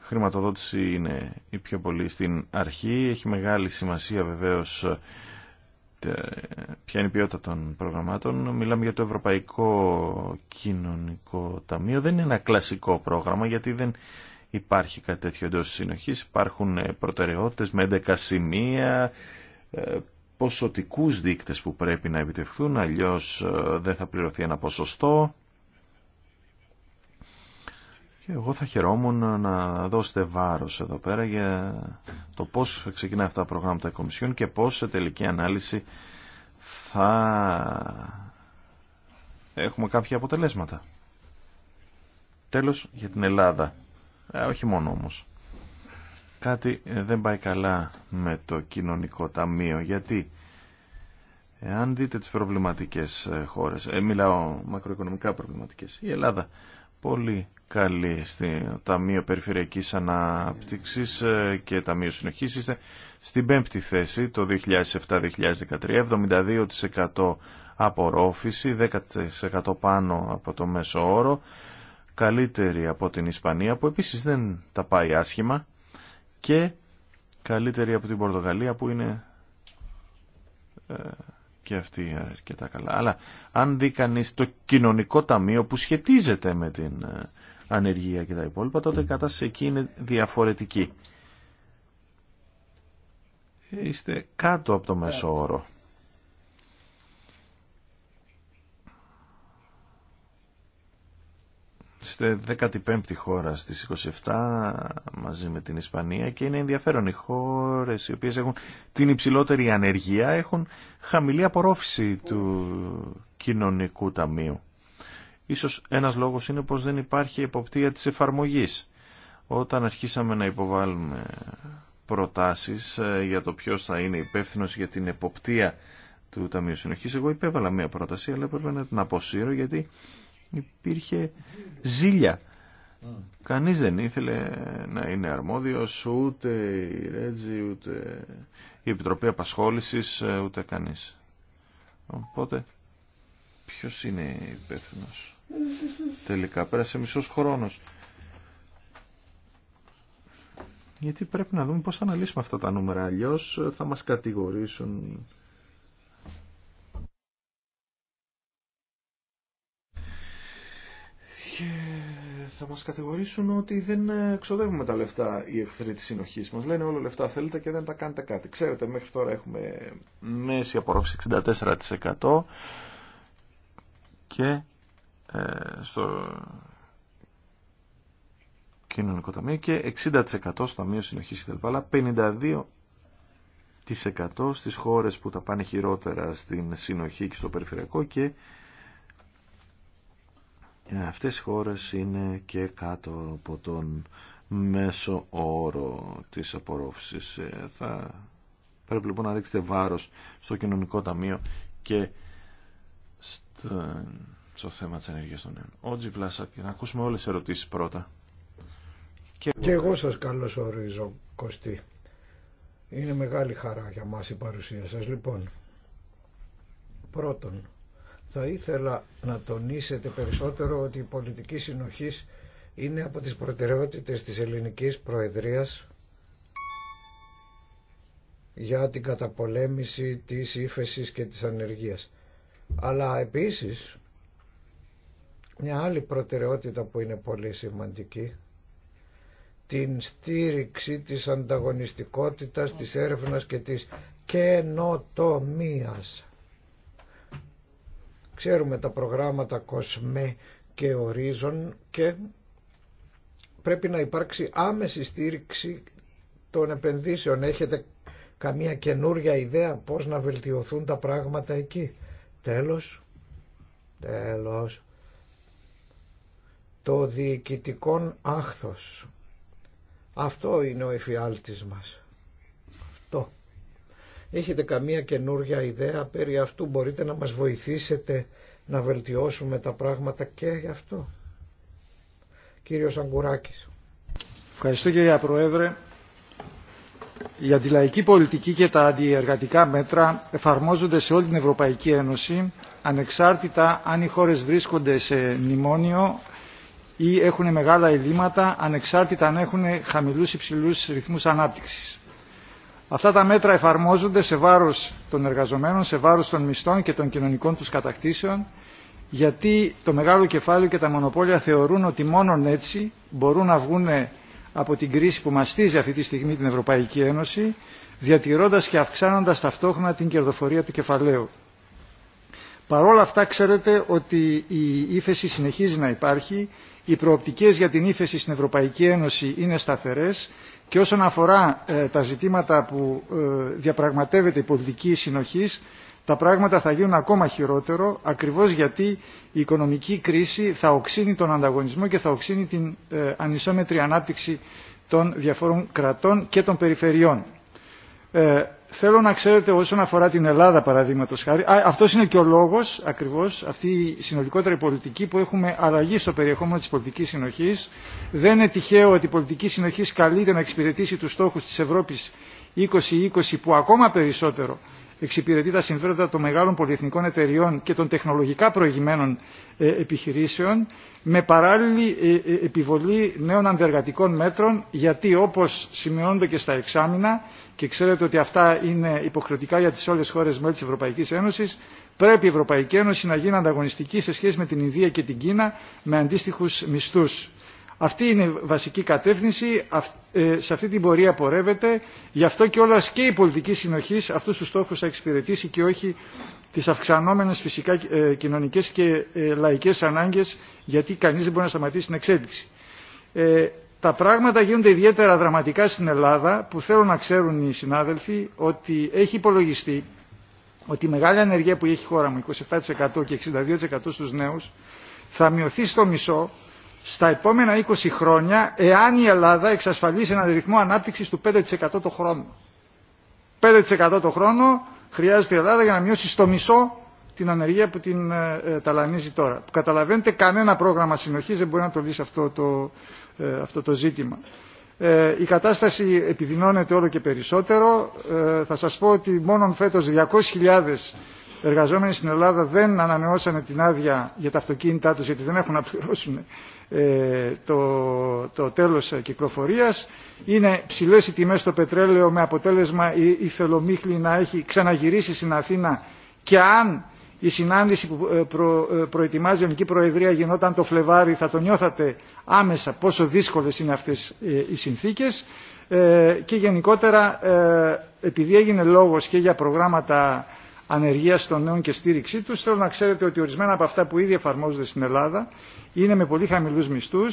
χρηματοδότηση είναι η πιο πολύ στην αρχή. Έχει μεγάλη σημασία βεβαίως ποια είναι η ποιότητα των προγραμμάτων. Μιλάμε για το Ευρωπαϊκό Κοινωνικό Ταμείο. Δεν είναι ένα κλασικό πρόγραμμα γιατί δεν υπάρχει κάτι τέτοιο εντό συνοχή. Υπάρχουν ε, προτεραιότητες με 11 σημεία, ε, ποσοτικούς δείκτες που πρέπει να επιτευχθούν, αλλιώς ε, δεν θα πληρωθεί ένα ποσοστό. Και εγώ θα χαιρόμουν να δώσετε βάρος εδώ πέρα για το πώς ξεκινά αυτά τα προγράμματα κομισιών και πώς σε τελική ανάλυση θα έχουμε κάποια αποτελέσματα. Τέλος για την Ελλάδα. όχι μόνο όμως. Κάτι ε, δεν πάει καλά με το κοινωνικό ταμείο. Γιατί αν δείτε τις προβληματικές ε, χώρες, ε, μιλάω μακροοικονομικά προβληματικές, η Ελλάδα πολύ καλή στην Ταμείο Περιφερειακής Ανάπτυξης ε, και Ταμείο Συνοχής είστε στην πέμπτη θέση το 2007-2013 72% απορρόφηση 10% πάνω από το μέσο όρο καλύτερη από την Ισπανία που επίσης δεν τα πάει άσχημα και καλύτερη από την Πορτογαλία που είναι ε, και αυτή αρκετά καλά. Αλλά αν δει κανεί το κοινωνικό ταμείο που σχετίζεται με την ε, ανεργία και τα υπόλοιπα, τότε η κατάσταση εκεί είναι διαφορετική. Είστε κάτω από το μέσο όρο. Είστε 15η χώρα στις 27 μαζί με την Ισπανία και είναι ενδιαφέρον οι χώρες οι οποίες έχουν την υψηλότερη ανεργία έχουν χαμηλή απορρόφηση του κοινωνικού ταμείου. Ίσως ένας λόγος είναι πως δεν υπάρχει εποπτεία της εφαρμογής. Όταν αρχίσαμε να υποβάλουμε προτάσεις ε, για το ποιος θα είναι υπεύθυνο για την εποπτεία του Ταμείου Συνοχής, εγώ υπέβαλα μία πρόταση, αλλά έπρεπε να την αποσύρω γιατί υπήρχε ζήλια. Κανείς δεν ήθελε να είναι αρμόδιος, ούτε η Ρέτζη, ούτε η Επιτροπή Απασχόλησης, ε, ούτε κανείς. Οπότε, ποιος είναι υπεύθυνο. Τελικά πέρασε μισός χρόνος. Γιατί πρέπει να δούμε πώς θα αναλύσουμε αυτά τα νούμερα. Αλλιώς θα μας κατηγορήσουν. θα μας κατηγορήσουν ότι δεν ξοδεύουμε τα λεφτά οι εχθροί της συνοχής. Μας λένε όλα λεφτά θέλετε και δεν τα κάνετε κάτι. Ξέρετε μέχρι τώρα έχουμε μέση απορρόφηση 64% και ε, στο κοινωνικό ταμείο και 60% στο ταμείο συνοχής κτλ. Αλλά 52% στις χώρες που τα πάνε χειρότερα στην συνοχή και στο περιφερειακό και ε, αυτές οι χώρες είναι και κάτω από τον μέσο όρο της απορρόφησης. Ε, θα πρέπει λοιπόν να ρίξετε βάρος στο κοινωνικό ταμείο και στην στο θέμα της ενέργειας των νέων. Ότζι Βλάσσακ, να ακούσουμε όλες τις ερωτήσεις πρώτα. Και, και εγώ σας καλωσορίζω, Κωστή. Είναι μεγάλη χαρά για μας η παρουσία σας. Λοιπόν, πρώτον, θα ήθελα να τονίσετε περισσότερο ότι η πολιτική συνοχής είναι από τις προτεραιότητες της ελληνικής προεδρίας για την καταπολέμηση της ύφεση και της ανεργίας. Αλλά επίσης μια άλλη προτεραιότητα που είναι πολύ σημαντική την στήριξη της ανταγωνιστικότητας, της έρευνας και της καινοτομίας. Ξέρουμε τα προγράμματα COSME και ορίζον και πρέπει να υπάρξει άμεση στήριξη των επενδύσεων. Έχετε καμία καινούρια ιδέα πώς να βελτιωθούν τα πράγματα εκεί. Τέλος, τέλος το διοικητικό άχθος. Αυτό είναι ο εφιάλτης μας. Αυτό. Έχετε καμία καινούργια ιδέα περί αυτού, μπορείτε να μας βοηθήσετε να βελτιώσουμε τα πράγματα και γι' αυτό. Κύριος Αγκουράκης. Ευχαριστώ κύριε Πρόεδρε. Η αντιλαϊκή πολιτική και τα αντιεργατικά μέτρα εφαρμόζονται σε όλη την Ευρωπαϊκή Ένωση ανεξάρτητα αν οι χώρες βρίσκονται σε μνημόνιο ή έχουν μεγάλα ελλείμματα ανεξάρτητα αν έχουν χαμηλούς υψηλούς ρυθμούς ανάπτυξης. Αυτά τα μέτρα εφαρμόζονται σε βάρος των εργαζομένων, σε βάρος των μισθών και των κοινωνικών τους κατακτήσεων, γιατί το μεγάλο κεφάλαιο και τα μονοπόλια θεωρούν ότι μόνον έτσι μπορούν να βγουν από την κρίση που μαστίζει αυτή τη στιγμή την Ευρωπαϊκή Ένωση, διατηρώντας και αυξάνοντας ταυτόχρονα την κερδοφορία του κεφαλαίου. Παρ' όλα αυτά ξέρετε ότι η ύφεση συνεχίζει να υπάρχει, οι προοπτικές για την ύφεση στην Ευρωπαϊκή Ένωση είναι σταθερές και όσον αφορά ε, τα ζητήματα που ε, διαπραγματεύεται η πολιτική συνοχής, τα πράγματα θα γίνουν ακόμα χειρότερο, ακριβώς γιατί η οικονομική κρίση θα οξύνει τον ανταγωνισμό και θα οξύνει την ε, ανισόμετρη ανάπτυξη των διαφόρων κρατών και των περιφερειών. Ε, θέλω να ξέρετε όσον αφορά την Ελλάδα παραδείγματο χάρη, αυτό είναι και ο λόγο ακριβώ, αυτή η συνολικότερη πολιτική που έχουμε αλλαγή στο περιεχόμενο τη πολιτική συνοχή. Δεν είναι τυχαίο ότι η πολιτική συνοχή καλείται να εξυπηρετήσει του στόχου τη Ευρώπη 2020 που ακόμα περισσότερο εξυπηρετεί τα συμφέροντα των μεγάλων πολυεθνικών εταιριών και των τεχνολογικά προηγμένων ε, επιχειρήσεων με παράλληλη ε, ε, επιβολή νέων αντεργατικών μέτρων γιατί όπως σημειώνονται και στα εξάμεινα και ξέρετε ότι αυτά είναι υποχρεωτικά για τις όλες χώρε χώρες μέλη της Ευρωπαϊκής Ένωσης πρέπει η Ευρωπαϊκή Ένωση να γίνει ανταγωνιστική σε σχέση με την Ινδία και την Κίνα με αντίστοιχους μισθούς. Αυτή είναι η βασική κατεύθυνση, ε, σε αυτή την πορεία πορεύεται, γι' αυτό και όλα και η πολιτική συνοχή αυτού του στόχου θα εξυπηρετήσει και όχι τι αυξανόμενε φυσικά ε, κοινωνικέ και ε, λαϊκέ ανάγκε, γιατί κανεί δεν μπορεί να σταματήσει την εξέλιξη. Τα πράγματα γίνονται ιδιαίτερα δραματικά στην Ελλάδα που θέλω να ξέρουν οι συνάδελφοι ότι έχει υπολογιστεί ότι η μεγάλη ανεργία που έχει η χώρα μου, 27% και 62% στους νέους, θα μειωθεί στο μισό στα επόμενα 20 χρόνια εάν η Ελλάδα εξασφαλίσει έναν ρυθμό ανάπτυξης του 5% το χρόνο. 5% το χρόνο χρειάζεται η Ελλάδα για να μειώσει στο μισό την ανεργία που την ε, ε ταλανίζει τώρα. καταλαβαίνετε κανένα πρόγραμμα συνοχής δεν μπορεί να το λύσει αυτό το, ε, αυτό το ζήτημα. Ε, η κατάσταση επιδεινώνεται όλο και περισσότερο. Ε, θα σας πω ότι μόνο φέτος 200.000 εργαζόμενοι στην Ελλάδα δεν ανανεώσανε την άδεια για τα αυτοκίνητά τους γιατί δεν έχουν να πληρώσουν ε, το, το τέλος κυκλοφορίας. Είναι ψηλές οι τιμές στο πετρέλαιο με αποτέλεσμα η, η να έχει ξαναγυρίσει στην Αθήνα και αν η συνάντηση που ε, ε, προετοιμάζει η Ελληνική Προεδρία γινόταν το Φλεβάρι θα το νιώθατε άμεσα πόσο δύσκολες είναι αυτές οι συνθήκες και γενικότερα επειδή έγινε λόγος και για προγράμματα ανεργία των νέων και στήριξή του. Θέλω να ξέρετε ότι ορισμένα από αυτά που ήδη εφαρμόζονται στην Ελλάδα είναι με πολύ χαμηλού μισθού,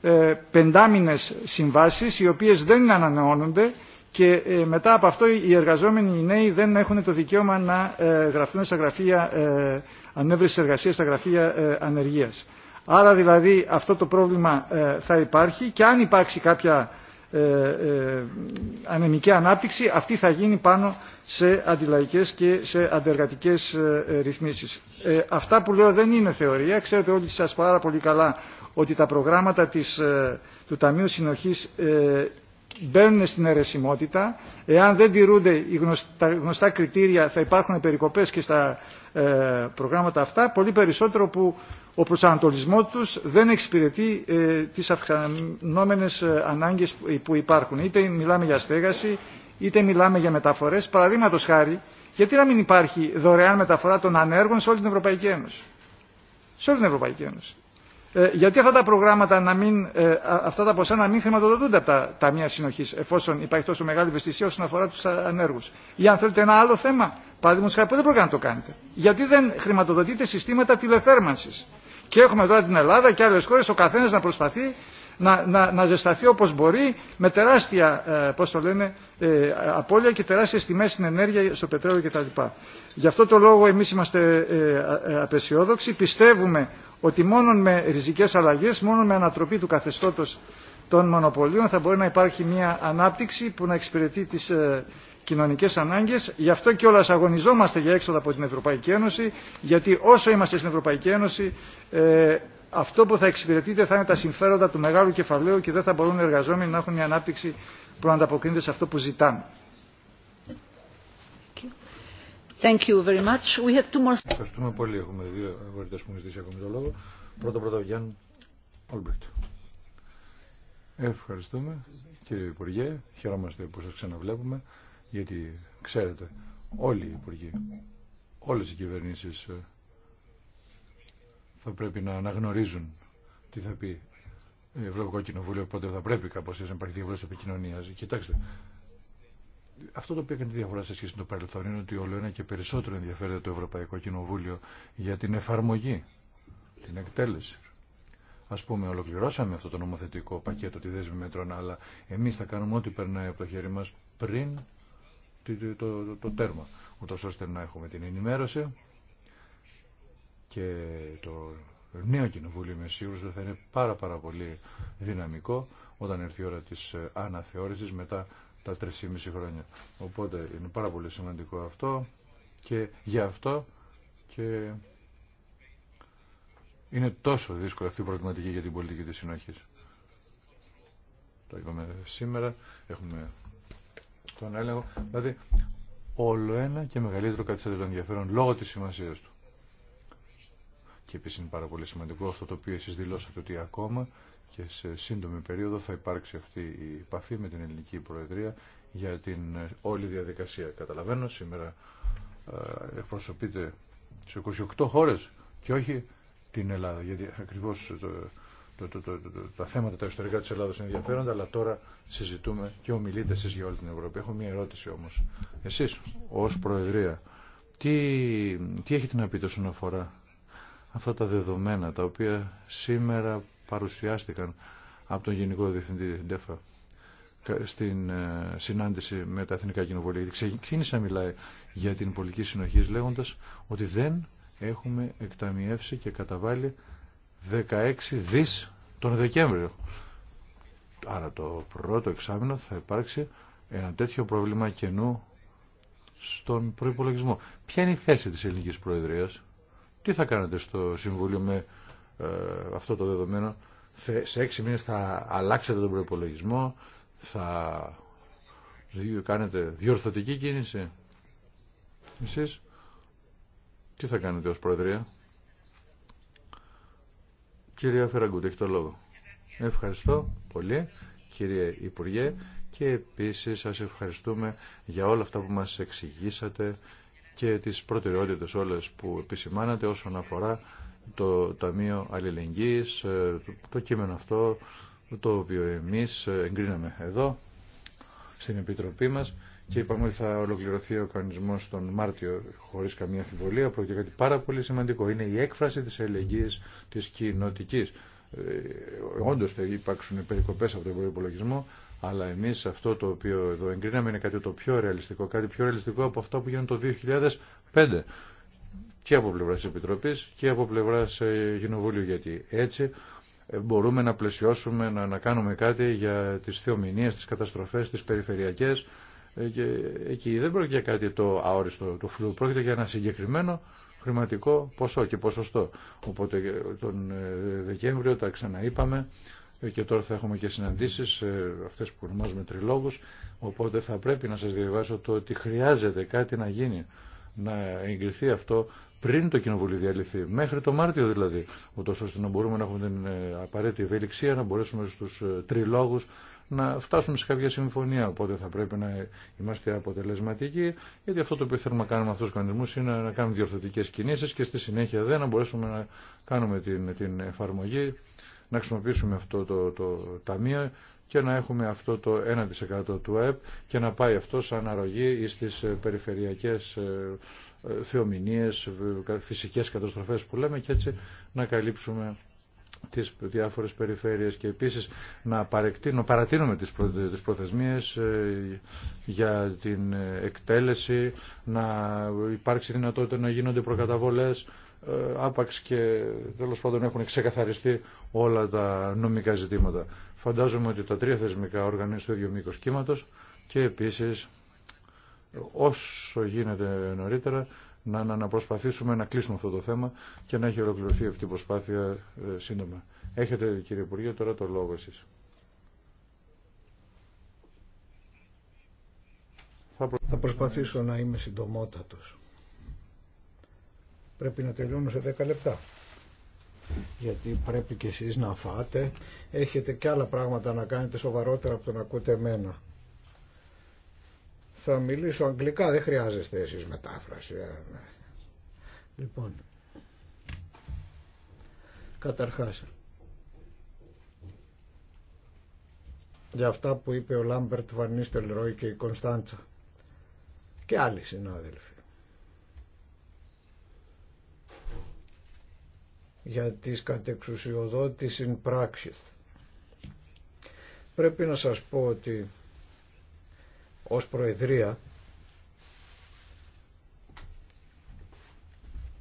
ε, πεντάμινε συμβάσει, οι οποίε δεν ανανεώνονται και ε, μετά από αυτό οι εργαζόμενοι οι νέοι δεν έχουν το δικαίωμα να ε, γραφτούν στα γραφεία ανέβρεση εργασία, στα γραφεία ανεργία. Άρα δηλαδή αυτό το πρόβλημα θα υπάρχει και αν υπάρξει κάποια ε, ε, ανεμική ανάπτυξη, αυτή θα γίνει πάνω σε αντιλαϊκές και σε αντεργατικές ε, ρυθμίσεις. Αυτά που λέω δεν είναι θεωρία. Ξέρετε όλοι σας πάρα πολύ καλά ότι τα προγράμματα της, του Ταμείου Συνοχής μπαίνουν στην αιρεσιμότητα. Εάν δεν τηρούνται τα γνωστά κριτήρια θα υπάρχουν περικοπές και στα προγράμματα αυτά, πολύ περισσότερο που ο προσανατολισμός τους δεν εξυπηρετεί ε, τις αυξανόμενες ε, ανάγκες που υπάρχουν. Είτε μιλάμε για στέγαση, είτε μιλάμε για μεταφορές. Παραδείγματος χάρη, γιατί να μην υπάρχει δωρεάν μεταφορά των ανέργων σε όλη την Ευρωπαϊκή Ένωση. Σε όλη την Ευρωπαϊκή Ένωση. Ε, γιατί αυτά τα προγράμματα, να μην, αυτά τα ποσά να μην χρηματοδοτούνται από τα ταμεία συνοχή, εφόσον υπάρχει τόσο μεγάλη ευαισθησία όσον αφορά του ανέργου. Ή αν θέλετε ένα άλλο θέμα, παραδείγματο χάρη που δεν να το κάνετε. Γιατί δεν χρηματοδοτείτε συστήματα τηλεθέρμανση. Και έχουμε τώρα την Ελλάδα και άλλες χώρες, ο καθένας να προσπαθεί να, να, να ζεσταθεί όπως μπορεί με τεράστια ε, πώς το λένε, ε, απώλεια και τεράστιες τιμές στην ενέργεια, στο πετρέλαιο κτλ. Γι' αυτό το λόγο εμείς είμαστε ε, ε απεσιόδοξοι. Πιστεύουμε ότι μόνο με ριζικές αλλαγές, μόνο με ανατροπή του καθεστώτος των μονοπωλίων θα μπορεί να υπάρχει μια ανάπτυξη που να εξυπηρετεί τις, ε, κοινωνικές ανάγκες. Γι' αυτό και κιόλας αγωνιζόμαστε για έξοδο από την Ευρωπαϊκή Ένωση, γιατί όσο είμαστε στην Ευρωπαϊκή Ένωση ε, αυτό που θα εξυπηρετείται θα είναι τα συμφέροντα του μεγάλου κεφαλαίου και δεν θα μπορούν οι εργαζόμενοι να έχουν μια ανάπτυξη που να ανταποκρίνεται σε αυτό που ζητάνε. Thank you very much. We have two more... Ευχαριστούμε πολύ. Έχουμε δύο αγορητές που έχουν ζητήσει ακόμη το λόγο. Πρώτο πρώτο Γιάν Ολμπρίτ. Ευχαριστούμε κύριε Υπουργέ. Χαιρόμαστε που σας ξαναβλέπουμε γιατί ξέρετε όλοι οι υπουργοί, όλες οι κυβερνήσεις ε, θα πρέπει να αναγνωρίζουν τι θα πει η Ευρωπαϊκό Κοινοβούλιο, οπότε θα πρέπει κάπως να υπάρχει διαβούλευση επικοινωνία. Κοιτάξτε, αυτό το οποίο έκανε τη διαφορά σε σχέση με το παρελθόν είναι ότι όλο ένα και περισσότερο ενδιαφέρεται το Ευρωπαϊκό Κοινοβούλιο για την εφαρμογή, την εκτέλεση. Ας πούμε, ολοκληρώσαμε αυτό το νομοθετικό πακέτο τη δέσμη μέτρων, αλλά εμεί θα κάνουμε ό,τι περνάει από το χέρι μας πριν το, το, το τέρμα, ούτως ώστε να έχουμε την ενημέρωση και το νέο κοινοβούλιο με σίγουρος θα είναι πάρα πάρα πολύ δυναμικό όταν έρθει η ώρα της ε, αναθεώρησης μετά τα 3,5 χρόνια. Οπότε είναι πάρα πολύ σημαντικό αυτό και γι' αυτό και είναι τόσο δύσκολη αυτή η προβληματική για την πολιτική της συνοχής. Τα είπαμε σήμερα, έχουμε τον έλεγχο. Δηλαδή, όλο ένα και μεγαλύτερο καθίσταται το ενδιαφέρον λόγω τη σημασία του. Και επίση είναι πάρα πολύ σημαντικό αυτό το οποίο εσεί δηλώσατε ότι ακόμα και σε σύντομη περίοδο θα υπάρξει αυτή η επαφή με την ελληνική προεδρία για την ε, όλη διαδικασία. Καταλαβαίνω, σήμερα ε, εκπροσωπείτε σε 28 χώρε και όχι την Ελλάδα, γιατί ακριβώς το, το, το, τα θέματα τα ιστορικά της Ελλάδος είναι ενδιαφέροντα, αλλά τώρα συζητούμε και ομιλείτε εσείς για όλη την Ευρώπη. Έχω μία ερώτηση όμως. Εσείς ως Προεδρία, τι, τι έχετε να πείτε όσον αφορά αυτά τα δεδομένα τα οποία σήμερα παρουσιάστηκαν από τον Γενικό Διευθυντή Ντέφα στην ε, συνάντηση με τα Εθνικά Κοινοβούλια. Ξεκίνησε να μιλάει για την πολιτική συνοχή λέγοντας ότι δεν έχουμε εκταμιεύσει και καταβάλει 16 δις τον Δεκέμβριο. Άρα το πρώτο εξάμεινο θα υπάρξει ένα τέτοιο πρόβλημα κενού στον προϋπολογισμό. Ποια είναι η θέση της ελληνικής προεδρίας, τι θα κάνετε στο Συμβούλιο με ε, αυτό το δεδομένο, σε έξι μήνες θα αλλάξετε τον προϋπολογισμό, θα κάνετε διορθωτική κίνηση. Εσείς τι θα κάνετε ως Προεδρία. Κύριε Φεραγκούτ, έχει το λόγο. Ευχαριστώ πολύ, κύριε Υπουργέ, και επίσης σας ευχαριστούμε για όλα αυτά που μας εξηγήσατε και τις προτεραιότητες όλες που επισημάνατε όσον αφορά το Ταμείο Αλληλεγγύης, ε, το κείμενο αυτό το οποίο εμείς εγκρίναμε εδώ στην Επιτροπή μας και είπαμε ότι θα ολοκληρωθεί ο κανονισμό τον Μάρτιο χωρί καμία αμφιβολία. Πρόκειται κάτι πάρα πολύ σημαντικό. Είναι η έκφραση τη ελεγγύη τη κοινοτική. Ε, Όντω θα υπάρξουν περικοπέ από τον προπολογισμό, αλλά εμεί αυτό το οποίο εδώ εγκρίναμε είναι κάτι το πιο ρεαλιστικό, κάτι πιο ρεαλιστικό από αυτά που γίνονται το 2005 και από πλευρά τη Επιτροπή και από πλευρά Γενοβούλου Γιατί έτσι ε, μπορούμε να πλαισιώσουμε, να, να κάνουμε κάτι για τι θεομηνίε, τι καταστροφέ, τι περιφερειακέ. Ε, εκεί δεν πρόκειται για κάτι το αόριστο του φλού, πρόκειται για ένα συγκεκριμένο χρηματικό ποσό και ποσοστό. Οπότε ε, τον ε, Δεκέμβριο τα ξαναείπαμε και τώρα θα έχουμε και συναντήσεις, αυτές που ονομάζουμε τριλόγους, οπότε θα πρέπει να σας διαβάσω το ότι χρειάζεται κάτι να γίνει, να εγκριθεί αυτό πριν το κοινοβούλιο διαλυθεί, μέχρι το Μάρτιο δηλαδή, ούτως ώστε να μπορούμε να έχουμε την απαραίτητη ευελιξία, να μπορέσουμε στους τριλόγους να φτάσουμε σε κάποια συμφωνία. Οπότε θα πρέπει να είμαστε αποτελεσματικοί, γιατί αυτό το οποίο θέλουμε να κάνουμε αυτού του κανονισμού είναι να κάνουμε διορθωτικέ κινήσει και στη συνέχεια δεν να μπορέσουμε να κάνουμε την, την εφαρμογή, να χρησιμοποιήσουμε αυτό το, το, ταμείο και να έχουμε αυτό το 1% του ΑΕΠ και να πάει αυτό σαν αρρωγή στις ε, περιφερειακές ε, ε, θεομηνίες, φυσικές καταστροφές που λέμε και έτσι να καλύψουμε τις διάφορες περιφέρειες και επίσης να παρεκτείνω, παρατείνουμε τις, προθεσμίες ε, για την εκτέλεση, να υπάρξει δυνατότητα να γίνονται προκαταβολές ε, άπαξ και τέλος πάντων έχουν ξεκαθαριστεί όλα τα νομικά ζητήματα. Φαντάζομαι ότι τα τρία θεσμικά όργανα στο ίδιο μήκος κύματος και επίσης όσο γίνεται νωρίτερα να, να, να προσπαθήσουμε να κλείσουμε αυτό το θέμα και να έχει ολοκληρωθεί αυτή η προσπάθεια ε, σύντομα. Έχετε κύριε Υπουργέ τώρα το λόγο εσείς. Θα προσπαθήσω να είμαι συντομότατος. Πρέπει να τελειώνω σε 10 λεπτά. Γιατί πρέπει και εσείς να φάτε. Έχετε και άλλα πράγματα να κάνετε σοβαρότερα από το να ακούτε εμένα. Θα μιλήσω αγγλικά, δεν χρειάζεστε εσείς μετάφραση. Ε. Λοιπόν, καταρχάς, για αυτά που είπε ο Λάμπερτ Βανίστελ Ρόι και η Κωνσταντσα και άλλοι συνάδελφοι. για τις κατεξουσιοδότησης πράξης. Πρέπει να σας πω ότι ως Προεδρία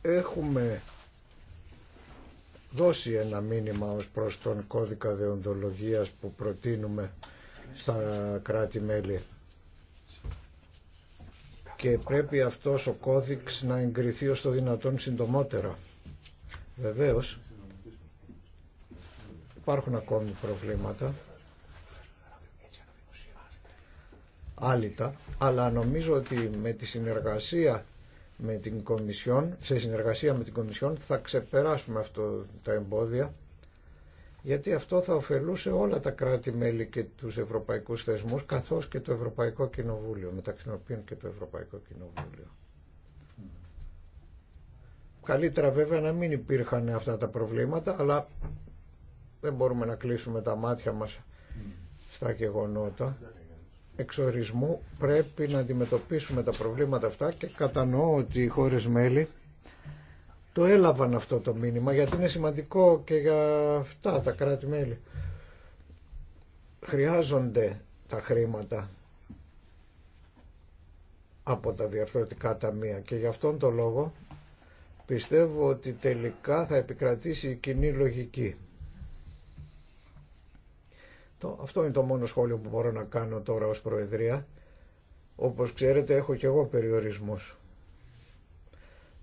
έχουμε δώσει ένα μήνυμα ως προς τον κώδικα δεοντολογίας που προτείνουμε στα κράτη-μέλη και πρέπει αυτός ο κώδικς να εγκριθεί ως το δυνατόν συντομότερα. Βεβαίως υπάρχουν ακόμη προβλήματα άλυτα, αλλά νομίζω ότι με τη συνεργασία με την Κομισιόν, σε συνεργασία με την Κομισιόν θα ξεπεράσουμε αυτό τα εμπόδια γιατί αυτό θα ωφελούσε όλα τα κράτη-μέλη και τους ευρωπαϊκούς θεσμούς καθώς και το Ευρωπαϊκό Κοινοβούλιο, μεταξύ των οποίων και το Ευρωπαϊκό Κοινοβούλιο. Καλύτερα βέβαια να μην υπήρχαν αυτά τα προβλήματα, αλλά δεν μπορούμε να κλείσουμε τα μάτια μας mm. στα γεγονότα εξορισμού πρέπει να αντιμετωπίσουμε τα προβλήματα αυτά και κατανοώ ότι οι χώρες μέλη το έλαβαν αυτό το μήνυμα γιατί είναι σημαντικό και για αυτά τα κράτη-μέλη. Χρειάζονται τα χρήματα από τα διαρθρωτικά ταμεία και γι' αυτόν τον λόγο πιστεύω ότι τελικά θα επικρατήσει η κοινή λογική αυτό. είναι το μόνο σχόλιο που μπορώ να κάνω τώρα ως Προεδρία. Όπως ξέρετε έχω και εγώ περιορισμούς.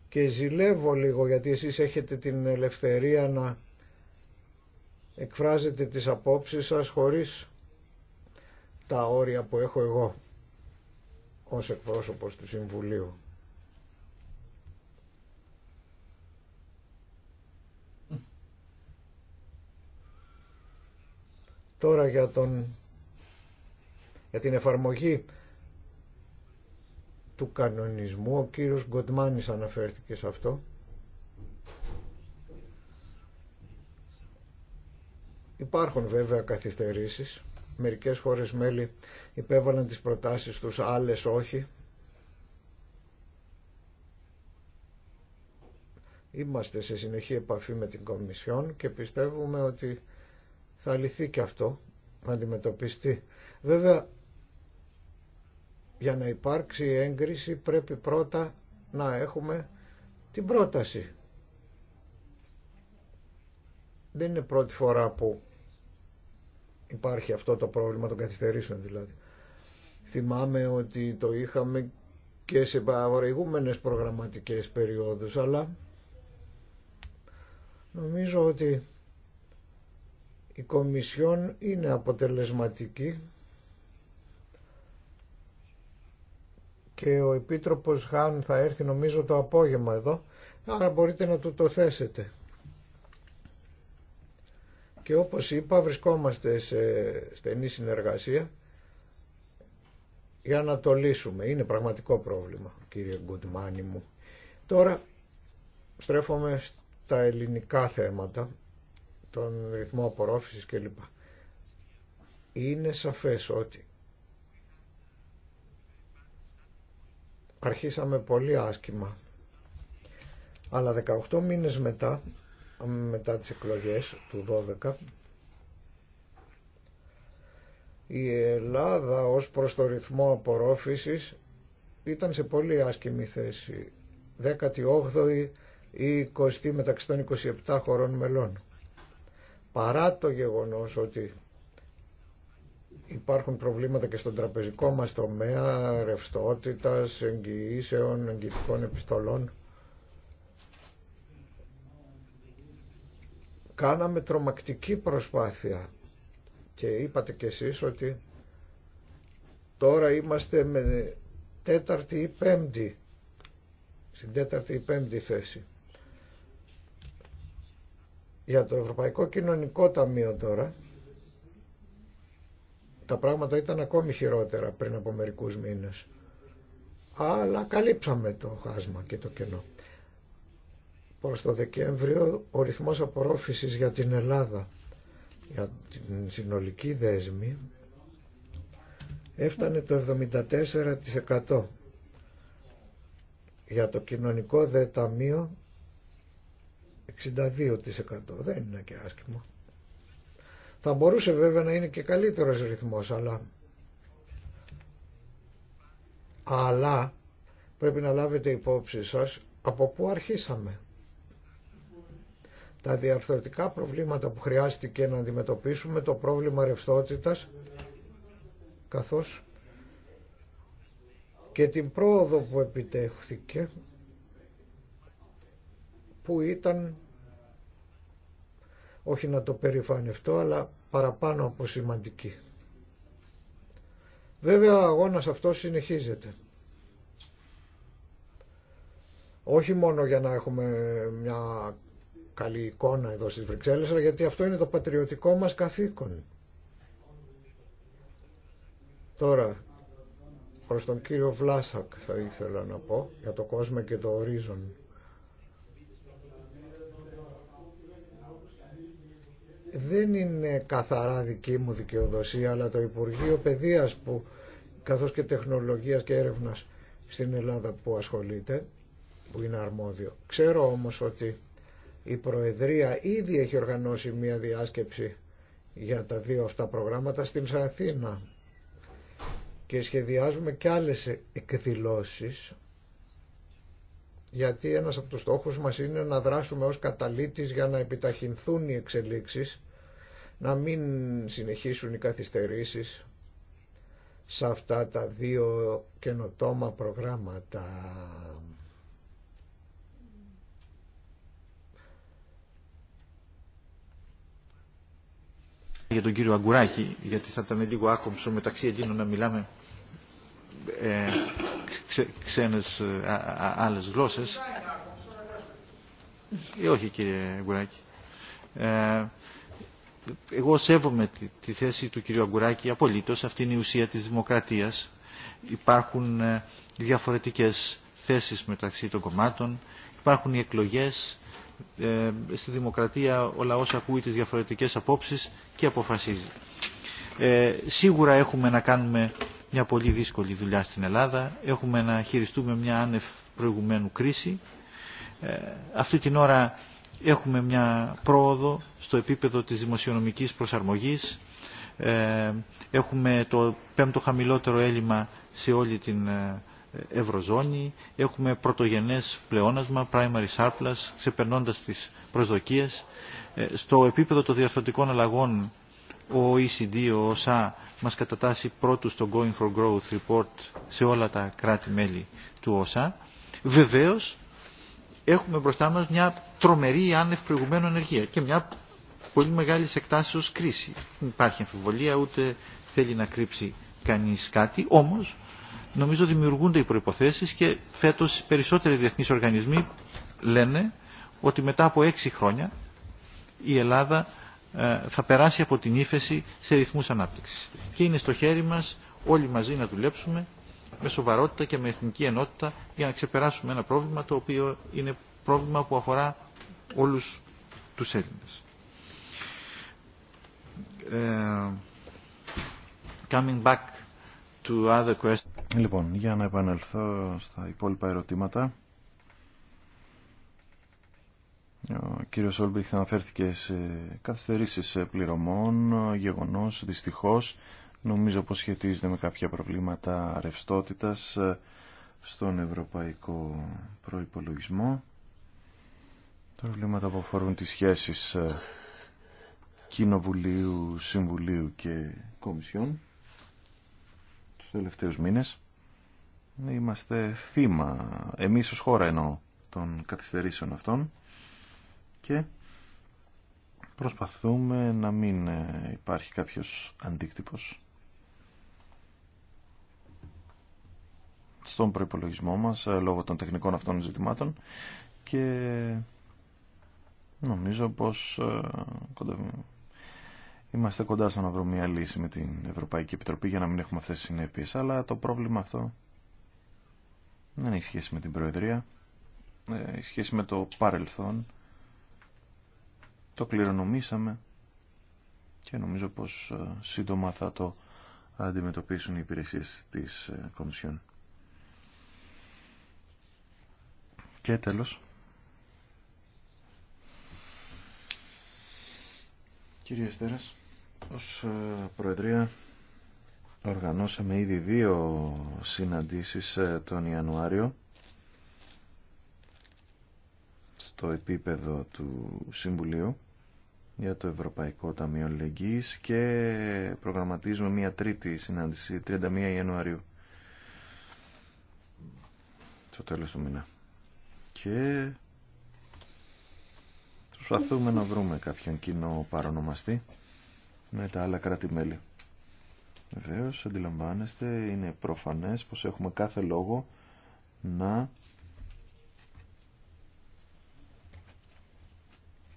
Και ζηλεύω λίγο γιατί εσείς έχετε την ελευθερία να εκφράζετε τις απόψεις σας χωρίς τα όρια που έχω εγώ ως εκπρόσωπος του Συμβουλίου. Τώρα για, την εφαρμογή του κανονισμού, ο κύριος Γκοντμάνης αναφέρθηκε σε αυτό. Υπάρχουν βέβαια καθυστερήσεις. Μερικές χώρες μέλη υπέβαλαν τις προτάσεις τους, άλλες όχι. Είμαστε σε συνεχή επαφή με την Κομισιόν και πιστεύουμε ότι θα λυθεί και αυτό, Θα αντιμετωπιστεί. Βέβαια, για να υπάρξει έγκριση πρέπει πρώτα να έχουμε την πρόταση. Δεν είναι πρώτη φορά που υπάρχει αυτό το πρόβλημα των καθυστερήσεων δηλαδή. Θυμάμαι ότι το είχαμε και σε παραγωγούμενες προγραμματικές περιόδους, αλλά νομίζω ότι η Κομισιόν είναι αποτελεσματική και ο Επίτροπος Χάν θα έρθει νομίζω το απόγευμα εδώ, άρα μπορείτε να του το θέσετε. Και όπως είπα βρισκόμαστε σε στενή συνεργασία για να το λύσουμε. Είναι πραγματικό πρόβλημα κύριε Γκουτμάνη μου. Τώρα στρέφομαι στα ελληνικά θέματα τον ρυθμό απορρόφησης κλπ. Είναι σαφές ότι αρχίσαμε πολύ άσκημα αλλά 18 μήνες μετά μετά τις εκλογές του 12 η Ελλάδα ως προς το ρυθμό απορρόφησης ήταν σε πολύ άσκημη θέση 18η ή 20η μεταξύ των 27 χωρών μελών παρά το γεγονός ότι υπάρχουν προβλήματα και στον τραπεζικό μας τομέα ρευστότητας, εγγυήσεων, εγγυητικών επιστολών. Κάναμε τρομακτική προσπάθεια και είπατε κι εσείς ότι τώρα είμαστε με τέταρτη ή πέμπτη, στην τέταρτη ή πέμπτη θέση. Για το Ευρωπαϊκό Κοινωνικό Ταμείο τώρα, τα πράγματα ήταν ακόμη χειρότερα πριν από μερικούς μήνες. Αλλά καλύψαμε το χάσμα και το κενό. Προς το Δεκέμβριο ο ρυθμός απορρόφησης για την Ελλάδα, για την συνολική δέσμη, έφτανε το 74% για το κοινωνικό δε ταμείο 62%. Δεν είναι και άσχημο. Θα μπορούσε βέβαια να είναι και καλύτερος ρυθμός, αλλά... Αλλά πρέπει να λάβετε υπόψη σας από πού αρχίσαμε. Τα διαρθρωτικά προβλήματα που χρειάστηκε να αντιμετωπίσουμε, το πρόβλημα ρευστότητας, καθώς και την πρόοδο που επιτέχθηκε, που ήταν όχι να το περηφανευτώ, αλλά παραπάνω από σημαντική. Βέβαια ο αγώνας αυτός συνεχίζεται. Όχι μόνο για να έχουμε μια καλή εικόνα εδώ στις Βρυξέλλες, αλλά γιατί αυτό είναι το πατριωτικό μας καθήκον. Τώρα, προς τον κύριο Βλάσακ θα ήθελα να πω για το κόσμο και το ορίζον. δεν είναι καθαρά δική μου δικαιοδοσία αλλά το Υπουργείο Παιδείας που καθώς και τεχνολογίας και έρευνας στην Ελλάδα που ασχολείται που είναι αρμόδιο. Ξέρω όμως ότι η Προεδρία ήδη έχει οργανώσει μία διάσκεψη για τα δύο αυτά προγράμματα στην Αθήνα και σχεδιάζουμε και άλλες εκδηλώσεις γιατί ένας από τους στόχους μας είναι να δράσουμε ως καταλήτης για να επιταχυνθούν οι εξελίξεις, να μην συνεχίσουν οι καθυστερήσεις σε αυτά τα δύο καινοτόμα προγράμματα. Για τον κύριο Αγκουράκη, γιατί θα ήταν λίγο άκομψο μεταξύ εκείνων να μιλάμε ε, ξένες ε, άλλες γλώσσες. Ή ε, όχι κύριε Αγκουράκη. Ε, εγώ σέβομαι τη θέση του κυρίου Αγκουράκη απολύτως. Αυτή είναι η ουσία της δημοκρατίας. Υπάρχουν διαφορετικές θέσεις μεταξύ των κομμάτων. Υπάρχουν οι εκλογές. Στη δημοκρατία ο λαός ακούει τις διαφορετικές απόψεις και αποφασίζει. Ε, σίγουρα έχουμε να κάνουμε μια πολύ δύσκολη δουλειά στην Ελλάδα. Έχουμε να χειριστούμε μια άνευ προηγουμένου κρίση. Ε, αυτή την ώρα έχουμε μια πρόοδο στο επίπεδο της δημοσιονομικής προσαρμογής. Ε, έχουμε το πέμπτο χαμηλότερο έλλειμμα σε όλη την ε, Ευρωζώνη. Έχουμε πρωτογενές πλεόνασμα, primary surplus, ξεπερνώντας τις προσδοκίες. Ε, στο επίπεδο των διαρθρωτικών αλλαγών ο OECD, ο ΩΣΑ μας κατατάσσει πρώτου στο Going for Growth Report σε όλα τα κράτη-μέλη του ΩΣΑ. Βεβαίως έχουμε μπροστά μας μια τρομερή άνευ προηγουμένου ενεργεία και μια πολύ μεγάλη εκτάσεως κρίση. Δεν υπάρχει αμφιβολία ούτε θέλει να κρύψει κανείς κάτι, όμως νομίζω δημιουργούνται οι προϋποθέσεις και φέτος περισσότεροι διεθνείς οργανισμοί λένε ότι μετά από έξι χρόνια η Ελλάδα ε, θα περάσει από την ύφεση σε ρυθμούς ανάπτυξης. Και είναι στο χέρι μας όλοι μαζί να δουλέψουμε με σοβαρότητα και με εθνική ενότητα για να ξεπεράσουμε ένα πρόβλημα το οποίο είναι πρόβλημα που αφορά όλους τους Έλληνες. Ε, back to other questions. Λοιπόν, για να επανελθώ στα υπόλοιπα ερωτήματα. Ο κύριος Όλμπριχ αναφέρθηκε σε καθυστερήσεις πληρωμών, γεγονός, δυστυχώς. Νομίζω πως σχετίζεται με κάποια προβλήματα ρευστότητας ε, στον ευρωπαϊκό προϋπολογισμό. Τα προβλήματα που αφορούν τις σχέσεις ε, Κοινοβουλίου, Συμβουλίου και Κομισιόν τους τελευταίους μήνες. Είμαστε θύμα, εμείς ως χώρα εννοώ, των καθυστερήσεων αυτών και προσπαθούμε να μην ε, υπάρχει κάποιος αντίκτυπος στον προϋπολογισμό μας ε, λόγω των τεχνικών αυτών ζητημάτων και νομίζω πως ε, είμαστε κοντά στο να βρούμε μια λύση με την Ευρωπαϊκή Επιτροπή για να μην έχουμε αυτές τις συνέπειες αλλά το πρόβλημα αυτό δεν έχει σχέση με την Προεδρία έχει σχέση με το παρελθόν το κληρονομήσαμε και νομίζω πως ε, σύντομα θα το αντιμετωπίσουν οι υπηρεσίες της ε, Κομισιόν. Και τέλος. Κύριε Στέρας, ως ε, Προεδρία οργανώσαμε ήδη δύο συναντήσεις τον Ιανουάριο το επίπεδο του Συμβουλίου για το Ευρωπαϊκό Ταμείο Λεγγύης και προγραμματίζουμε μια τρίτη συνάντηση 31 Ιανουαρίου στο τέλος του μήνα και προσπαθούμε να βρούμε κάποιον κοινό παρονομαστή με τα άλλα κράτη-μέλη. Βεβαίω, αντιλαμβάνεστε, είναι προφανές πως έχουμε κάθε λόγο να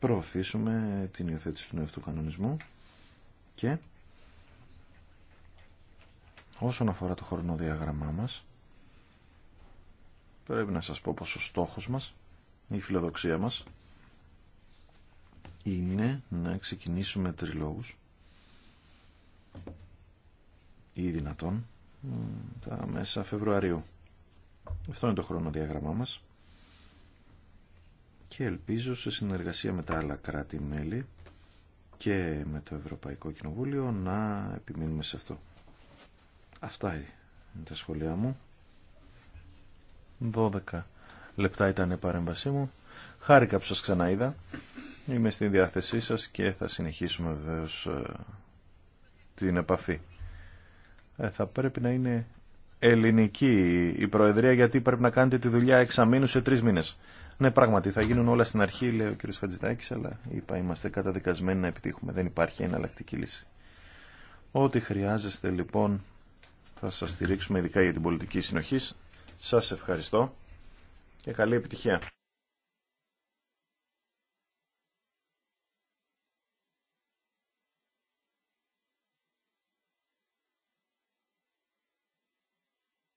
προωθήσουμε την υιοθέτηση του νέου κανονισμού και όσον αφορά το χρονοδιάγραμμά μας πρέπει να σας πω πως ο στόχος μας η φιλοδοξία μας είναι να ξεκινήσουμε τριλόγους ή δυνατόν τα μέσα Φεβρουαρίου. Αυτό είναι το χρονοδιάγραμμά μας και ελπίζω σε συνεργασία με τα άλλα κράτη-μέλη και με το Ευρωπαϊκό Κοινοβούλιο να επιμείνουμε σε αυτό. Αυτά είναι τα σχόλιά μου. 12 λεπτά ήταν η παρέμβασή μου. Χάρηκα που σας ξαναείδα. Είμαι στη διάθεσή σας και θα συνεχίσουμε βεβαίως ε, την επαφή. Ε, θα πρέπει να είναι ελληνική η Προεδρία γιατί πρέπει να κάνετε τη δουλειά εξαμήνου σε τρεις μήνες. Ναι, πράγματι, θα γίνουν όλα στην αρχή, λέει ο κ. Φατζητάκης, αλλά είπα, είμαστε καταδικασμένοι να επιτύχουμε. Δεν υπάρχει εναλλακτική λύση. Ό,τι χρειάζεστε, λοιπόν, θα σας στηρίξουμε ειδικά για την πολιτική συνοχή. Σας ευχαριστώ και καλή επιτυχία.